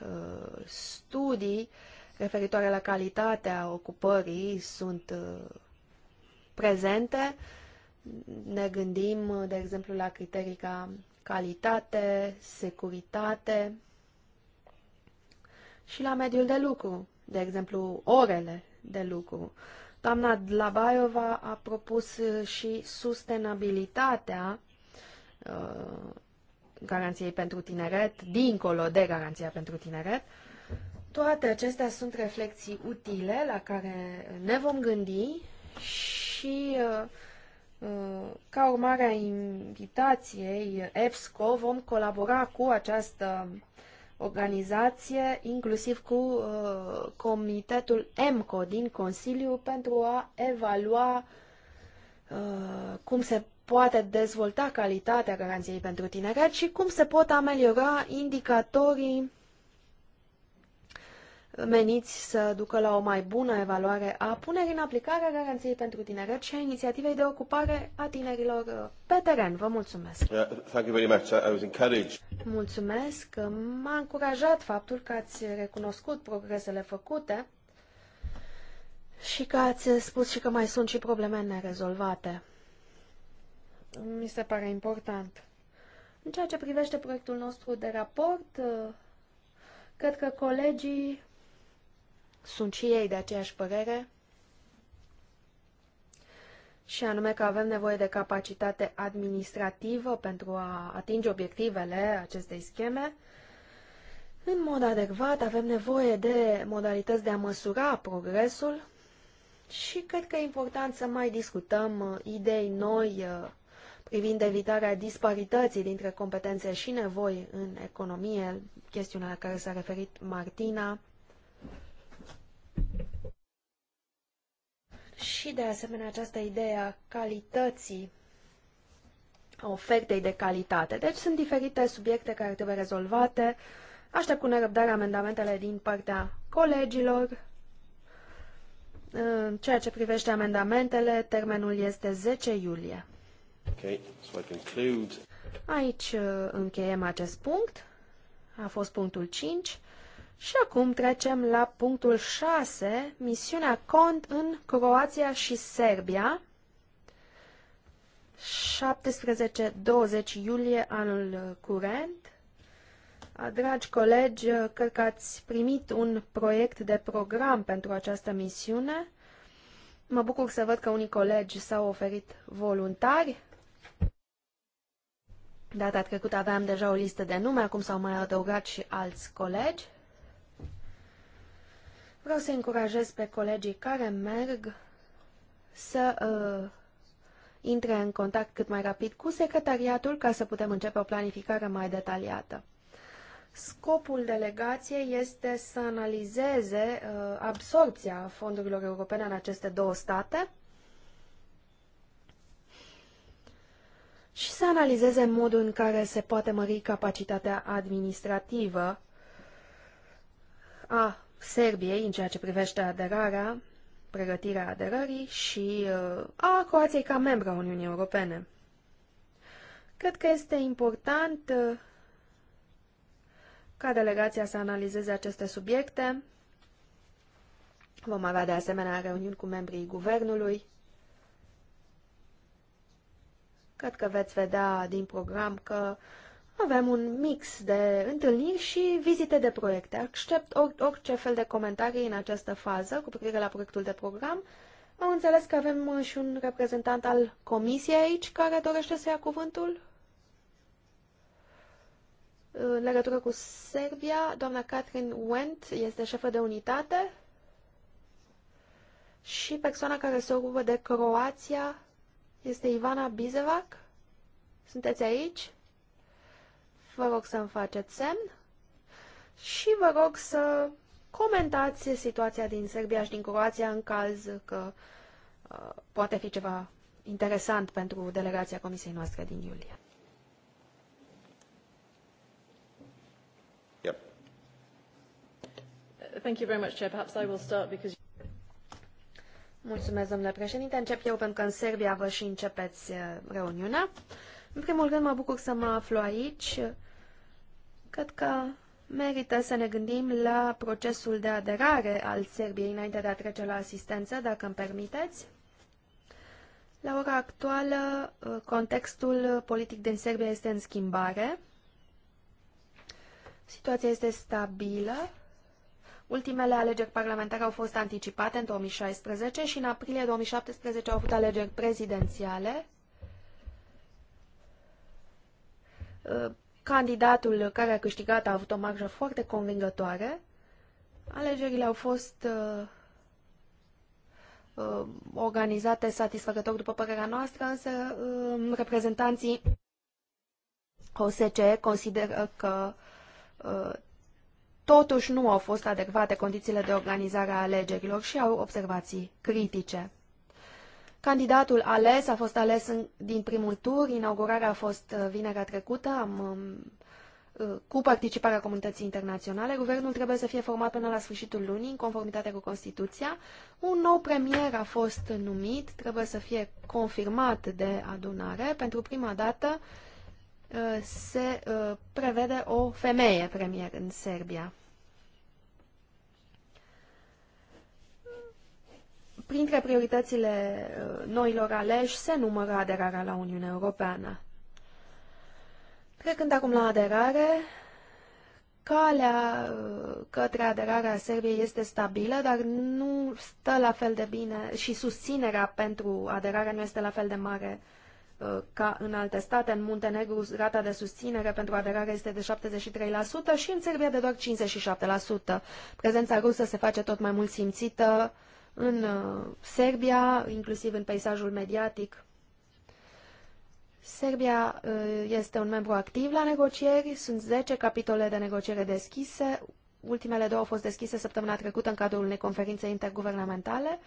uh, studii referitoare la calitatea ocupării sunt uh, prezente. Ne gândim, de exemplu, la criterii ca calitate, securitate și la mediul de lucru, de exemplu, orele de lucru. Doamna Dlabaiova a propus uh, și sustenabilitatea uh, garanției pentru tineret, dincolo de garanția pentru tineret. Toate acestea sunt reflexii utile la care ne vom gândi și uh, ca urmare a invitației EPSCO vom colabora cu această organizație, inclusiv cu uh, comitetul EMCO din Consiliu, pentru a evalua uh, cum se poate dezvolta calitatea garanției pentru tineret și cum se pot ameliora indicatorii meniți să ducă la o mai bună evaluare a punerii în aplicare a garanției pentru tineret și a inițiativei de ocupare a tinerilor uh, pe teren. Vă mulțumesc! Uh, mulțumesc! M-a încurajat faptul că ați recunoscut progresele făcute și că ați spus și că mai sunt și probleme nerezolvate. Mi se pare important. În ceea ce privește proiectul nostru de raport, uh, cred că colegii sunt și ei de aceeași părere, și anume că avem nevoie de capacitate administrativă pentru a atinge obiectivele acestei scheme. În mod adecvat avem nevoie de modalități de a măsura progresul și cred că e important să mai discutăm uh, idei noi uh, privind evitarea disparității dintre competențe și nevoi în economie, chestiunea la care s-a referit Martina, și de asemenea această idee a calității, a ofertei de calitate. Deci sunt diferite subiecte care trebuie rezolvate. Aștept cu nerăbdare amendamentele din partea colegilor. În ceea ce privește amendamentele, termenul este 10 iulie. Okay, so I conclude. Aici uh, încheiem acest punct. A fost punctul 5. Și acum trecem la punctul 6, misiunea CONT în Croația și Serbia, 17-20 iulie anul curent. Dragi colegi, cred că ați primit un proiect de program pentru această misiune. Mă bucur să văd că unii colegi s-au oferit voluntari. Data trecută aveam deja o listă de nume, acum s-au mai adăugat și alți colegi. Vreau să încurajez pe colegii care merg să uh, intre în contact cât mai rapid cu secretariatul ca să putem începe o planificare mai detaliată. Scopul delegației este să analizeze uh, absorpția fondurilor europene în aceste două state și să analizeze modul în care se poate mări capacitatea administrativă a Serbiei în ceea ce privește aderarea, pregătirea aderării și uh, a Croației ca membra Uniunii Europene. Cred că este important uh, ca delegația să analizeze aceste subiecte. Vom avea de asemenea reuniuni cu membrii guvernului. Cred că veți vedea din program că uh, avem un mix de întâlniri și vizite de proiecte. Accept or, orice fel de comentarii în această fază cu privire la proiectul de program. Am înțeles că avem și un reprezentant al comisiei aici care dorește să ia cuvântul. În legătură cu Serbia, doamna Catherine Wendt este șefă de unitate și persoana care se ocupă de Croația este Ivana Bizevac. Sunteți aici? vă rog să-mi faceți semn și vă rog să comentați situația din Serbia și din Croația în caz că uh, poate fi ceva interesant pentru delegația comisiei noastre din iulie. Yep. Thank you very much, Chair. Perhaps I will start because Mulțumesc, domnule președinte. Încep eu pentru că în Serbia vă și începeți uh, reuniunea. În primul rând, mă bucur să mă aflu aici. Cred că merită să ne gândim la procesul de aderare al Serbiei înainte de a trece la asistență, dacă îmi permiteți. La ora actuală, uh, contextul politic din Serbia este în schimbare. Situația este stabilă. Ultimele alegeri parlamentare au fost anticipate în 2016 și în aprilie 2017 au avut alegeri prezidențiale uh, Candidatul care a câștigat a avut o marjă foarte convingătoare. Alegerile au fost uh, uh, organizate satisfăcător, după părerea noastră, însă uh, reprezentanții OSCE consideră că uh, totuși nu au fost adecvate condițiile de organizare a alegerilor și au observații critice. Candidatul ales a fost ales în, din primul tur, inaugurarea a fost uh, vinerea trecută, am, um, uh, cu participarea comunității internaționale. Guvernul trebuie să fie format până la sfârșitul lunii, în conformitate cu Constituția. Un nou premier a fost numit, trebuie să fie confirmat de adunare. Pentru prima dată uh, se prevede o femeie premier în Serbia. printre prioritățile uh, noilor aleși se numără aderarea la Uniunea Europeană. Trecând acum la aderare, calea uh, către aderarea Serbiei este stabilă, dar nu stă la fel de bine și susținerea pentru aderare nu este la fel de mare uh, ca în alte state. În Muntenegru rata de susținere pentru aderare este de 73% și în Serbia de doar 57%. Prezența rusă se face tot mai mult simțită în uh, Serbia, inclusiv în peisajul mediatic. Serbia uh, este un membru activ la negocieri, sunt 10 capitole de negociere deschise, ultimele două au fost deschise săptămâna trecută în cadrul unei conferințe interguvernamentale.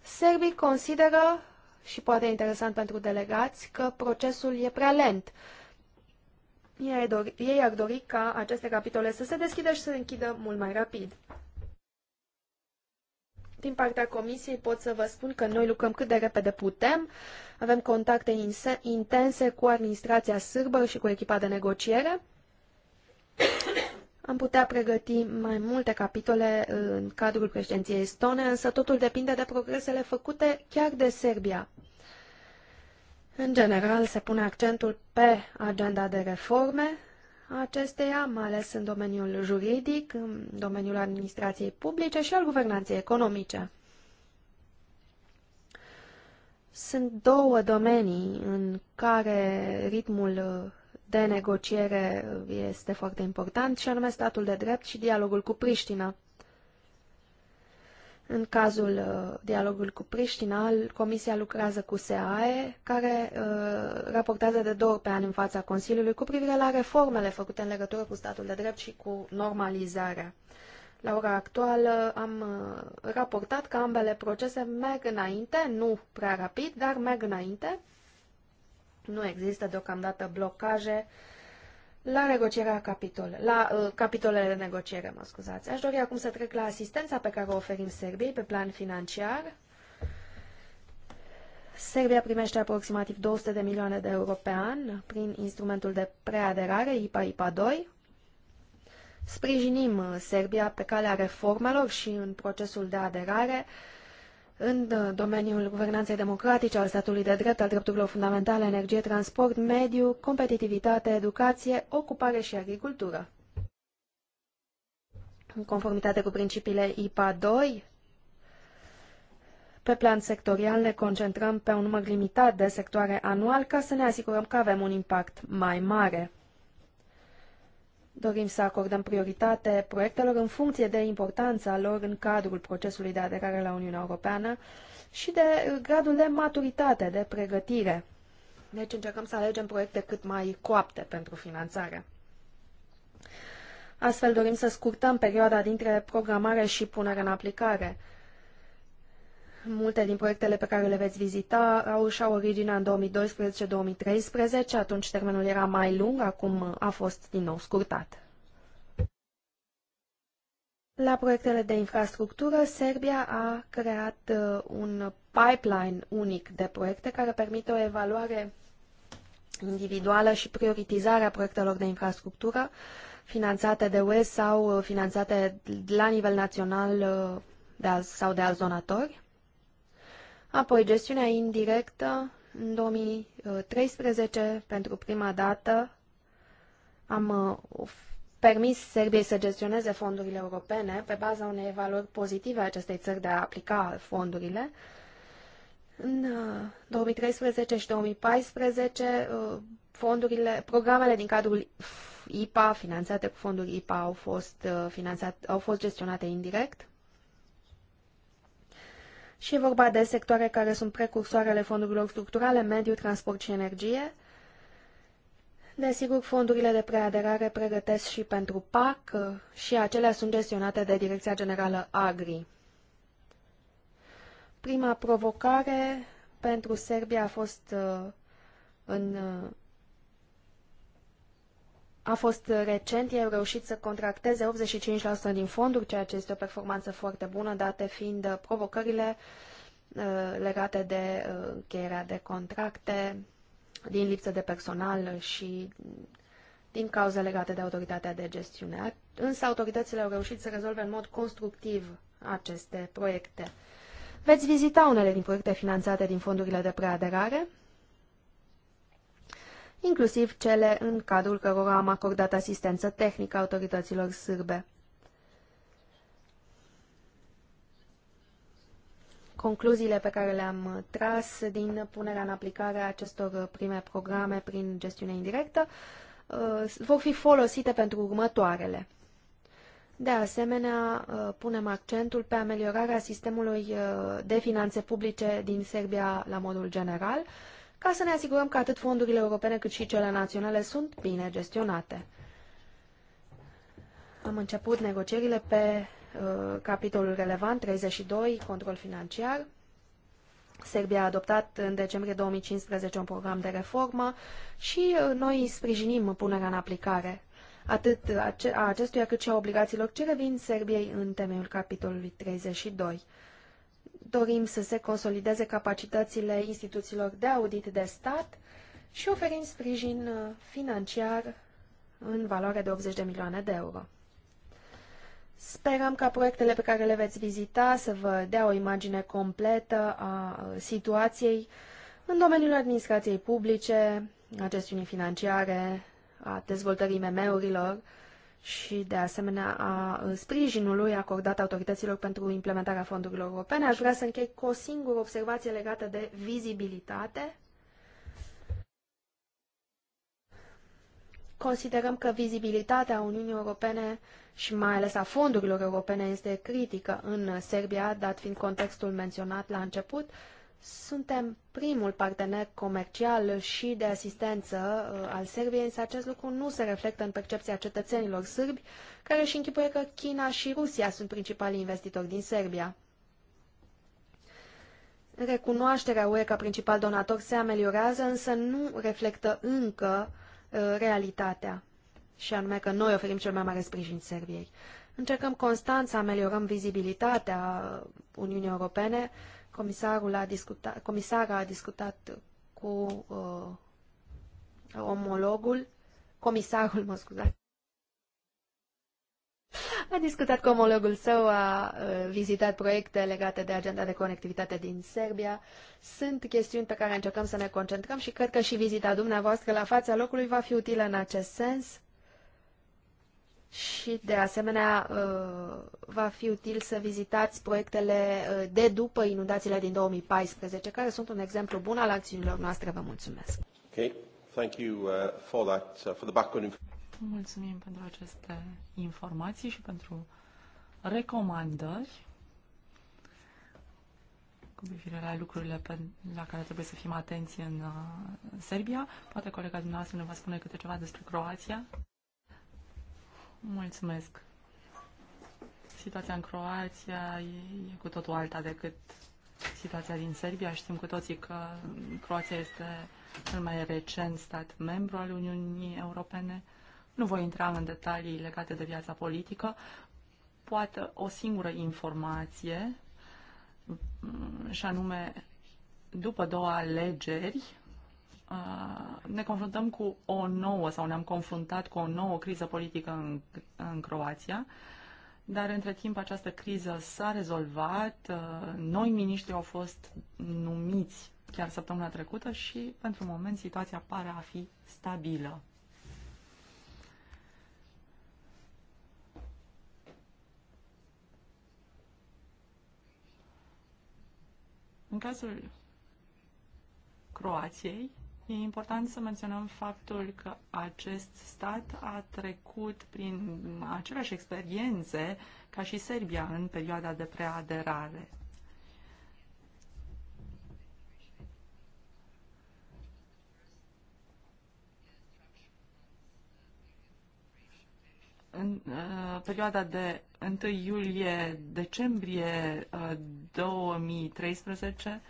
Serbii consideră, și poate interesant pentru delegați, că procesul e prea lent. Ei ei ar dori ca aceste capitole să se deschidă și să se închidă mult mai rapid. Din partea Comisiei pot să vă spun că noi lucrăm cât de repede putem. Avem contacte intense cu administrația sârbă și cu echipa de negociere. Am putea pregăti mai multe capitole în cadrul președinției estone, însă totul depinde de progresele făcute chiar de Serbia. În general, se pune accentul pe agenda de reforme, acesteia, mai ales în domeniul juridic, în domeniul administrației publice și al guvernanței economice. Sunt două domenii în care ritmul de negociere este foarte important, și anume statul de drept și dialogul cu Priștina. În cazul uh, dialogului cu Priștina, Comisia lucrează cu SEAE, care uh, raportează de două ori pe an în fața Consiliului cu privire la reformele făcute în legătură cu statul de drept și cu normalizarea. La ora actuală am uh, raportat că ambele procese merg înainte, nu prea rapid, dar merg înainte. Nu există deocamdată blocaje uh, la negocierea capitol, la uh, capitolele de negociere, mă scuzați. Aș dori acum să trec la asistența pe care o oferim Serbiei pe plan financiar. Serbia primește aproximativ 200 de milioane de euro pe an prin instrumentul de preaderare IPA-IPA 2. Sprijinim uh, Serbia pe calea reformelor și în procesul de aderare uh, în domeniul guvernanței democratice, al statului de drept, al drepturilor fundamentale, energie, transport, mediu, competitivitate, educație, ocupare și agricultură. În conformitate cu principiile IPA 2, pe plan sectorial ne concentrăm pe un număr limitat de sectoare anual ca să ne asigurăm că avem un impact mai mare. Dorim să acordăm prioritate proiectelor în funcție de importanța lor în cadrul procesului de aderare la Uniunea Europeană și de gradul de maturitate, de pregătire. Deci încercăm să alegem proiecte cât mai coapte pentru finanțare. Astfel dorim să scurtăm perioada dintre programare și punere în aplicare. Multe din proiectele pe care le veți vizita au și-au originea în 2012-2013, atunci termenul era mai lung, acum a fost din nou scurtat. La proiectele de infrastructură, Serbia a creat uh, un pipeline unic de proiecte care permite o evaluare individuală și prioritizarea proiectelor de infrastructură finanțate de UE sau uh, finanțate la nivel național uh, de sau de alți donatori. Apoi, gestiunea indirectă, în 2013, pentru prima dată, am uh, permis Serbiei să gestioneze fondurile europene pe baza unei evaluări pozitive a acestei țări de a aplica fondurile. În 2013 uh, și 2014, uh, fondurile, programele din cadrul IPA, finanțate cu fonduri IPA, au fost, finanțate, au fost gestionate indirect și e vorba de sectoare care sunt precursoarele fondurilor structurale, mediu, transport și energie. Desigur, fondurile de preaderare pregătesc și pentru PAC și acelea sunt gestionate de Direcția Generală Agri. Prima provocare pentru Serbia a fost uh, în uh, a fost recent, ei au reușit să contracteze 85% din fonduri, ceea ce este o performanță foarte bună, date fiind uh, provocările uh, legate de uh, încheierea de contracte, din lipsă de personal și din cauze legate de autoritatea de gestiune. Însă autoritățile au reușit să rezolve în mod constructiv aceste proiecte. Veți vizita unele din proiecte finanțate din fondurile de preaderare inclusiv cele în cadrul cărora am acordat asistență tehnică autorităților sârbe. Concluziile pe care le-am tras din punerea în aplicare a acestor prime programe prin gestiune indirectă uh, vor fi folosite pentru următoarele. De asemenea, uh, punem accentul pe ameliorarea sistemului uh, de finanțe publice din Serbia la modul general, ca să ne asigurăm că atât fondurile europene cât și cele naționale sunt bine gestionate. Am început negocierile pe uh, capitolul relevant 32, control financiar. Serbia a adoptat în decembrie 2015 un program de reformă și uh, noi sprijinim punerea în aplicare atât a acestuia cât și a obligațiilor ce revin Serbiei în temeiul capitolului 32 dorim să se consolideze capacitățile instituțiilor de audit de stat și oferim sprijin uh, financiar în valoare de 80 de milioane de euro. Sperăm ca proiectele pe care le veți vizita să vă dea o imagine completă a uh, situației în domeniul administrației publice, a gestiunii financiare, a dezvoltării MM-urilor, și, de asemenea, a uh, sprijinului acordat autorităților pentru implementarea fondurilor europene. Aș vrea să închei cu o singură observație legată de vizibilitate. Considerăm că vizibilitatea Uniunii Europene și mai ales a fondurilor europene este critică în Serbia, dat fiind contextul menționat la început, uh, suntem primul partener comercial și de asistență uh, al Serbiei, însă acest lucru nu se reflectă în percepția cetățenilor sârbi, care își închipuie că China și Rusia sunt principalii investitori din Serbia. Recunoașterea UE ca principal donator se ameliorează, însă nu reflectă încă uh, realitatea, și anume că noi oferim cel mai mare sprijin Serbiei. Încercăm constant să ameliorăm vizibilitatea Uniunii Europene, Comisarul a discutat, comisara a discutat cu uh, omologul, comisarul, mă scuzați, a discutat cu omologul său, a uh, vizitat proiecte legate de agenda de conectivitate din Serbia. Sunt chestiuni pe care încercăm să ne concentrăm și cred că și vizita dumneavoastră la fața locului va fi utilă în acest sens și, de asemenea, uh, va fi util să vizitați proiectele uh, de după inundațiile din 2014, care sunt un exemplu bun al acțiunilor noastre. Vă mulțumesc! Okay. Thank you uh, for that, for the background. Mulțumim pentru aceste informații și pentru recomandări cu privire la lucrurile pe, la care trebuie să fim atenți în uh, Serbia. Poate colega dumneavoastră ne va spune câte ceva despre Croația. Mulțumesc. Situația în Croația e cu totul alta decât situația din Serbia. Știm cu toții că Croația este cel mai recent stat membru al Uniunii Europene. Nu voi intra în detalii legate de viața politică. Poate o singură informație, și anume, după două alegeri ne confruntăm cu o nouă sau ne-am confruntat cu o nouă criză politică în, în Croația, dar între timp această criză s-a rezolvat, noi miniștri au fost numiți chiar săptămâna trecută și pentru moment situația pare a fi stabilă. În cazul Croației, E important să menționăm faptul că acest stat a trecut prin aceleași experiențe ca și Serbia în perioada de preaderare. în uh, perioada de 1 iulie-decembrie uh, 2013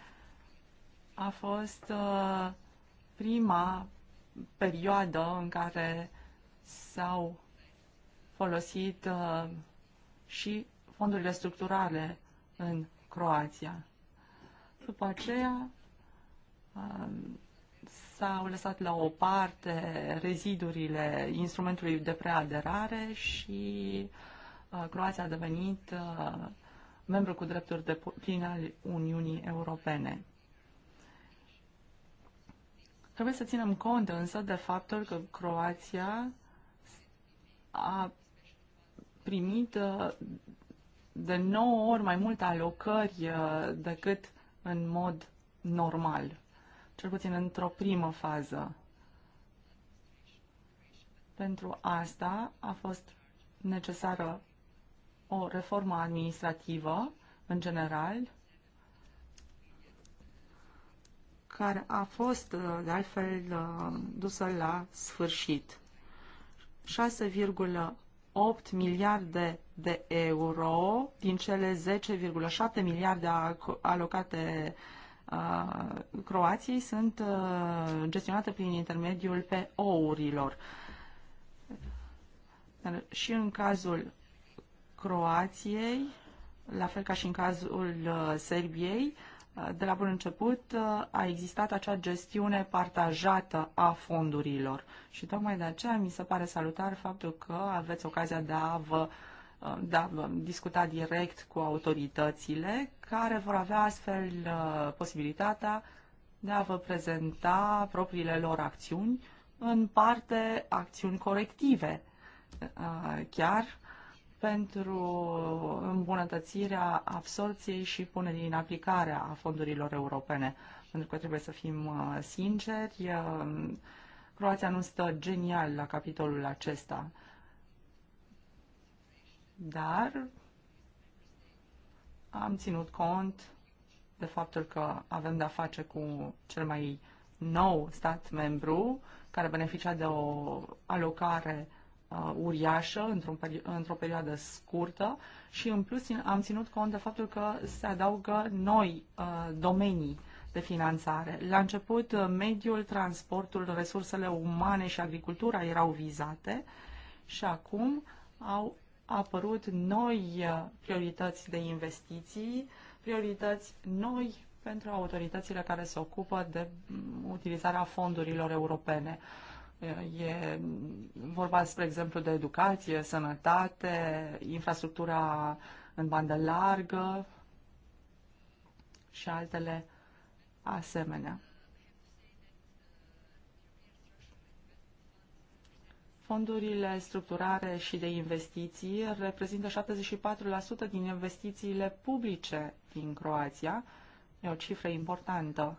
a fost uh, prima perioadă în care s-au folosit uh, și fondurile structurale în Croația. După aceea uh, s-au lăsat la o parte rezidurile instrumentului de preaderare și uh, Croația a devenit uh, membru cu drepturi de plin al Uniunii Europene. Trebuie să ținem cont însă de faptul că Croația a primit uh, de 9 ori mai multe alocări uh, decât în mod normal, cel puțin într-o primă fază. Pentru asta a fost necesară o reformă administrativă, în general, care a fost, uh, de altfel, uh, dusă la sfârșit. 6,8 miliarde de euro din cele 10,7 miliarde alocate uh, Croației sunt gestionate prin intermediul PO-urilor. Dar și în cazul Croației, la fel ca și în cazul Serbiei, de la bun început uh, a existat acea gestiune partajată a fondurilor și tocmai de aceea mi se pare salutar faptul că aveți ocazia de a vă da, discuta direct cu autoritățile care vor avea astfel uh, posibilitatea de a vă prezenta propriile lor acțiuni, în parte acțiuni corective. Chiar pentru îmbunătățirea absorției și punerii în aplicare a fondurilor europene. Pentru că trebuie să fim uh, sinceri, uh, Croația nu stă genial la capitolul acesta. Dar am ținut cont de faptul că avem de-a face cu cel mai nou stat membru care beneficia de o alocare uh, uriașă într-o, perio- într perioadă scurtă și în plus am ținut cont de faptul că se adaugă noi uh, domenii de finanțare. La început, uh, mediul, transportul, resursele umane și agricultura erau vizate și acum au apărut noi uh, priorități de investiții, priorități noi pentru autoritățile care se ocupă de mm, utilizarea fondurilor europene. Uh, E vorba, spre exemplu, de educație, sănătate, infrastructura în bandă largă și altele asemenea. Fondurile structurare și de investiții reprezintă 74% din investițiile publice din Croația. E o cifră importantă.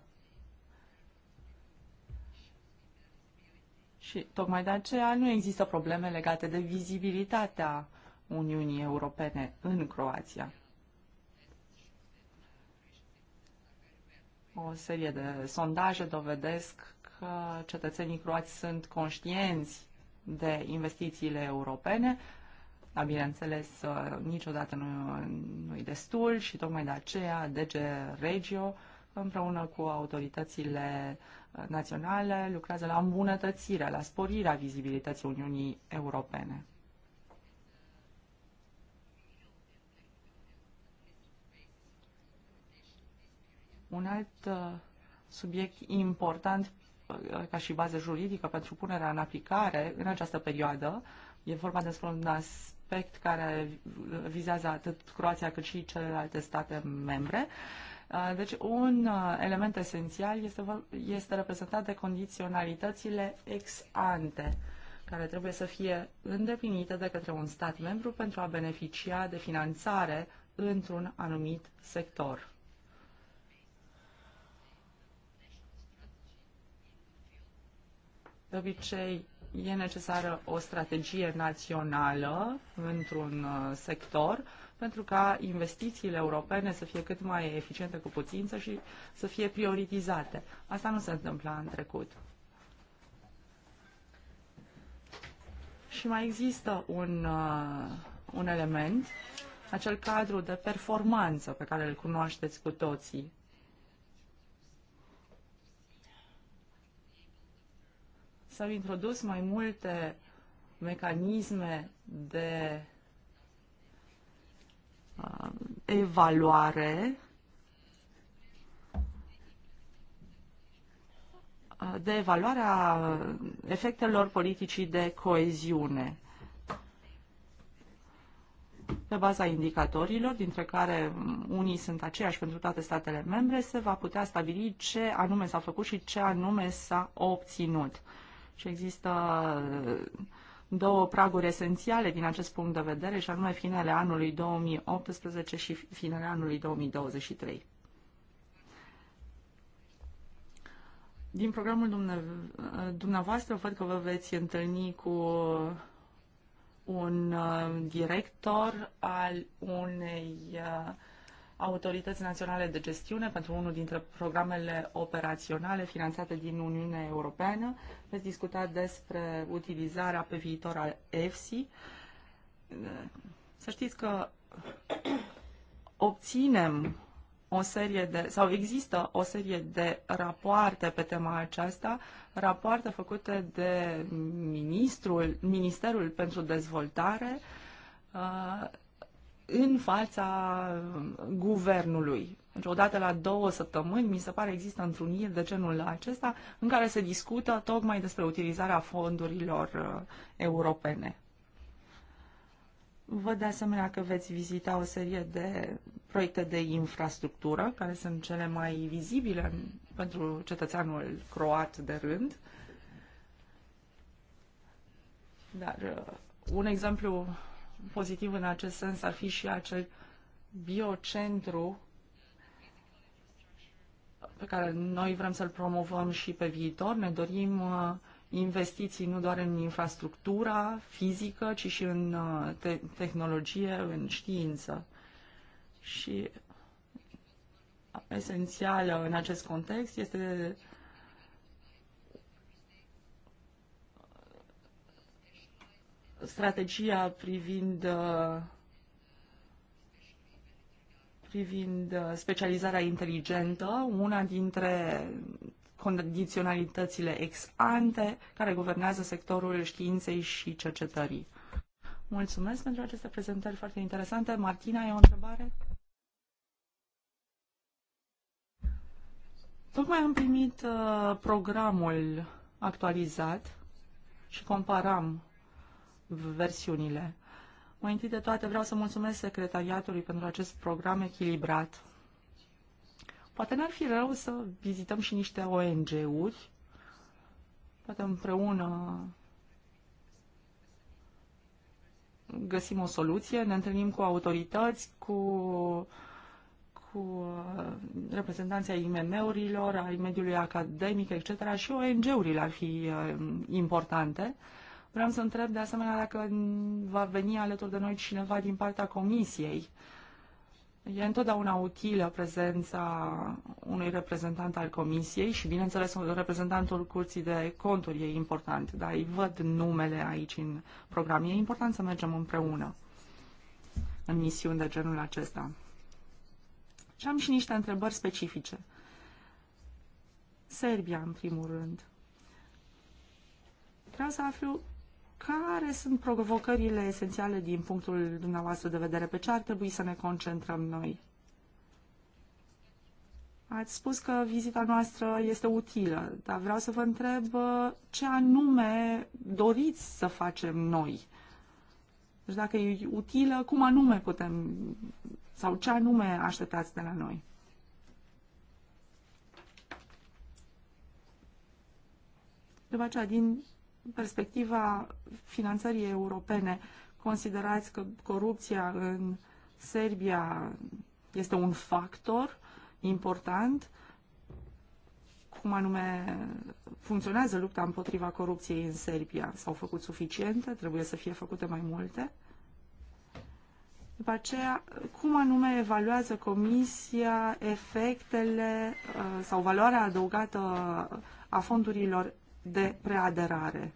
Și tocmai de aceea nu există probleme legate de vizibilitatea Uniunii Europene în Croația. O serie de sondaje dovedesc că cetățenii croați sunt conștienți de investițiile europene, dar bineînțeles niciodată nu, nu-i destul și tocmai de aceea DG Regio împreună cu autoritățile naționale lucrează la îmbunătățirea, la sporirea vizibilității Uniunii Europene. Un alt uh, subiect important uh, ca și bază juridică pentru punerea în aplicare în această perioadă. E vorba despre un aspect care vizează atât Croația cât și celelalte state membre. Uh, Uh, deci un uh, element esențial este, este reprezentat de condiționalitățile ex ante care trebuie să fie îndeplinite de către un stat membru pentru a beneficia de finanțare într-un anumit sector. De obicei, e necesară o strategie națională într-un uh, sector pentru ca investițiile europene să fie cât mai eficiente cu puțință și să fie prioritizate. Asta nu se întâmpla în trecut. Și mai există un, uh, un element, acel cadru de performanță pe care îl cunoașteți cu toții. S-au introdus mai multe mecanisme de Uh, evaluare uh, de evaluare a efectelor politicii de coeziune pe baza indicatorilor, dintre care unii sunt aceiași pentru toate statele membre, se va putea stabili ce anume s-a făcut și ce anume s-a obținut. Și există uh, două praguri esențiale din acest punct de vedere, și anume finele anului 2018 și finele anului 2023. Din programul dumneavoastră văd că vă veți întâlni cu un uh, director al unei uh, autorități naționale de gestiune pentru unul dintre programele operaționale finanțate din Uniunea Europeană. Veți discuta despre utilizarea pe viitor a EFSI. Să știți că obținem o serie de, sau există o serie de rapoarte pe tema aceasta, rapoarte făcute de ministrul, Ministerul pentru Dezvoltare, uh, în fața uh, guvernului. Deci odată la două săptămâni, mi se pare, există întruniri de genul acesta în care se discută tocmai despre utilizarea fondurilor uh, europene. Văd de asemenea că veți vizita o serie de proiecte de infrastructură, care sunt cele mai vizibile pentru cetățeanul croat de rând. Dar uh, un exemplu pozitiv în acest sens ar fi și acel biocentru pe care noi vrem să-l promovăm și pe viitor. Ne dorim uh, investiții nu doar în infrastructura fizică, ci și în uh, te- tehnologie, în știință. Și esențială în acest context este strategia privind uh, privind uh, specializarea inteligentă, una dintre condiționalitățile ex ante care guvernează sectorul științei și cercetării. Mulțumesc pentru aceste prezentări foarte interesante. Martina, e o întrebare? Tocmai am primit uh, programul actualizat și comparam versiunile. Mai întâi de toate vreau să mulțumesc secretariatului pentru acest program echilibrat. Poate n-ar fi rău să vizităm și niște ONG-uri, poate împreună găsim o soluție, ne întâlnim cu autorități, cu cu uh, reprezentanții ai IMM-urilor, ai mediului academic, etc. și ONG-urile ar fi uh, importante. Vreau să întreb de asemenea dacă va veni alături de noi cineva din partea comisiei. E întotdeauna utilă prezența unui reprezentant al comisiei și, bineînțeles, reprezentantul curții de conturi e important, dar îi văd numele aici în program. E important să mergem împreună în misiuni de genul acesta. Și am și niște întrebări specifice. Serbia, în primul rând. Vreau să aflu care sunt provocările esențiale din punctul dumneavoastră de vedere? Pe ce ar trebui să ne concentrăm noi? Ați spus că vizita noastră este utilă, dar vreau să vă întreb uh, ce anume doriți să facem noi. Deci dacă e utilă, cum anume putem sau ce anume așteptați de la noi? După aceea, din perspectiva finanțării europene, considerați că corupția în Serbia este un factor important? Cum anume funcționează lupta împotriva corupției în Serbia? S-au făcut suficiente? Trebuie să fie făcute mai multe? După aceea, cum anume evaluează Comisia efectele uh, sau valoarea adăugată a fondurilor de preaderare.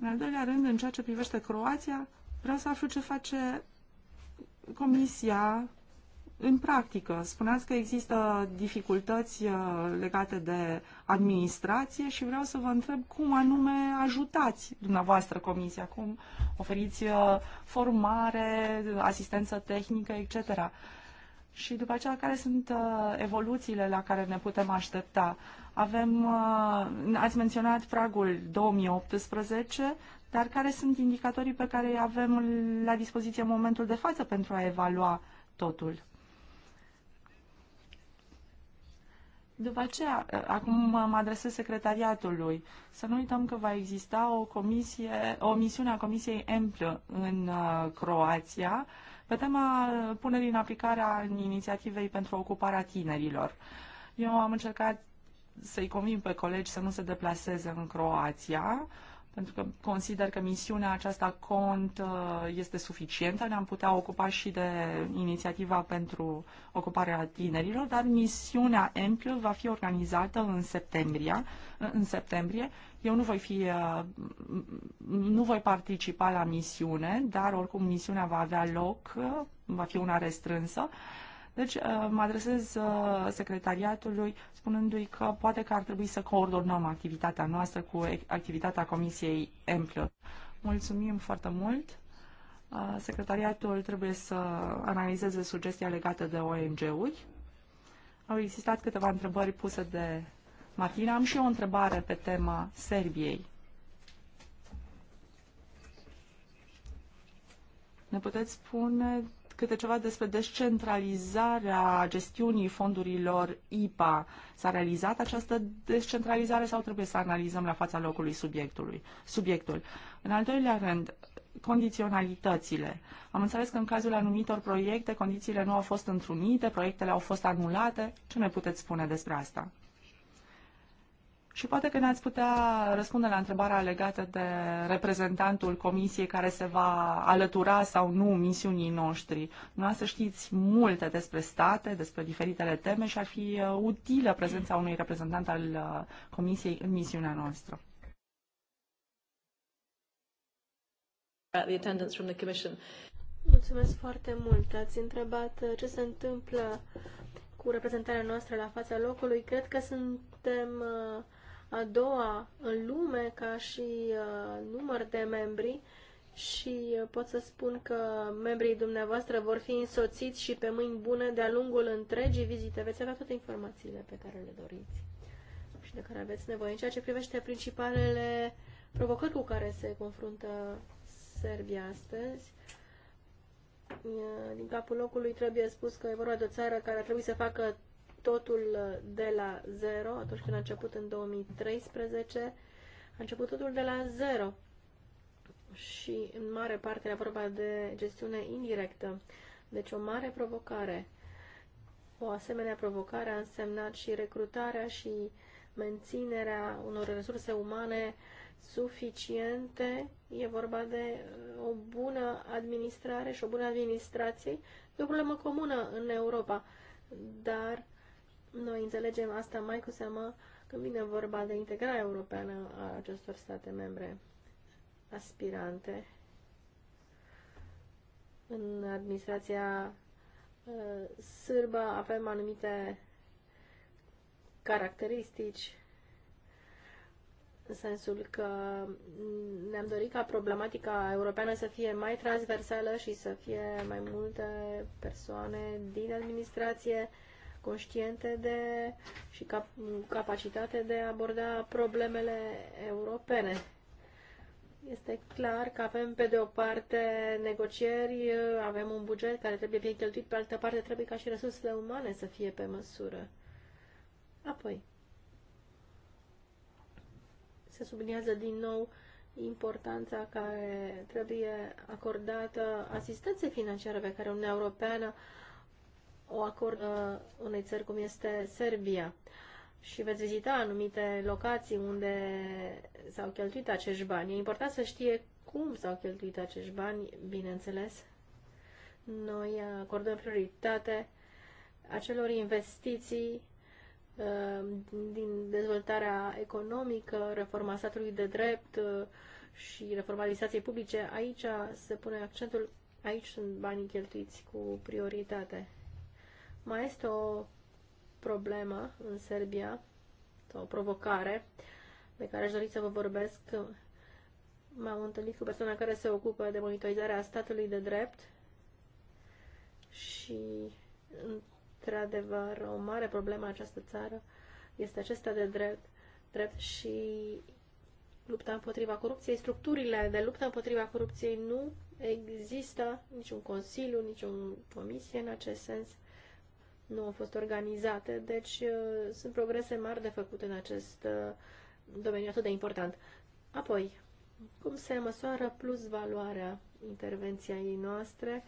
În al doilea rând, în ceea ce privește Croația, vreau să aflu ce face Comisia în practică. Spuneați că există dificultăți uh, legate de administrație și vreau să vă întreb cum anume ajutați dumneavoastră Comisia, cum oferiți uh, formare, asistență tehnică, etc. Și după aceea, care sunt uh, evoluțiile la care ne putem aștepta? Avem, uh, ați menționat pragul 2018, dar care sunt indicatorii pe care îi avem la dispoziție în momentul de față pentru a evalua totul? După aceea, uh, acum mă adresez secretariatului. Să nu uităm că va exista o, comisie, o misiune a Comisiei Emplă în uh, Croația pe tema punerii în aplicare a inițiativei pentru ocuparea tinerilor. Eu am încercat să-i convin pe colegi să nu se deplaseze în Croația, pentru că consider că misiunea aceasta cont uh, este suficientă, ne-am putea ocupa și de inițiativa pentru ocuparea tinerilor, dar misiunea EMPL va fi organizată în septembrie, uh, în septembrie. Eu nu voi fi, uh, nu voi participa la misiune, dar oricum misiunea va avea loc, va fi una restrânsă deci uh, mă adresez uh, secretariatului spunându-i că poate că ar trebui să coordonăm activitatea noastră cu activitatea Comisiei Emplă. Mulțumim foarte mult! Uh, secretariatul trebuie să analizeze sugestia legată de ONG-uri. Au existat câteva întrebări puse de Martina. Am și eu o întrebare pe tema Serbiei. Ne puteți spune câte ceva despre descentralizarea gestiunii fondurilor IPA. S-a realizat această descentralizare sau trebuie să analizăm la fața locului subiectului, subiectul? În al doilea rând, condiționalitățile. Am înțeles că în cazul anumitor proiecte, condițiile nu au fost întrunite, proiectele au fost anulate. Ce ne puteți spune despre asta? Și poate că ne-ați putea răspunde la întrebarea legată de reprezentantul comisiei care se va alătura sau nu misiunii noștri. să știți multe despre state, despre diferitele teme și ar fi uh, utilă prezența unui reprezentant al uh, comisiei în misiunea noastră. Mulțumesc foarte mult. Ați întrebat uh, ce se întâmplă cu reprezentarea noastră la fața locului. Cred că suntem uh, a doua în lume ca și uh, număr de membri și uh, pot să spun că membrii dumneavoastră vor fi însoțiți și pe mâini bune de-a lungul întregii vizite. Veți avea toate informațiile pe care le doriți și de care aveți nevoie. În ceea ce privește principalele provocări cu care se confruntă Serbia astăzi, uh, din capul locului trebuie spus că e vorba de o țară care ar trebui să facă totul de la zero, atunci când a început în 2013, a început totul de la zero și în mare parte era vorba de gestiune indirectă. Deci o mare provocare. O asemenea provocare a însemnat și recrutarea și menținerea unor resurse umane suficiente. E vorba de uh, o bună administrare și o bună administrație. E o problemă comună în Europa, dar noi înțelegem asta mai cu seamă când vine vorba de integrarea europeană a acestor state membre aspirante în administrația uh, sârbă avem anumite caracteristici în sensul că ne-am dorit ca problematica europeană să fie mai transversală și să fie mai multe persoane din administrație conștiente de, și cap, capacitate de a aborda problemele europene. Este clar că avem, pe de o parte, negocieri, avem un buget care trebuie bine cheltuit, pe altă parte trebuie ca și resursele umane să fie pe măsură. Apoi, se subliniază din nou importanța care trebuie acordată asistenței financiare pe care Uniunea Europeană o acordă uh, unei țări cum este Serbia și veți vizita anumite locații unde s-au cheltuit acești bani. E important să știe cum s-au cheltuit acești bani, bineînțeles. Noi acordăm prioritate acelor investiții uh, din dezvoltarea economică, reforma statului de drept uh, și reforma administrației publice. Aici se pune accentul, aici sunt banii cheltuiți cu prioritate. Mai este o problemă în Serbia, o provocare de care aș dori să vă vorbesc. M-am întâlnit cu persoana care se ocupă de monitorizarea statului de drept și, într-adevăr, o mare problemă în această țară este acesta de drept, drept și lupta împotriva corupției. Structurile de luptă împotriva corupției nu există niciun consiliu, niciun comisie în acest sens nu au fost organizate, deci uh, sunt progrese mari de făcut în acest uh, domeniu atât de important. Apoi, cum se măsoară plus valoarea intervenției noastre?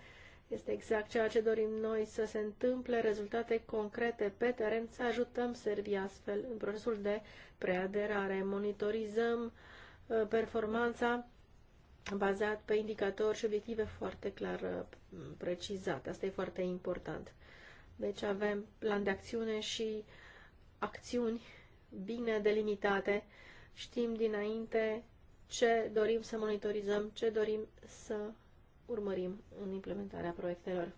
Este exact ceea ce dorim noi să se întâmple, rezultate concrete pe teren, să ajutăm Serbia astfel în procesul de preaderare. Monitorizăm uh, performanța bazat pe indicatori și obiective foarte clar precizate. Asta e foarte important. Deci avem plan de acțiune și acțiuni bine delimitate. Știm dinainte ce dorim să monitorizăm, ce dorim să urmărim în implementarea proiectelor.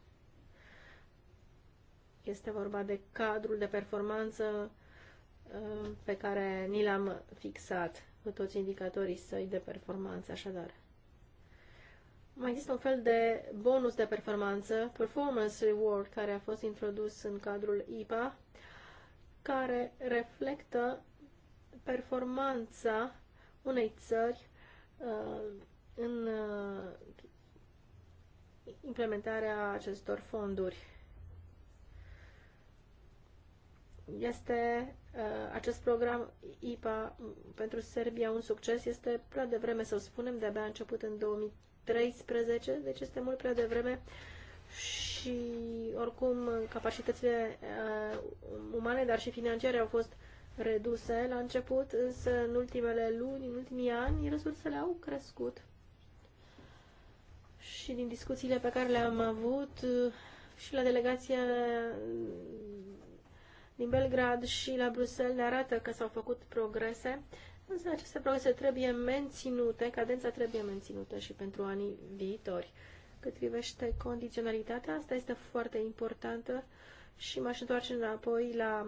Este vorba de cadrul de performanță uh, pe care ni l-am fixat cu toți indicatorii săi de performanță, așadar mai există un fel de bonus de performanță, performance reward, care a fost introdus în cadrul IPA, care reflectă performanța unei țări uh, în uh, implementarea acestor fonduri. Este uh, acest program IPA pentru Serbia un succes, este prea devreme să o spunem, de-abia a început în 2000 13, deci este mult prea devreme și oricum capacitățile uh, umane, dar și financiare au fost reduse la început, însă în ultimele luni, în ultimii ani, resursele au crescut. Și din discuțiile pe care le-am avut uh, și la delegația uh, din Belgrad și la Bruxelles ne arată că s-au făcut progrese Însă aceste progrese trebuie menținute, cadența trebuie menținută și pentru anii viitori. Cât privește condiționalitatea, asta este foarte importantă și m-aș întoarce înapoi la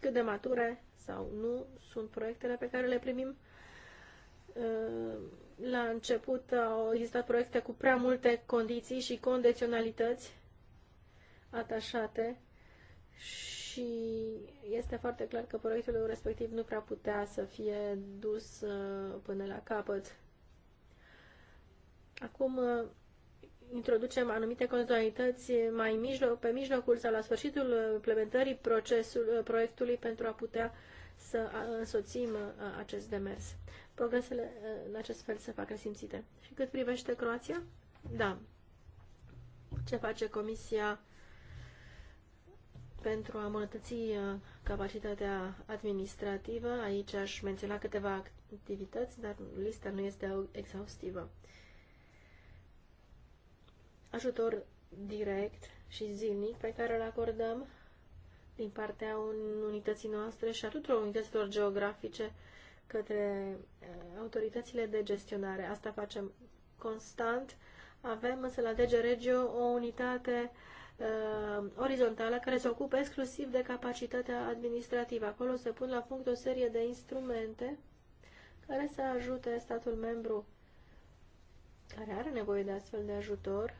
cât de mature sau nu sunt proiectele pe care le primim. Uh, la început au existat proiecte cu prea multe condiții și condiționalități atașate și și este foarte clar că proiectul respectiv nu prea putea să fie dus uh, până la capăt. Acum uh, introducem anumite condiționalități mai mijloc, pe mijlocul sau la sfârșitul implementării procesul, uh, proiectului pentru a putea să însoțim acest demers. Progresele în acest fel se fac resimțite. Și cât privește Croația? Da. Ce face Comisia pentru a îmbunătăți uh, capacitatea administrativă. Aici aș menționa câteva activități, dar lista nu este exhaustivă. Ajutor direct și zilnic pe care îl acordăm din partea unității noastre și a tuturor unităților geografice către uh, autoritățile de gestionare. Asta facem constant. Avem însă la DG Regio o unitate uh, uh, orizontală care se ocupă exclusiv de capacitatea administrativă. Acolo se pun la punct o serie de instrumente care să ajute statul membru care are nevoie de astfel de ajutor.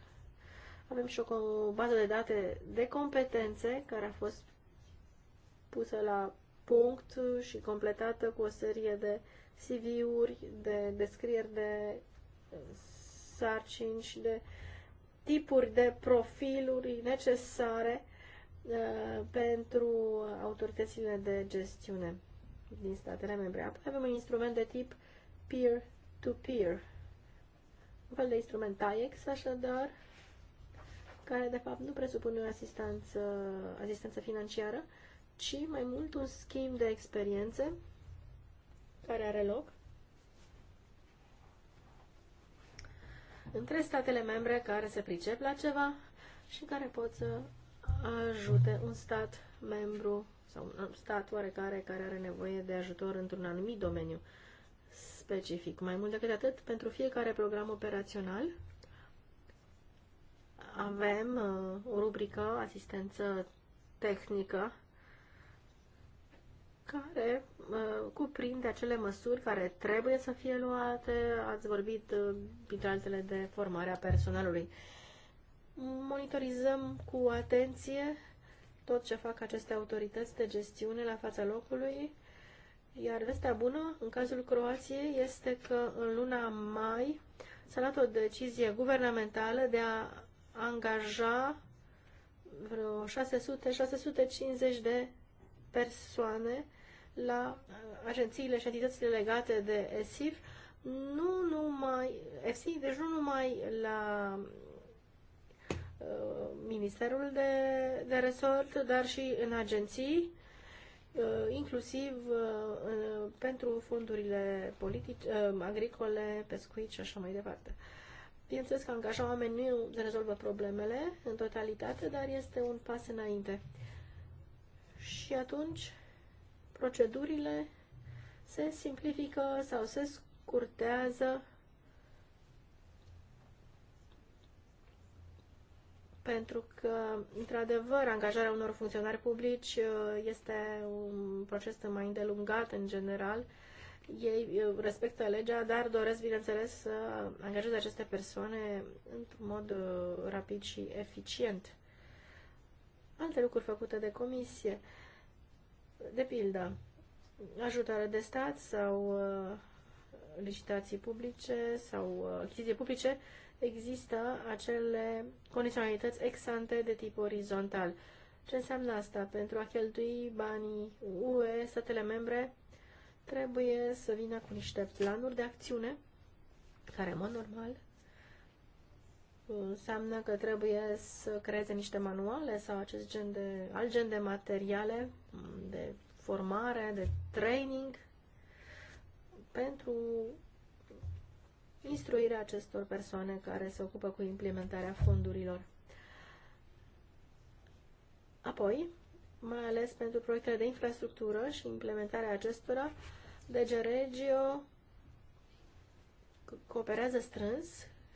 Avem și o bază de date de competențe care a fost pusă la punct și completată cu o serie de CV-uri, de descrieri de sarcini și de uh, tipuri de profiluri necesare uh, pentru autoritățile de gestiune din statele membre. Apoi avem un instrument de tip peer-to-peer, -peer, un fel de instrument TAIEX, așadar, care de fapt nu presupune o asistență, asistență financiară, ci mai mult un schimb de experiențe care are loc între statele membre care se pricep la ceva și care pot să ajute un stat membru sau un stat oarecare care are nevoie de ajutor într-un anumit domeniu specific. Mai mult decât atât, pentru fiecare program operațional avem uh, o rubrică asistență tehnică care uh, cuprinde acele măsuri care trebuie să fie luate. Ați vorbit, uh, altele, de formarea personalului. Monitorizăm cu atenție tot ce fac aceste autorități de gestiune la fața locului, iar vestea bună, în cazul Croației, este că în luna mai s-a luat o decizie guvernamentală de a angaja vreo 600-650 de persoane la uh, agențiile și entitățile legate de ESIF, nu numai, ESIF, deci nu numai la uh, Ministerul de, de Resort, dar și în agenții, uh, inclusiv pentru fondurile politice, agricole, pescuit și așa mai departe. Bineînțeles că angaja oameni nu rezolvă problemele în totalitate, dar este un pas înainte. Și atunci procedurile se simplifică sau se scurtează pentru că, într-adevăr, angajarea unor funcționari publici uh, este un proces mai îndelungat în general. Ei uh, respectă legea, dar doresc, bineînțeles, să angajeze aceste persoane într-un mod uh, rapid și eficient. Alte lucruri făcute de comisie. Uh, de pildă, ajutare de stat sau uh, licitații publice sau uh, achiziții publice, există acele condiționalități exante de tip orizontal. Ce înseamnă asta? Pentru a cheltui banii UE, statele membre trebuie să vină cu niște planuri de acțiune care, în mod normal, înseamnă că trebuie să creeze niște manuale sau acest gen de, alt gen de materiale, de formare, de training pentru instruirea acestor persoane care se ocupă cu implementarea fondurilor. Apoi, mai ales pentru proiectele de infrastructură și implementarea acestora, DG Regio cooperează strâns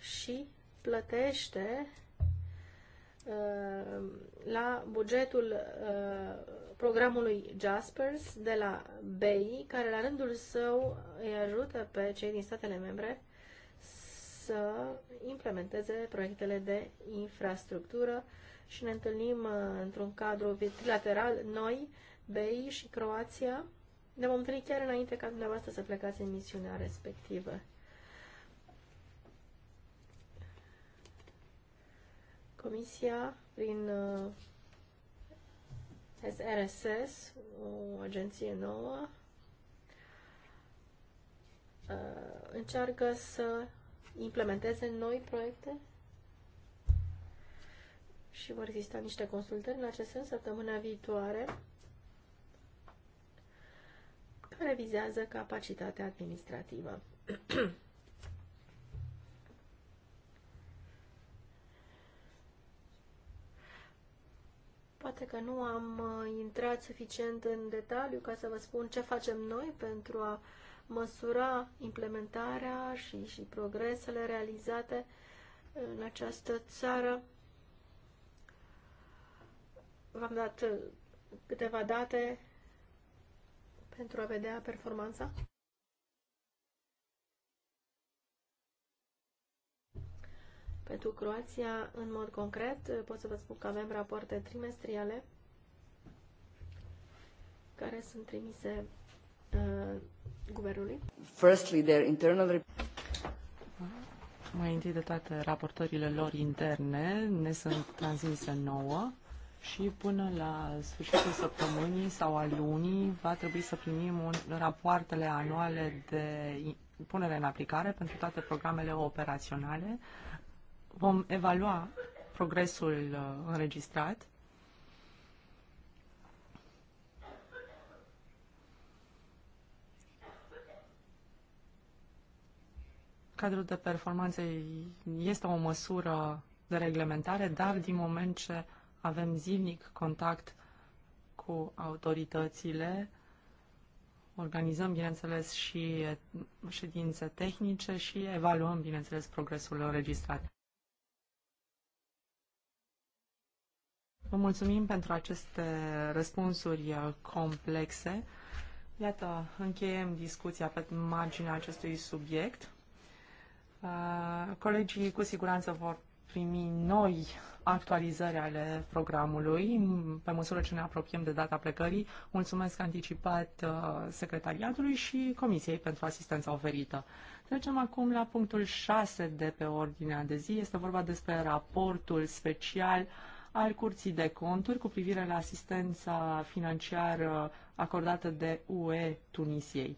și plătește uh, la bugetul uh, programului Jaspers de la BEI, care la rândul său îi ajută pe cei din statele membre să implementeze proiectele de infrastructură și ne întâlnim uh, într-un cadru bilateral noi, BEI și Croația. Ne vom întâlni chiar înainte ca dumneavoastră să plecați în misiunea respectivă. Comisia, prin SRSS, uh, o agenție nouă, uh, încearcă să implementeze noi proiecte și vor exista niște consultări în acest sens săptămâna viitoare care vizează capacitatea administrativă. Poate că nu am uh, intrat suficient în detaliu ca să vă spun ce facem noi pentru a măsura implementarea și, și progresele realizate în această țară. V-am dat uh, câteva date pentru a vedea performanța. Pentru Croația, în mod concret, pot să vă spun că avem rapoarte trimestriale care sunt trimise uh, guvernului. Firstly, their internal mai întâi de toate, raportările lor interne ne sunt transmise nouă și până la sfârșitul săptămânii sau a lunii va trebui să primim un, rapoartele anuale de punere în aplicare pentru toate programele operaționale vom evalua progresul uh, înregistrat cadrul de performanță este o măsură de reglementare, dar din moment ce avem zilnic contact cu autoritățile, organizăm, bineînțeles, și ședințe tehnice și evaluăm, bineînțeles, progresul înregistrat. Vă mulțumim pentru aceste răspunsuri uh, complexe. Iată, încheiem discuția pe marginea acestui subiect. Uh, colegii cu siguranță vor primi noi actualizări ale programului pe măsură ce ne apropiem de data plecării. Mulțumesc anticipat uh, secretariatului și Comisiei pentru asistența oferită. Trecem acum la punctul 6 de pe ordinea de zi. Este vorba despre raportul special uh, al Curții de Conturi cu privire la asistența financiară acordată de UE Tunisiei.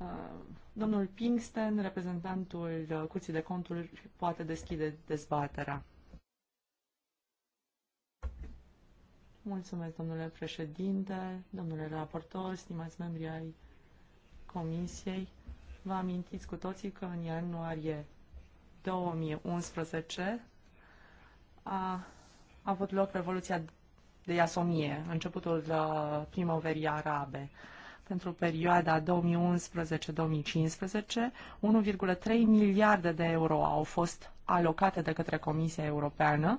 Uh, domnul Pinksten, reprezentantul uh, Curții de Conturi, poate deschide dezbaterea. Mulțumesc, domnule președinte, domnule raportor, stimați membri ai Comisiei. Vă amintiți cu toții că în ianuarie 2011 a a avut loc Revoluția de Iasomie, începutul uh, primăverii arabe. Pentru perioada 2011-2015, 1,3 miliarde de euro au fost alocate de către Comisia Europeană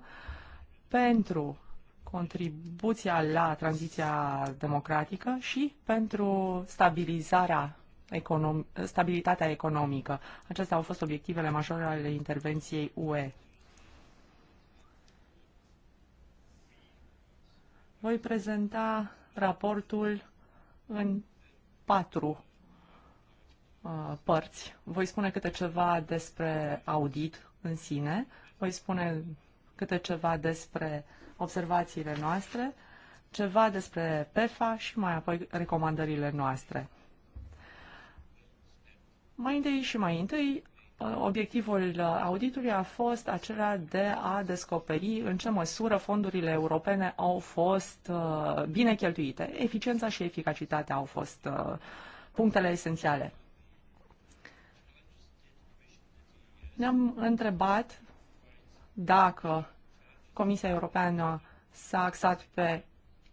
pentru contribuția la tranziția democratică și pentru stabilizarea econom- stabilitatea economică. Acestea au fost obiectivele majore ale intervenției UE. Voi prezenta raportul în patru uh, părți. Voi spune câte ceva despre audit în sine, voi spune câte ceva despre observațiile noastre, ceva despre PEFA și mai apoi recomandările noastre. Mai întâi și mai întâi Obiectivul uh, auditului a fost acela de a descoperi în ce măsură fondurile europene au fost uh, bine cheltuite. Eficiența și eficacitatea au fost uh, punctele esențiale. Ne-am întrebat dacă Comisia Europeană s-a axat pe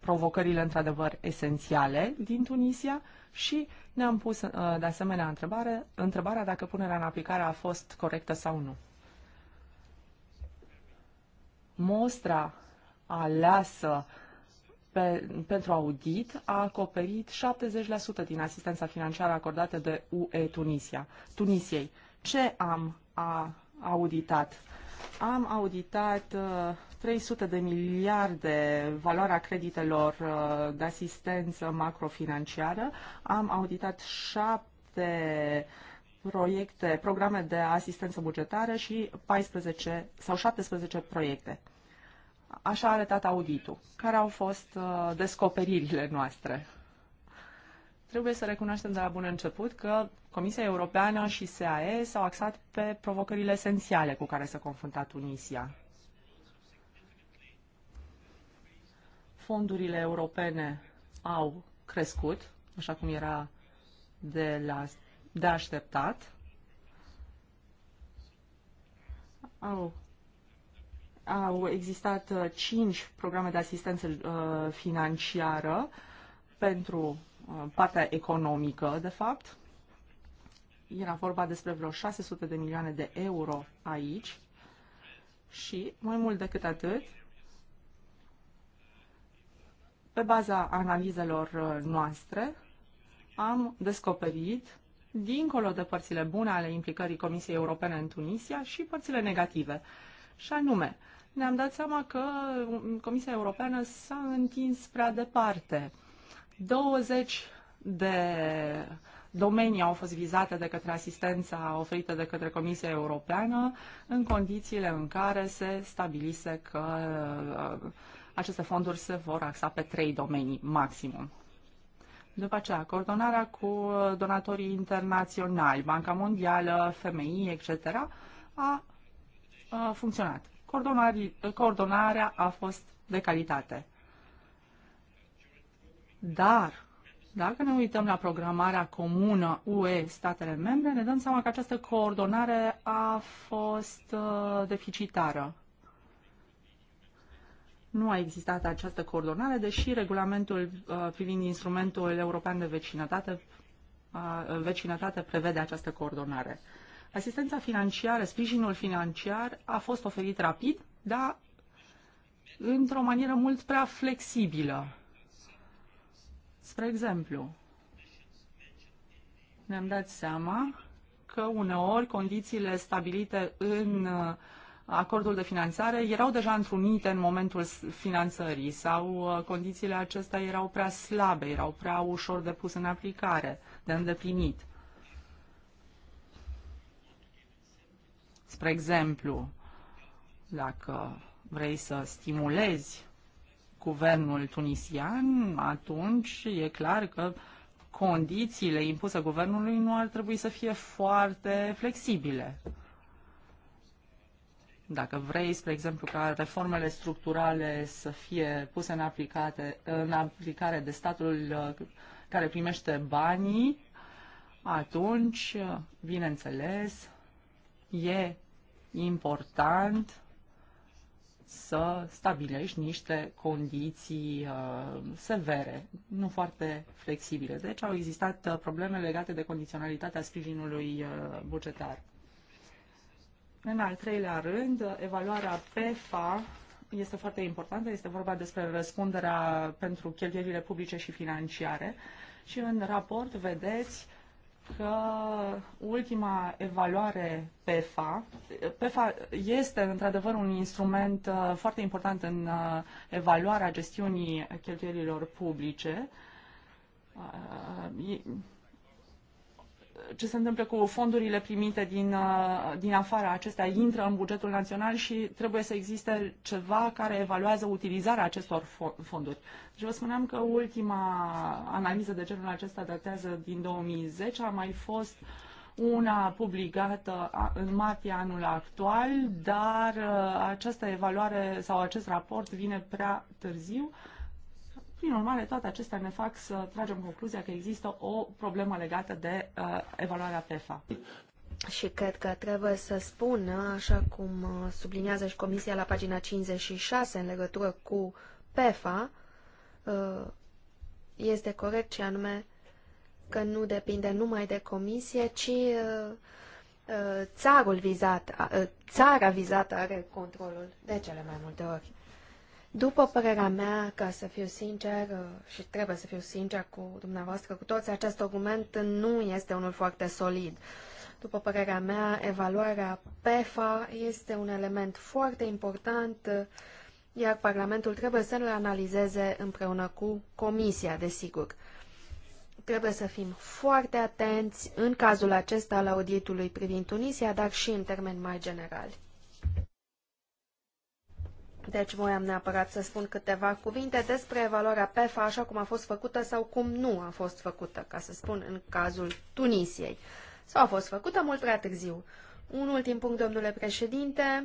provocările într-adevăr esențiale din Tunisia și ne-am pus uh, de asemenea întrebare, întrebarea dacă punerea în aplicare a fost corectă sau nu. Mostra aleasă pe, pentru audit a acoperit 70% din asistența financiară acordată de UE Tunisia, Tunisiei. Ce am a auditat? Am auditat 300 uh, de miliarde valoarea creditelor uh, de asistență macrofinanciară. Am auditat șapte proiecte, programe de asistență bugetară și 14 sau 17 proiecte. Așa a arătat auditul. Care au fost uh, descoperirile noastre? Trebuie să recunoaștem de la bun început că Comisia Europeană și SAE s-au axat pe provocările esențiale cu care se confruntat Tunisia. Fondurile europene au crescut, așa cum era de, la, de așteptat. Au, au existat uh, cinci programe de asistență uh, financiară pentru Uh, partea economică, de fapt. Era vorba despre vreo 600 de milioane de euro aici și, mai mult decât atât, pe baza analizelor uh, noastre, am descoperit, dincolo de părțile bune ale implicării Comisiei Europene în Tunisia, și părțile negative. Și anume, ne-am dat seama că Comisia Europeană s-a întins prea departe. 20 de domenii au fost vizate de către asistența oferită de către Comisia Europeană în condițiile în care se stabilise că uh, aceste fonduri se vor axa pe trei domenii maximum. După aceea, coordonarea cu donatorii internaționali, Banca Mondială, FMI, etc., a, a uh, funcționat. Coordonarea a fost de calitate. Dar, dacă ne uităm la programarea comună UE statele membre, ne dăm seama că această coordonare a fost uh, deficitară. Nu a existat această coordonare, deși regulamentul uh, privind instrumentul european de vecinătate, uh, vecinătate prevede această coordonare. Asistența financiară, sprijinul financiar a fost oferit rapid, dar într-o manieră mult prea flexibilă Spre exemplu, ne-am dat seama că uneori condițiile stabilite în uh, acordul de finanțare erau deja întrunite în momentul finanțării sau uh, condițiile acestea erau prea slabe, erau prea ușor de pus în aplicare, de îndeplinit. Spre exemplu, dacă vrei să stimulezi guvernul tunisian, atunci e clar că condițiile impuse guvernului nu ar trebui să fie foarte flexibile. Dacă vrei, spre exemplu, ca reformele structurale să fie puse în, aplicate, în aplicare de statul uh, care primește banii, atunci, uh, bineînțeles, e important să stabilești niște condiții uh, severe, nu foarte flexibile. Deci au existat uh, probleme legate de condiționalitatea sprijinului uh, bugetar. În al treilea rând, evaluarea PFA este foarte importantă, este vorba despre răspunderea pentru cheltuielile publice și financiare și în raport vedeți uh, că ultima evaluare PEFA, PEFA este într-adevăr un instrument uh, foarte important în uh, evaluarea gestiunii cheltuielilor publice. Uh, ce se întâmplă cu fondurile primite din, uh, din afara acestea intră în bugetul național și trebuie să existe ceva care evaluează utilizarea acestor fonduri. Deci vă spuneam că ultima analiză de genul acesta datează din 2010, a mai fost una publicată în martie anul actual, dar uh, această evaluare sau acest raport vine prea târziu. Uh, prin urmare, toate acestea ne fac să tragem concluzia că există o problemă legată de uh, evaluarea PEFA. Și cred că trebuie să spun, uh, așa cum uh, subliniază și Comisia la pagina 56 în legătură cu PEFA, uh, este corect și anume că nu depinde numai de Comisie, ci țarul vizat, țara vizată are controlul de cele mai multe ori. După părerea mea, ca să fiu sincer, uh, și trebuie să fiu sincer cu dumneavoastră, cu toți, acest argument nu este unul foarte solid. După părerea mea, evaluarea PEFA este un element foarte important, uh, iar Parlamentul trebuie să-l analizeze împreună cu Comisia, desigur. Trebuie să fim foarte atenți în cazul acesta al auditului privind Tunisia, dar și în termeni mai generali. Deci voiam neapărat să spun câteva cuvinte despre evaluarea PEFA așa cum a fost făcută sau cum nu a fost făcută, ca să spun în cazul Tunisiei. Sau a fost făcută mult prea târziu. Un ultim punct, domnule președinte.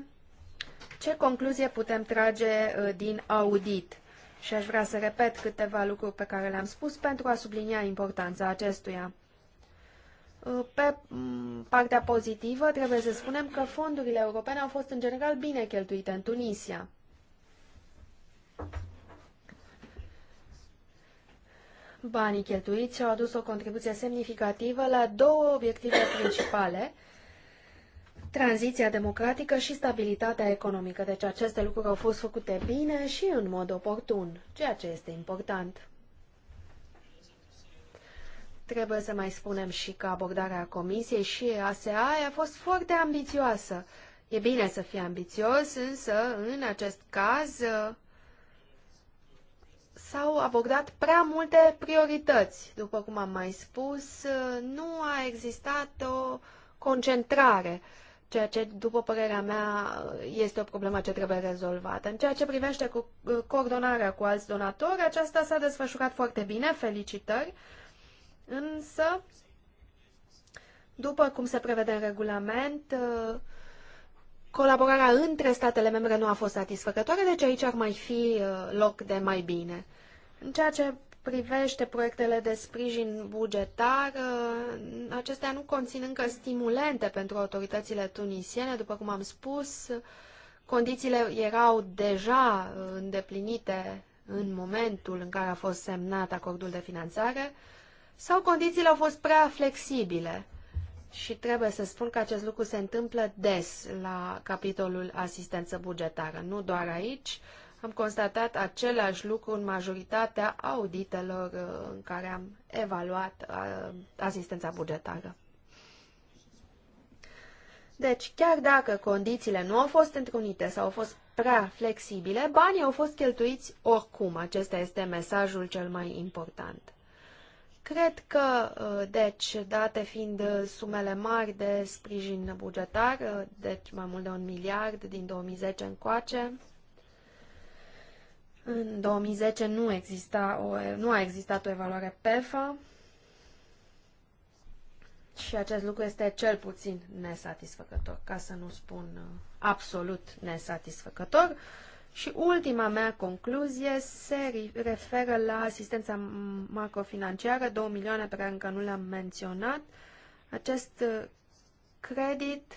Ce concluzie putem trage ă, din audit? Și aș vrea să repet câteva lucruri pe care le-am spus pentru a sublinia importanța acestuia. Ă, pe partea pozitivă, trebuie să spunem că fondurile europene au fost în general bine cheltuite în Tunisia. Banii cheltuiți au adus o contribuție semnificativă la două obiective principale, tranziția democratică și stabilitatea economică. Deci aceste lucruri au fost făcute bine și în mod oportun, ceea ce este important. Trebuie să mai spunem și că abordarea Comisiei și ASEA a fost foarte ambițioasă. E bine să fii ambițios, însă în acest caz s-au abordat prea multe priorități. După cum am mai spus, nu a existat o concentrare, ceea ce, după părerea mea, este o problemă ce trebuie rezolvată. În ceea ce privește cu coordonarea cu alți donatori, aceasta s-a desfășurat foarte bine, felicitări, însă, după cum se prevede în regulament, colaborarea între statele membre nu a fost satisfăcătoare, deci aici ar mai fi loc de mai bine. În ceea ce privește proiectele de sprijin bugetar, acestea nu conțin încă stimulente pentru autoritățile tunisiene, după cum am spus, condițiile erau deja îndeplinite în momentul în care a fost semnat acordul de finanțare sau condițiile au fost prea flexibile. Și trebuie să spun că acest lucru se întâmplă des la capitolul asistență bugetară, nu doar aici, am constatat același lucru în majoritatea auditelor uh, în care am evaluat uh, asistența bugetară. Deci, chiar dacă condițiile nu au fost întrunite sau au fost prea flexibile, banii au fost cheltuiți oricum. Acesta este mesajul cel mai important. Cred că, uh, deci, date fiind sumele mari de sprijin bugetar, deci mai mult de un miliard din 2010 încoace, în 2010 nu, exista o, nu a existat o evaluare PEFA și acest lucru este cel puțin nesatisfăcător, ca să nu spun uh, absolut nesatisfăcător. Și ultima mea concluzie se referă la asistența macrofinanciară, 2 milioane pe care încă nu le-am menționat. Acest uh, credit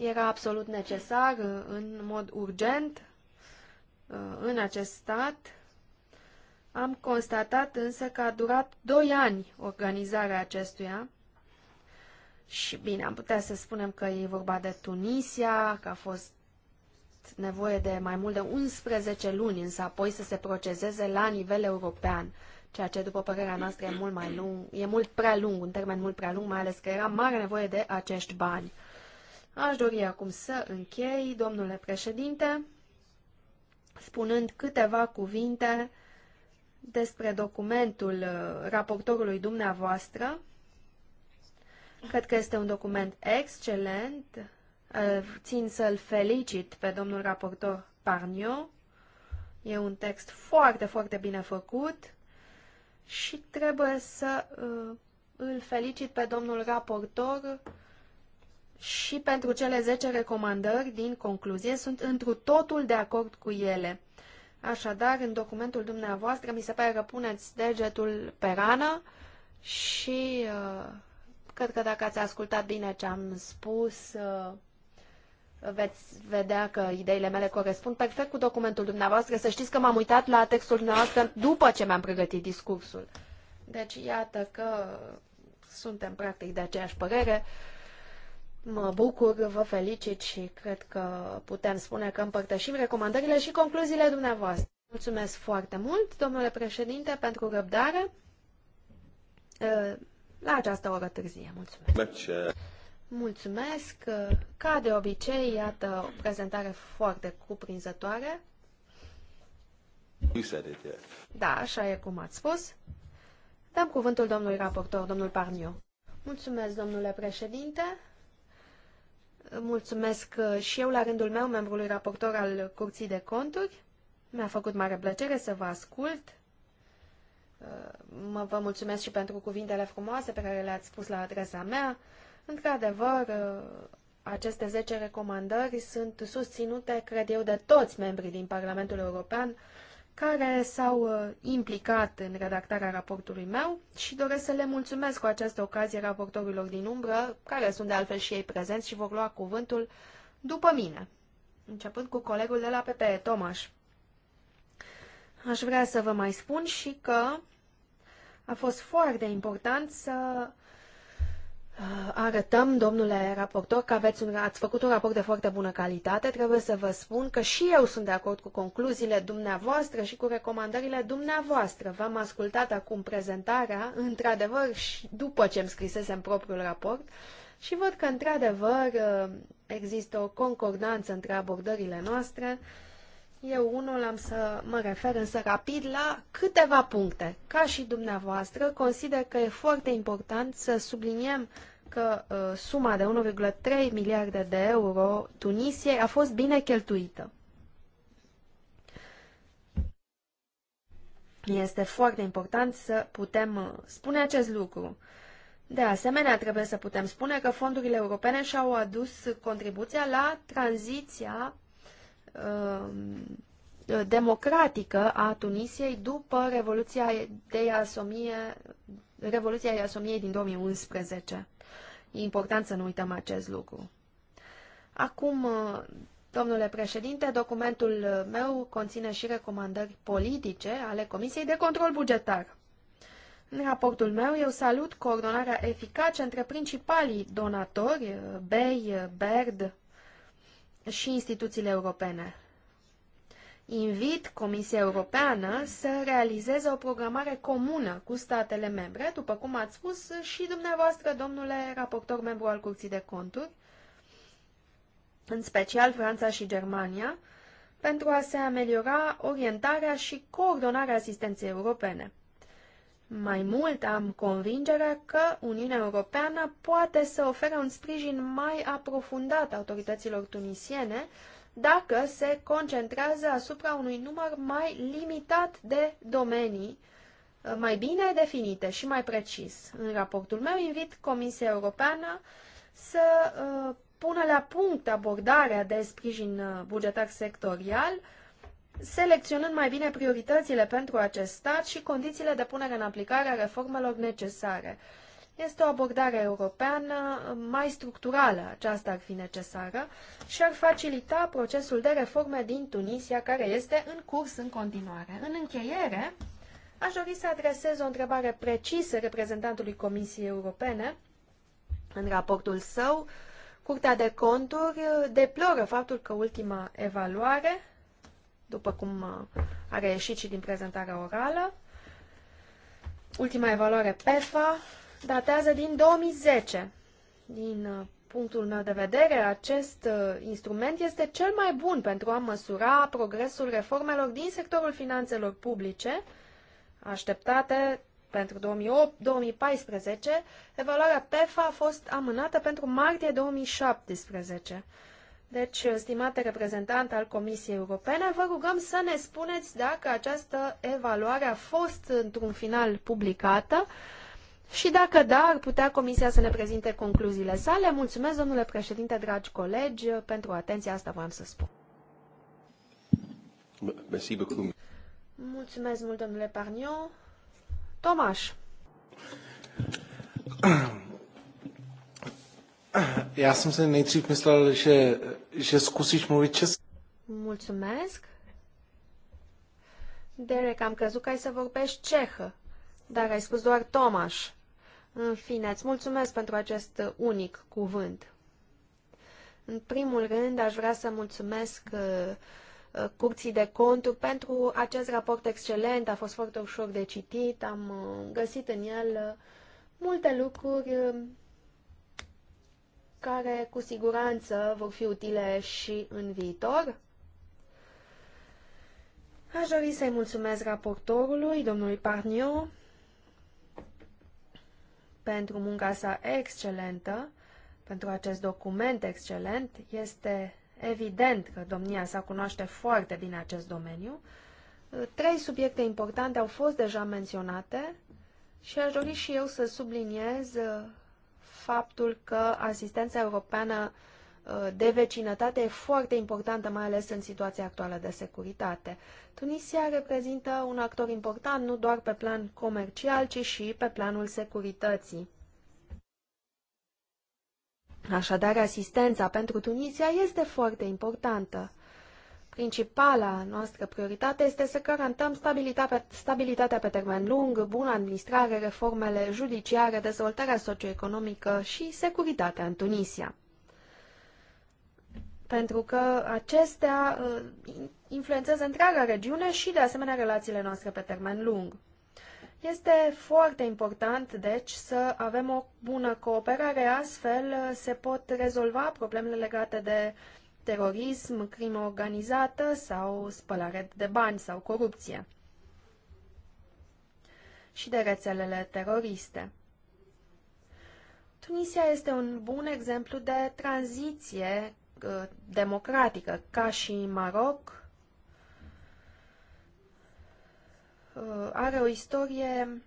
era absolut necesar, uh, în mod urgent, uh, în acest stat. Am constatat însă că a durat 2 ani organizarea acestuia. Și bine, am putea să spunem că e vorba de Tunisia, că a fost nevoie de mai mult de 11 luni, însă apoi să se proceseze la nivel european, ceea ce, după părerea noastră, e mult, mai lung, e mult prea lung, un termen mult prea lung, mai ales că era mare nevoie de acești bani. Aș dori acum să închei, domnule președinte, spunând câteva cuvinte despre documentul uh, raportorului dumneavoastră. Cred că este un document excelent. Uh, țin să-l felicit pe domnul raportor Parnio. E un text foarte, foarte bine făcut și trebuie să uh, îl felicit pe domnul raportor și pentru cele 10 recomandări din concluzie sunt întru totul de acord cu ele. Așadar, în documentul dumneavoastră mi se pare că puneți degetul pe rană și uh, cred că dacă ați ascultat bine ce am spus, uh, veți vedea că ideile mele corespund perfect cu documentul dumneavoastră. Să știți că m-am uitat la textul dumneavoastră după ce mi-am pregătit discursul. Deci, iată că suntem practic de aceeași părere. Uh, Mă bucur, vă felicit și cred că putem spune că împărtășim recomandările și concluziile dumneavoastră. Mulțumesc foarte mult, domnule președinte, pentru răbdare ă, la această oră târzie. Mulțumesc! Mulțumesc! Ca de obicei, iată o prezentare foarte cuprinzătoare. Da, așa e cum ați spus. Dăm cuvântul domnului raportor, domnul Parniu. Mulțumesc, domnule președinte. Mulțumesc uh, și eu la rândul meu, membrului raportor al Curții de Conturi. Mi-a făcut mare plăcere să vă ascult. Uh, mă vă mulțumesc și pentru cuvintele frumoase pe care le-ați spus la adresa mea. Într-adevăr, uh, aceste 10 recomandări sunt susținute, cred eu, de toți membrii din Parlamentul European care s-au uh, implicat în redactarea raportului meu și doresc să le mulțumesc cu această ocazie raportorilor din umbră, care sunt de altfel și ei prezenți și vor lua cuvântul după mine, începând cu colegul de la PPE, Tomaș. Aș vrea să vă mai spun și că a fost foarte important să Uh, arătăm, domnule raportor, că aveți un, ați făcut un raport de foarte bună calitate. Trebuie să vă spun că și eu sunt de acord cu concluziile dumneavoastră și cu recomandările dumneavoastră. V-am ascultat acum prezentarea, într-adevăr, și după ce îmi scrisesem propriul raport și văd că, într-adevăr, uh, există o concordanță între abordările noastre uh, eu unul am să mă refer însă rapid la câteva puncte. Ca și dumneavoastră, consider că e foarte important să subliniem că uh, suma de 1,3 miliarde de euro Tunisiei a fost bine cheltuită. Este foarte important să putem uh, spune acest lucru. De asemenea, trebuie să putem spune că fondurile europene și-au adus contribuția la tranziția Um, democratică a Tunisiei după Revoluția de Iasomie, Revoluția Iasomiei din 2011. E important să nu uităm acest lucru. Acum, uh, domnule președinte, documentul meu conține și recomandări politice ale Comisiei de Control Bugetar. În raportul meu, eu salut coordonarea eficace între principalii donatori, BEI, uh, BERD, și instituțiile europene. Invit Comisia Europeană să realizeze o programare comună cu statele membre, după cum ați spus și dumneavoastră, domnule raportor membru al Curții de Conturi, în special Franța și Germania, pentru a se ameliora orientarea și coordonarea asistenței europene. Mai mult am convingerea că Uniunea Europeană poate să ofere un sprijin mai aprofundat autorităților tunisiene dacă se concentrează asupra unui număr mai limitat de domenii mai bine definite și mai precis. În raportul meu invit Comisia Europeană să uh, pună la punct abordarea de sprijin uh, bugetar sectorial selecționând mai bine prioritățile pentru acest stat și condițiile de punere în aplicare a reformelor necesare. Este o abordare europeană mai structurală, aceasta ar fi necesară, și ar facilita procesul de reforme din Tunisia, care este în curs în continuare. În încheiere, aș dori să adresez o întrebare precisă reprezentantului Comisiei Europene în raportul său. Curtea de conturi deploră faptul că ultima evaluare după cum uh, a reieșit și din prezentarea orală. Ultima evaluare PEFA datează din 2010. Din uh, punctul meu de vedere, acest uh, instrument este cel mai bun pentru a măsura progresul reformelor din sectorul finanțelor publice, așteptate pentru 2008-2014, evaluarea PEFA a fost amânată pentru martie 2017. Deci, stimate reprezentant al Comisiei Europene, vă rugăm să ne spuneți dacă această evaluare a fost într-un final publicată și dacă da, ar putea Comisia să ne prezinte concluziile sale. Mulțumesc, domnule președinte, dragi colegi, pentru atenția asta v-am să spun. Mulțumesc mult, domnule Parnio, Tomaș. Já jsem se nejdřív myslel, že, že zkusíš mluvit česky. Mulțumesc. Derek, am crezut că ai să vorbești cehă, dar ai spus doar Tomaș. În fine, îți mulțumesc pentru acest unic cuvânt. În primul rând, aș vrea să mulțumesc uh, uh, Curții de Conturi pentru acest raport excelent. A fost foarte ușor de citit, am uh, găsit în el multe lucruri care cu siguranță vor fi utile și în viitor. Aș dori să-i mulțumesc raportorului, domnului Parniu, pentru munca sa excelentă, pentru acest document excelent. Este evident că domnia sa cunoaște foarte bine acest domeniu. Trei subiecte importante au fost deja menționate și aș dori și eu să subliniez faptul că asistența europeană uh, de vecinătate e foarte importantă, mai ales în situația actuală de securitate. Tunisia reprezintă un actor important nu doar pe plan comercial, ci și pe planul securității. Așadar, asistența pentru Tunisia este foarte importantă. Principala noastră prioritate este să garantăm stabilitatea, pe termen lung, bună administrare, reformele judiciare, dezvoltarea socioeconomică și securitatea în Tunisia. Pentru că acestea uh, influențează întreaga regiune și, de asemenea, relațiile noastre pe termen lung. Este foarte important, deci, să avem o bună cooperare, astfel uh, se pot rezolva problemele legate de uh, terorism, crimă organizată sau spălare de bani sau corupție și de rețelele teroriste. Tunisia este un bun exemplu de tranziție uh, democratică, ca și Maroc. Uh, are o istorie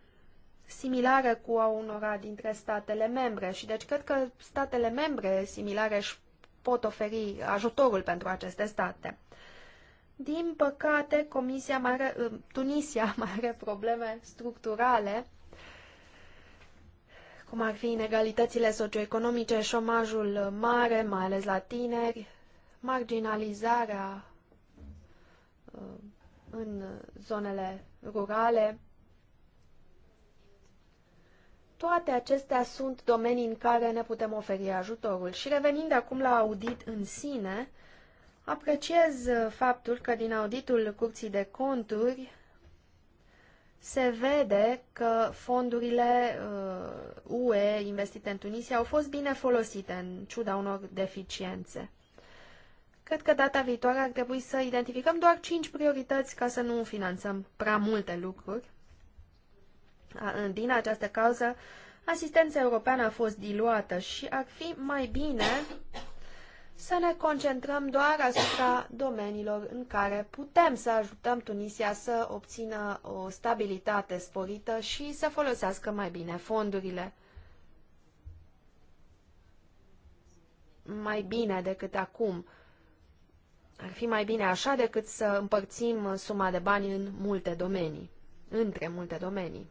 similară cu a unora dintre statele membre și deci cred că statele membre similare își pot oferi ajutorul pentru aceste state. Din păcate, Comisia mai are, ă, Tunisia mai are probleme structurale, cum ar fi inegalitățile socioeconomice, șomajul mare, mai ales la tineri, marginalizarea ă, în zonele rurale, toate acestea sunt domenii în care ne putem oferi ajutorul. Și revenind acum la audit în sine, apreciez faptul că din auditul Curții de Conturi se vede că fondurile UE uh, investite în Tunisia au fost bine folosite în ciuda unor deficiențe. Cred că data viitoare ar trebui să identificăm doar 5 priorități ca să nu finanțăm prea multe lucruri. Din această cauză, asistența europeană a fost diluată și ar fi mai bine să ne concentrăm doar asupra domeniilor în care putem să ajutăm Tunisia să obțină o stabilitate sporită și să folosească mai bine fondurile. Mai bine decât acum. Ar fi mai bine așa decât să împărțim suma de bani în multe domenii, între multe domenii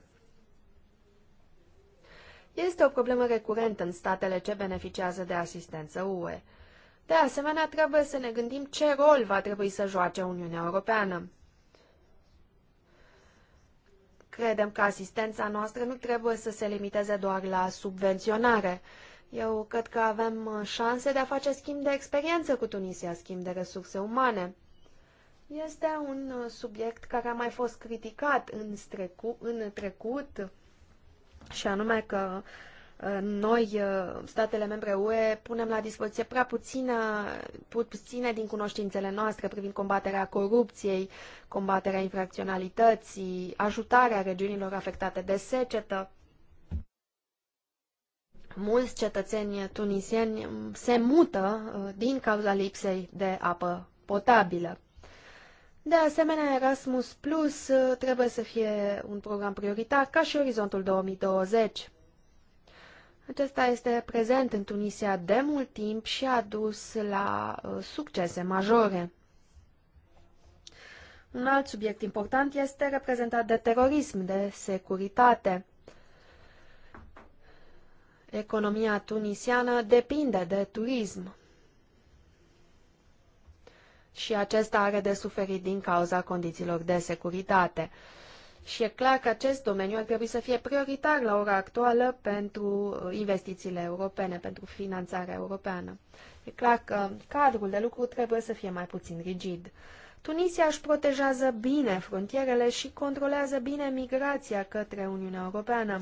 este o problemă recurentă în statele ce beneficiază de asistență UE. De asemenea, trebuie să ne gândim ce rol va trebui să joace Uniunea Europeană. Credem că asistența noastră nu trebuie să se limiteze doar la subvenționare. Eu cred că avem șanse de a face schimb de experiență cu Tunisia, schimb de resurse umane. Este un subiect care a mai fost criticat în, strecu- în trecut și anume că uh, noi, uh, statele membre UE, punem la dispoziție prea puțină, puține din cunoștințele noastre privind combaterea corupției, combaterea infracționalității, ajutarea regiunilor afectate de secetă. Mulți cetățeni tunisieni se mută uh, din cauza lipsei de apă potabilă. De asemenea, Erasmus Plus uh, trebuie să fie un program prioritar, ca și Orizontul 2020. Acesta este prezent în Tunisia de mult timp și a dus la uh, succese majore. Un alt subiect important este reprezentat de terorism, de securitate. Economia tunisiană depinde de turism și acesta are de suferit din cauza condițiilor de securitate. Și e clar că acest domeniu ar trebui să fie prioritar la ora actuală pentru investițiile europene, pentru finanțarea europeană. E clar că cadrul de lucru trebuie să fie mai puțin rigid. Tunisia își protejează bine frontierele și controlează bine migrația către Uniunea Europeană.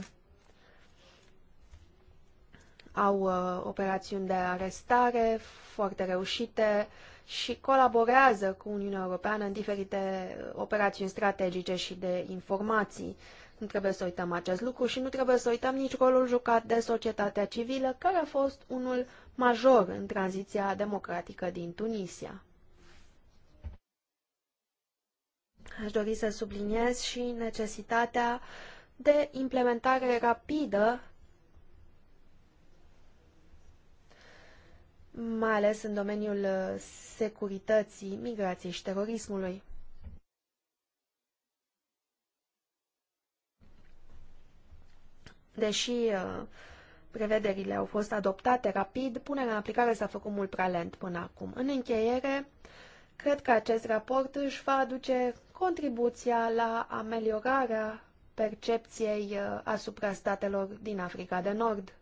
Au uh, operațiuni de arestare foarte reușite, uh, și colaborează cu Uniunea Europeană în diferite uh, operațiuni strategice și de informații. Nu trebuie să uităm acest lucru și nu trebuie să uităm nici rolul jucat de societatea civilă, care a fost unul major în tranziția democratică din Tunisia. Aș dori să subliniez și necesitatea de implementare rapidă mai ales în domeniul uh, securității, migrației și terorismului. Deși uh, prevederile au fost adoptate rapid, punerea în aplicare s-a făcut mult prea lent până acum. În încheiere, cred că acest raport își va aduce contribuția la ameliorarea percepției uh, asupra statelor din Africa de Nord.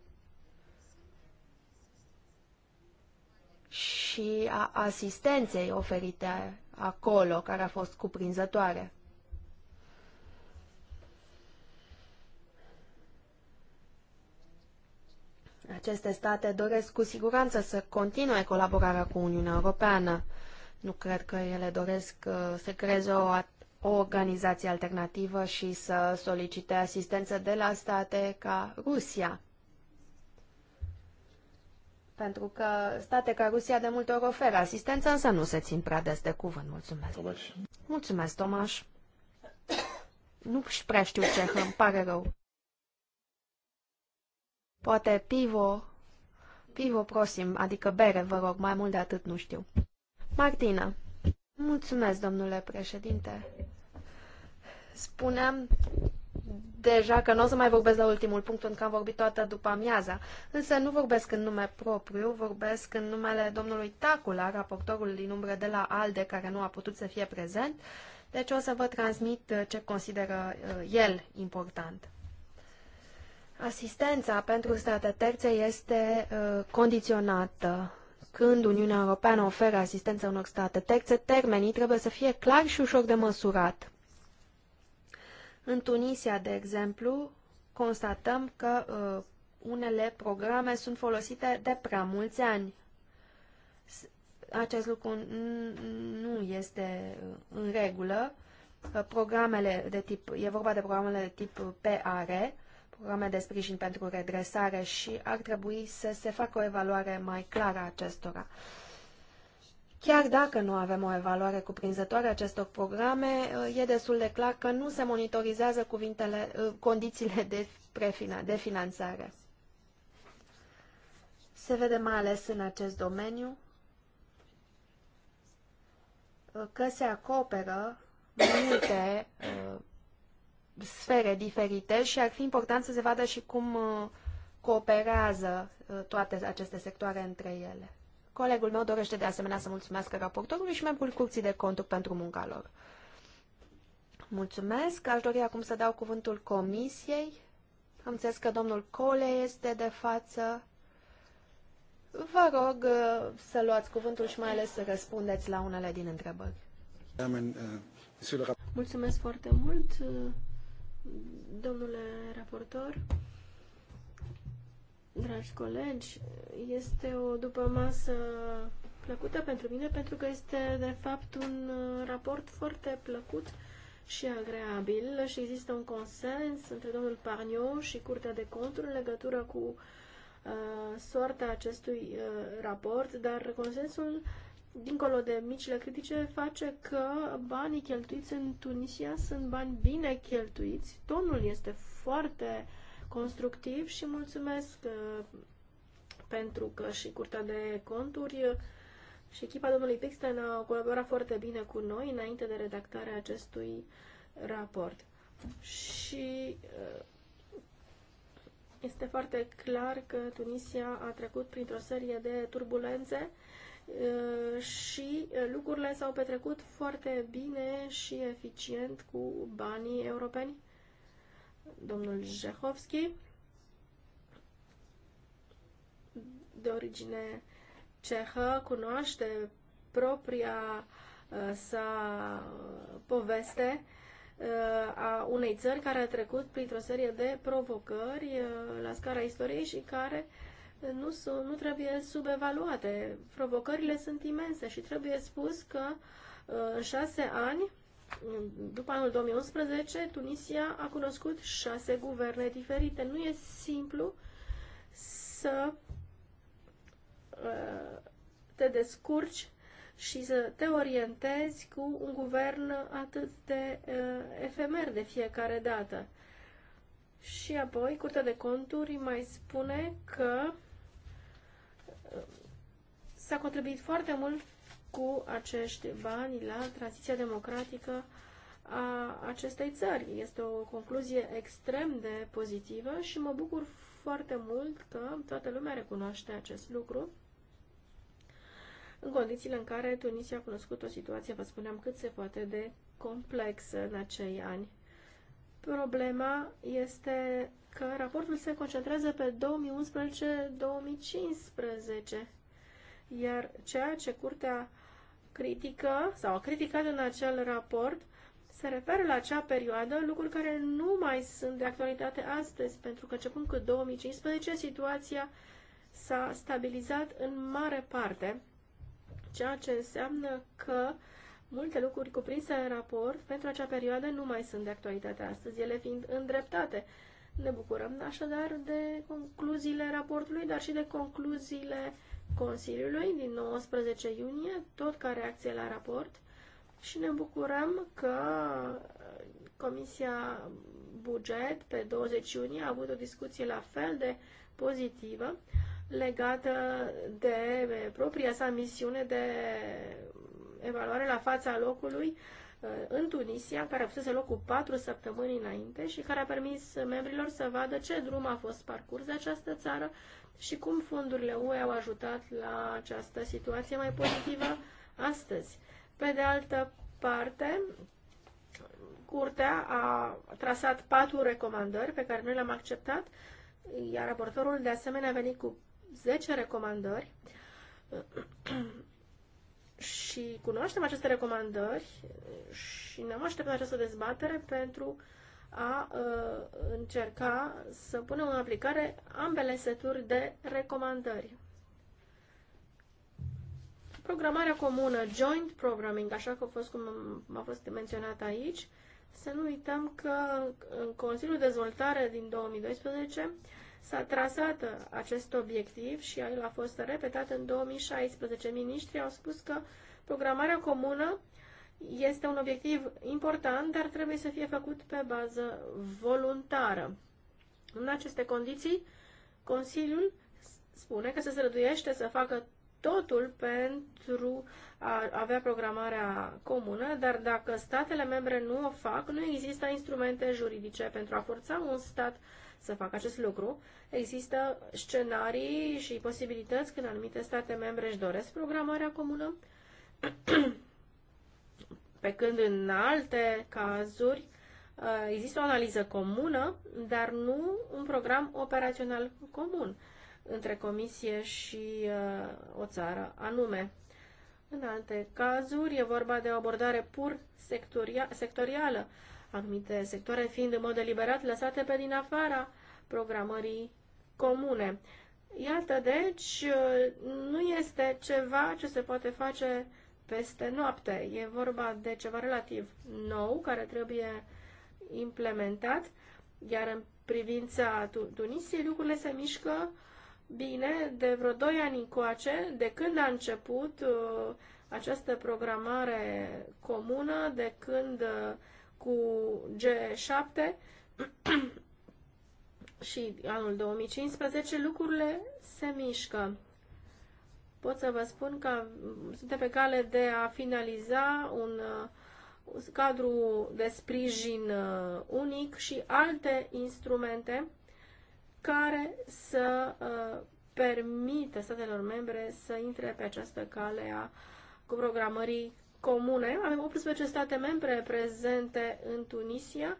și a asistenței oferite acolo, care a fost cuprinzătoare. Aceste state doresc cu siguranță să continue colaborarea cu Uniunea Europeană. Nu cred că ele doresc uh, să creeze o, o organizație alternativă și să solicite asistență de la state ca Rusia. Pentru că state ca Rusia de multe ori oferă asistență, însă nu se țin prea des de cuvânt. Mulțumesc. Tomaș. Mulțumesc, Tomaș. nu prea știu ce, îmi pare rău. Poate pivo, pivo prosim, adică bere, vă rog, mai mult de atât nu știu. Martina, mulțumesc, domnule președinte. Spuneam deja că nu o să mai vorbesc la ultimul punct, pentru că am vorbit toată după amiaza, însă nu vorbesc în nume propriu, vorbesc în numele domnului Tacula, raportorul din umbră de la ALDE, care nu a putut să fie prezent, deci o să vă transmit uh, ce consideră uh, el important. Asistența pentru state terțe este uh, condiționată când Uniunea Europeană oferă asistență unor state terțe, termenii trebuie să fie clar și ușor de măsurat. În Tunisia, de exemplu, constatăm că uh, unele programe sunt folosite de prea mulți ani. Acest lucru nu este uh, în regulă. Uh, programele de tip, e vorba de programele de tip PR, programe de sprijin pentru redresare și ar trebui să se facă o evaluare mai clară a acestora. Uh, Chiar dacă nu avem o evaluare cuprinzătoare a acestor programe, e destul de clar că nu se monitorizează cuvintele, uh, condițiile de, prefina, de finanțare. Se vede mai ales în acest domeniu uh, că se acoperă multe uh, sfere diferite și ar fi important să se vadă și cum cooperează toate aceste sectoare între ele. Colegul meu dorește de asemenea să mulțumesc raportorului și membrul Curții de Conturi pentru munca lor. Mulțumesc. Aș dori acum să dau cuvântul comisiei. Am înțeles că domnul Cole este de față. Vă rog uh, să luați cuvântul și mai ales să răspundeți la unele din întrebări. Mulțumesc foarte mult, uh, domnule raportor dragi colegi. Este o după masă plăcută pentru mine pentru că este de fapt un uh, raport foarte plăcut și agreabil și există un consens între domnul Parnio și Curtea de Conturi în legătură cu uh, soarta acestui uh, raport, dar consensul, dincolo de micile critice, face că banii cheltuiți în Tunisia sunt bani bine cheltuiți, tonul este foarte uh, constructiv și mulțumesc uh, pentru că și Curtea de Conturi uh, și echipa domnului Pixten au colaborat foarte bine cu noi înainte de redactarea acestui raport. Și uh, este foarte clar că Tunisia a trecut printr-o serie de turbulențe și lucrurile s-au petrecut foarte bine și eficient cu banii europeni domnul Jehovski, de origine cehă, cunoaște propria uh, sa poveste uh, a unei țări care a trecut printr-o serie de provocări uh, la scara istoriei și care nu, nu trebuie subevaluate. Provocările sunt imense și trebuie spus că în șase ani după anul 2011, Tunisia a cunoscut șase guverne diferite. Nu e simplu să uh, te descurci și să te orientezi cu un guvern atât de uh, efemer de fiecare dată. Și apoi, Curtea de Conturi mai spune că uh, s-a contribuit foarte mult cu acești bani la tranziția democratică a acestei țări. Este o concluzie extrem de pozitivă și mă bucur foarte mult că toată lumea recunoaște acest lucru în condițiile în care Tunisia a cunoscut o situație, vă spuneam, cât se poate de complexă în acei ani. Problema este că raportul se concentrează pe 2011-2015 iar ceea ce curtea critică sau a criticat în acel raport se referă la acea perioadă, lucruri care nu mai sunt de actualitate astăzi, pentru că începând cu 2015 situația s-a stabilizat în mare parte, ceea ce înseamnă că multe lucruri cuprinse în raport pentru acea perioadă nu mai sunt de actualitate astăzi, ele fiind îndreptate. Ne bucurăm așadar de concluziile raportului, dar și de concluziile Consiliului din 19 iunie, tot ca reacție la raport și ne bucurăm că uh, Comisia Buget pe 20 iunie a avut o discuție la fel de pozitivă legată de propria sa misiune de evaluare la fața locului uh, în Tunisia, care a fost locul 4 săptămâni înainte și care a permis membrilor să vadă ce drum a fost parcurs de această țară, și cum fondurile UE au ajutat la această situație mai pozitivă astăzi. Pe de altă parte, Curtea a trasat patru recomandări pe care noi le-am acceptat, iar raportorul de asemenea a venit cu 10 recomandări și cunoaștem aceste recomandări și ne-am așteptat această dezbatere pentru a uh, încerca să punem în aplicare ambele seturi de recomandări. Programarea comună, joint programming, așa cum a fost, cum a fost menționat aici, să nu uităm că în Consiliul de Dezvoltare din 2012 s-a trasat acest obiectiv și el a fost repetat în 2016. Ministrii au spus că programarea comună este un obiectiv important, dar trebuie să fie făcut pe bază voluntară. În aceste condiții, Consiliul spune că se străduiește să facă totul pentru a avea programarea comună, dar dacă statele membre nu o fac, nu există instrumente juridice pentru a forța un stat să facă acest lucru. Există scenarii și posibilități când anumite state membre își doresc programarea comună Pe când în alte cazuri uh, există o analiză comună, dar nu un program operațional comun între comisie și uh, o țară anume. În alte cazuri e vorba de o abordare pur sectoria, sectorială, anumite sectoare fiind în mod deliberat lăsate pe din afara programării comune. Iată, deci, uh, nu este ceva ce se poate face uh, peste noapte. E vorba de ceva relativ nou care trebuie implementat, iar în privința Tunisiei lucrurile se mișcă bine de vreo 2 ani încoace, de când a început uh, această programare comună, de când uh, cu G7 și anul 2015 lucrurile se mișcă pot să vă spun că suntem pe cale de a finaliza un, uh, cadru de sprijin uh, unic și alte instrumente care să uh, permită statelor membre să intre pe această cale a programării comune. Avem 18 state membre prezente în Tunisia,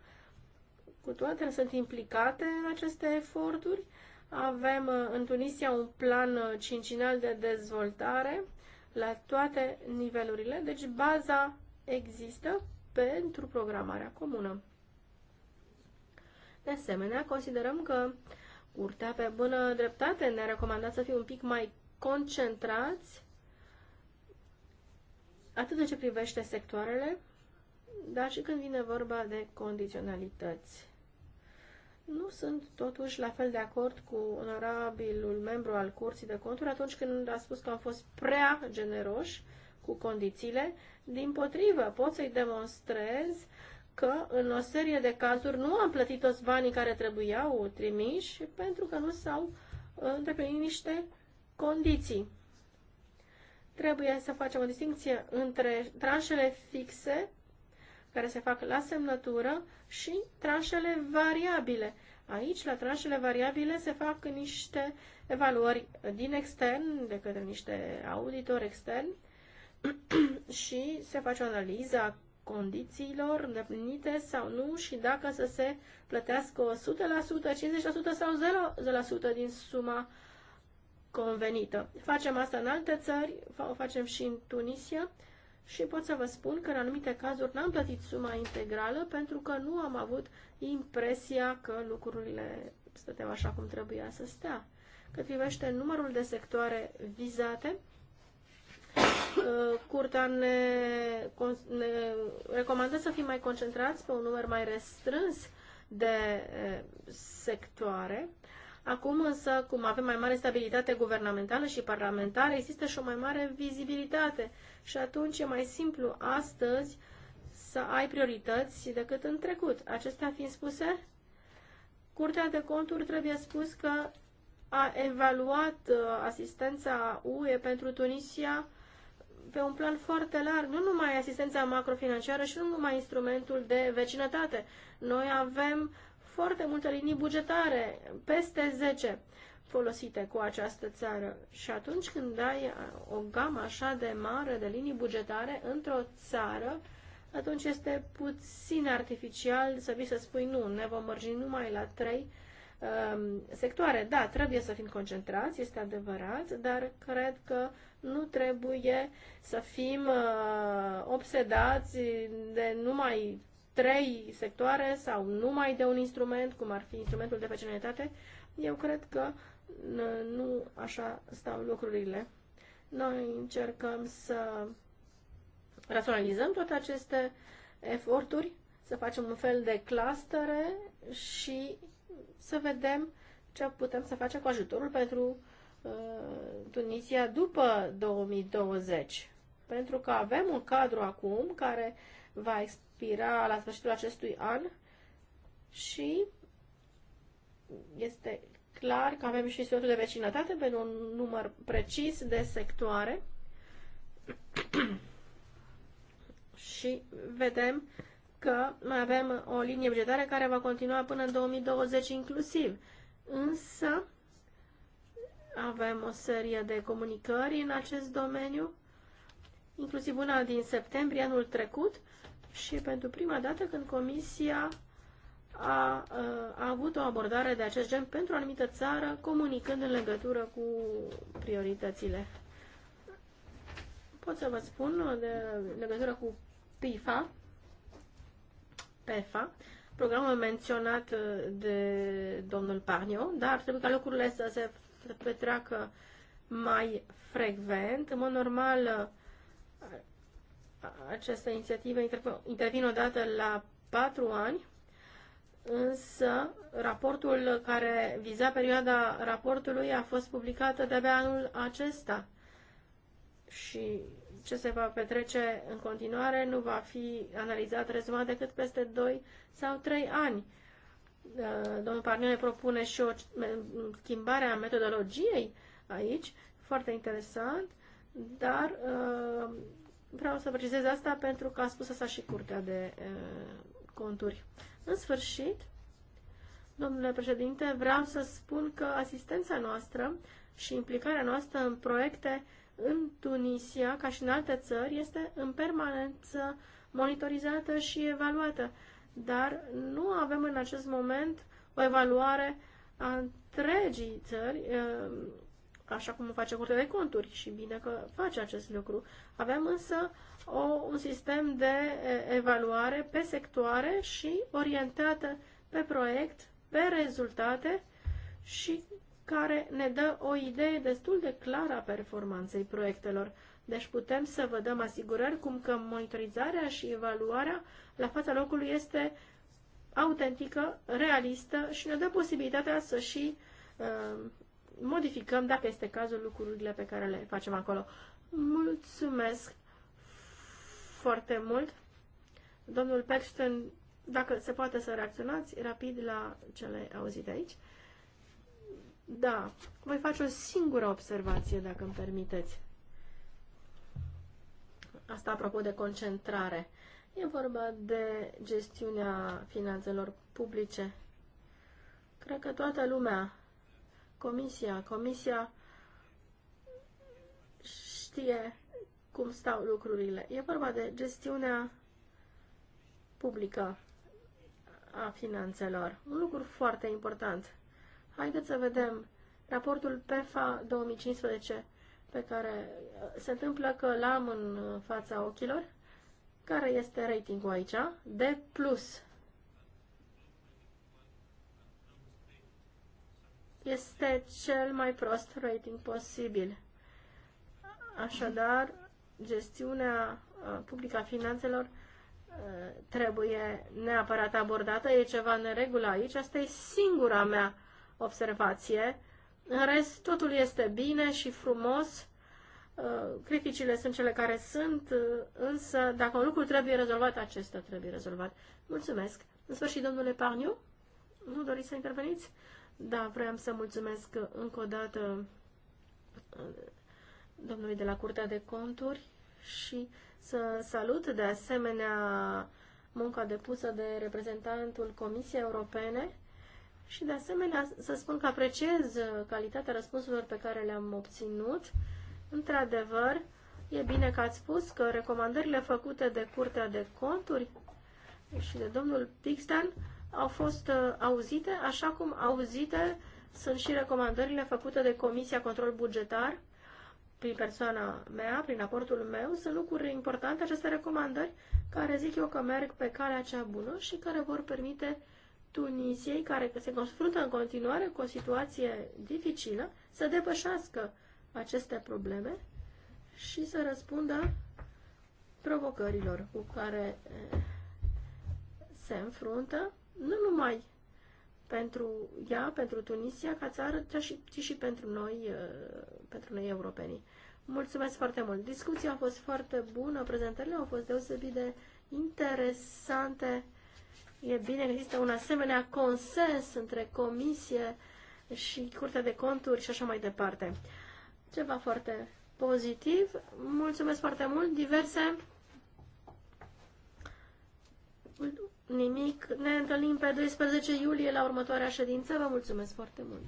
cu toate sunt implicate în aceste eforturi avem uh, în Tunisia un plan uh, cincinal de dezvoltare la toate nivelurile, deci baza există pentru programarea comună. De asemenea, considerăm că curtea pe bună dreptate ne-a recomandat să fim un pic mai concentrați atât de ce privește sectoarele, dar și când vine vorba de condiționalități. Nu sunt totuși la fel de acord cu onorabilul membru al Curții de Conturi atunci când a spus că am fost prea generoși cu condițiile. Din potrivă, pot să-i demonstrez că în o serie de cazuri nu am plătit toți banii care trebuiau trimiși pentru că nu s-au uh, îndeplinit niște condiții. Trebuie să facem o distinție între tranșele fixe care se fac la semnătură și tranșele variabile. Aici, la tranșele variabile, se fac niște evaluări din extern, de către niște auditori externi și se face o analiză a condițiilor îndeplinite sau nu și dacă să se plătească 100%, 50% sau 0% din suma convenită. Facem asta în alte țări, o facem și în Tunisia și pot să vă spun că în anumite cazuri n-am plătit suma integrală pentru că nu am avut impresia că lucrurile stăteau așa cum trebuia să stea. Cât privește numărul de sectoare vizate, uh, curtea ne, ne recomandă să fim mai concentrați pe un număr mai restrâns de uh, sectoare Acum însă, cum avem mai mare stabilitate guvernamentală și parlamentară, există și o mai mare vizibilitate și atunci e mai simplu astăzi să ai priorități decât în trecut. Acestea fiind spuse, Curtea de Conturi trebuie spus că a evaluat uh, asistența UE pentru Tunisia pe un plan foarte larg, nu numai asistența macrofinanciară și nu numai instrumentul de vecinătate. Noi avem uh, foarte multe linii bugetare, peste 10 folosite cu această țară. Și atunci când ai o gamă așa de mare de linii bugetare într-o țară, atunci este puțin artificial să vii să spui nu, ne vom mărgi numai la trei um, sectoare. Da, trebuie să fim concentrați, este adevărat, dar cred că nu trebuie să fim uh, obsedați de numai trei sectoare sau numai de un instrument, cum ar fi instrumentul de vecinătate, eu cred că nu așa stau lucrurile. Noi încercăm să raționalizăm toate aceste eforturi, să facem un fel de clustere și să vedem ce putem să facem cu ajutorul pentru uh, Tunisia după 2020. Pentru că avem un cadru acum care va expira la sfârșitul acestui an și este clar că avem și studiul de vecinătate pe un număr precis de sectoare și vedem că mai avem o linie bugetară care va continua până în 2020 inclusiv. Însă avem o serie de comunicări în acest domeniu, inclusiv una din septembrie anul trecut, și pentru prima dată când Comisia a, a avut o abordare de acest gen pentru o anumită țară, comunicând în legătură cu prioritățile. Pot să vă spun de în legătură cu PIFA, PFA, programul menționat de domnul Parnio, dar trebuie ca lucrurile să se petreacă mai frecvent. În mod normal, această inițiativă intervin odată la patru ani, însă raportul care viza perioada raportului a fost publicată de-abia anul acesta și ce se va petrece în continuare nu va fi analizat, rezumat decât peste 2 sau 3 ani. Uh, domnul Parniu ne propune și o schimbare a metodologiei aici, foarte interesant, dar uh, Vreau să precizez asta pentru că a spus asta și Curtea de Conturi. În sfârșit, domnule președinte, vreau să spun că asistența noastră și implicarea noastră în proiecte în Tunisia, ca și în alte țări, este în permanență monitorizată și evaluată. Dar nu avem în acest moment o evaluare a întregii țări așa cum face Curtea de Conturi și bine că face acest lucru. Avem însă o, un sistem de evaluare pe sectoare și orientată pe proiect, pe rezultate și care ne dă o idee destul de clară a performanței proiectelor. Deci putem să vă dăm asigurări cum că monitorizarea și evaluarea la fața locului este autentică, realistă și ne dă posibilitatea să și uh, modificăm, dacă este cazul, lucrurile pe care le facem acolo. Mulțumesc foarte mult. Domnul Paxton, dacă se poate să reacționați rapid la cele auzite aici. Da, voi face o singură observație, dacă îmi permiteți. Asta apropo de concentrare. E vorba de gestiunea finanțelor publice. Cred că toată lumea Comisia. Comisia știe cum stau lucrurile. E vorba de gestiunea publică a finanțelor. Un lucru foarte important. Haideți să vedem raportul PEFA 2015 pe care uh, se întâmplă că l-am în uh, fața ochilor. Care este ratingul aici? D+. plus este cel mai prost rating posibil. Așadar, gestiunea uh, publică a finanțelor uh, trebuie neapărat abordată, e ceva în regulă aici, asta e singura mea observație. În rest, totul este bine și frumos, uh, criticile sunt cele care sunt, însă dacă un lucru trebuie rezolvat, acesta trebuie rezolvat. Mulțumesc! În sfârșit, domnule Parniu, nu doriți să interveniți? Da, vreau să mulțumesc încă o dată uh, domnului de la Curtea de Conturi și să salut de asemenea munca depusă de reprezentantul Comisiei Europene și de asemenea să spun că apreciez calitatea răspunsurilor pe care le-am obținut. Într-adevăr, e bine că ați spus că recomandările făcute de Curtea de Conturi și de domnul Pixtan au fost uh, auzite, așa cum auzite sunt și recomandările făcute de Comisia Control Bugetar prin persoana mea, prin aportul meu, sunt lucruri importante, aceste recomandări, care zic eu că merg pe calea cea bună și care vor permite Tunisiei, care se confruntă în continuare cu o situație dificilă, să depășească aceste probleme și să răspundă provocărilor cu care eh, se înfruntă nu numai pentru ea, pentru Tunisia ca țară, ci și, ci și pentru noi, uh, pentru noi europenii. Mulțumesc foarte mult! Discuția a fost foarte bună, prezentările au fost deosebit de interesante. E bine că există un asemenea consens între comisie și curtea de conturi și așa mai departe. Ceva foarte pozitiv. Mulțumesc foarte mult! Diverse nimic. Ne întâlnim pe 12 iulie la următoarea ședință. Vă mulțumesc foarte mult!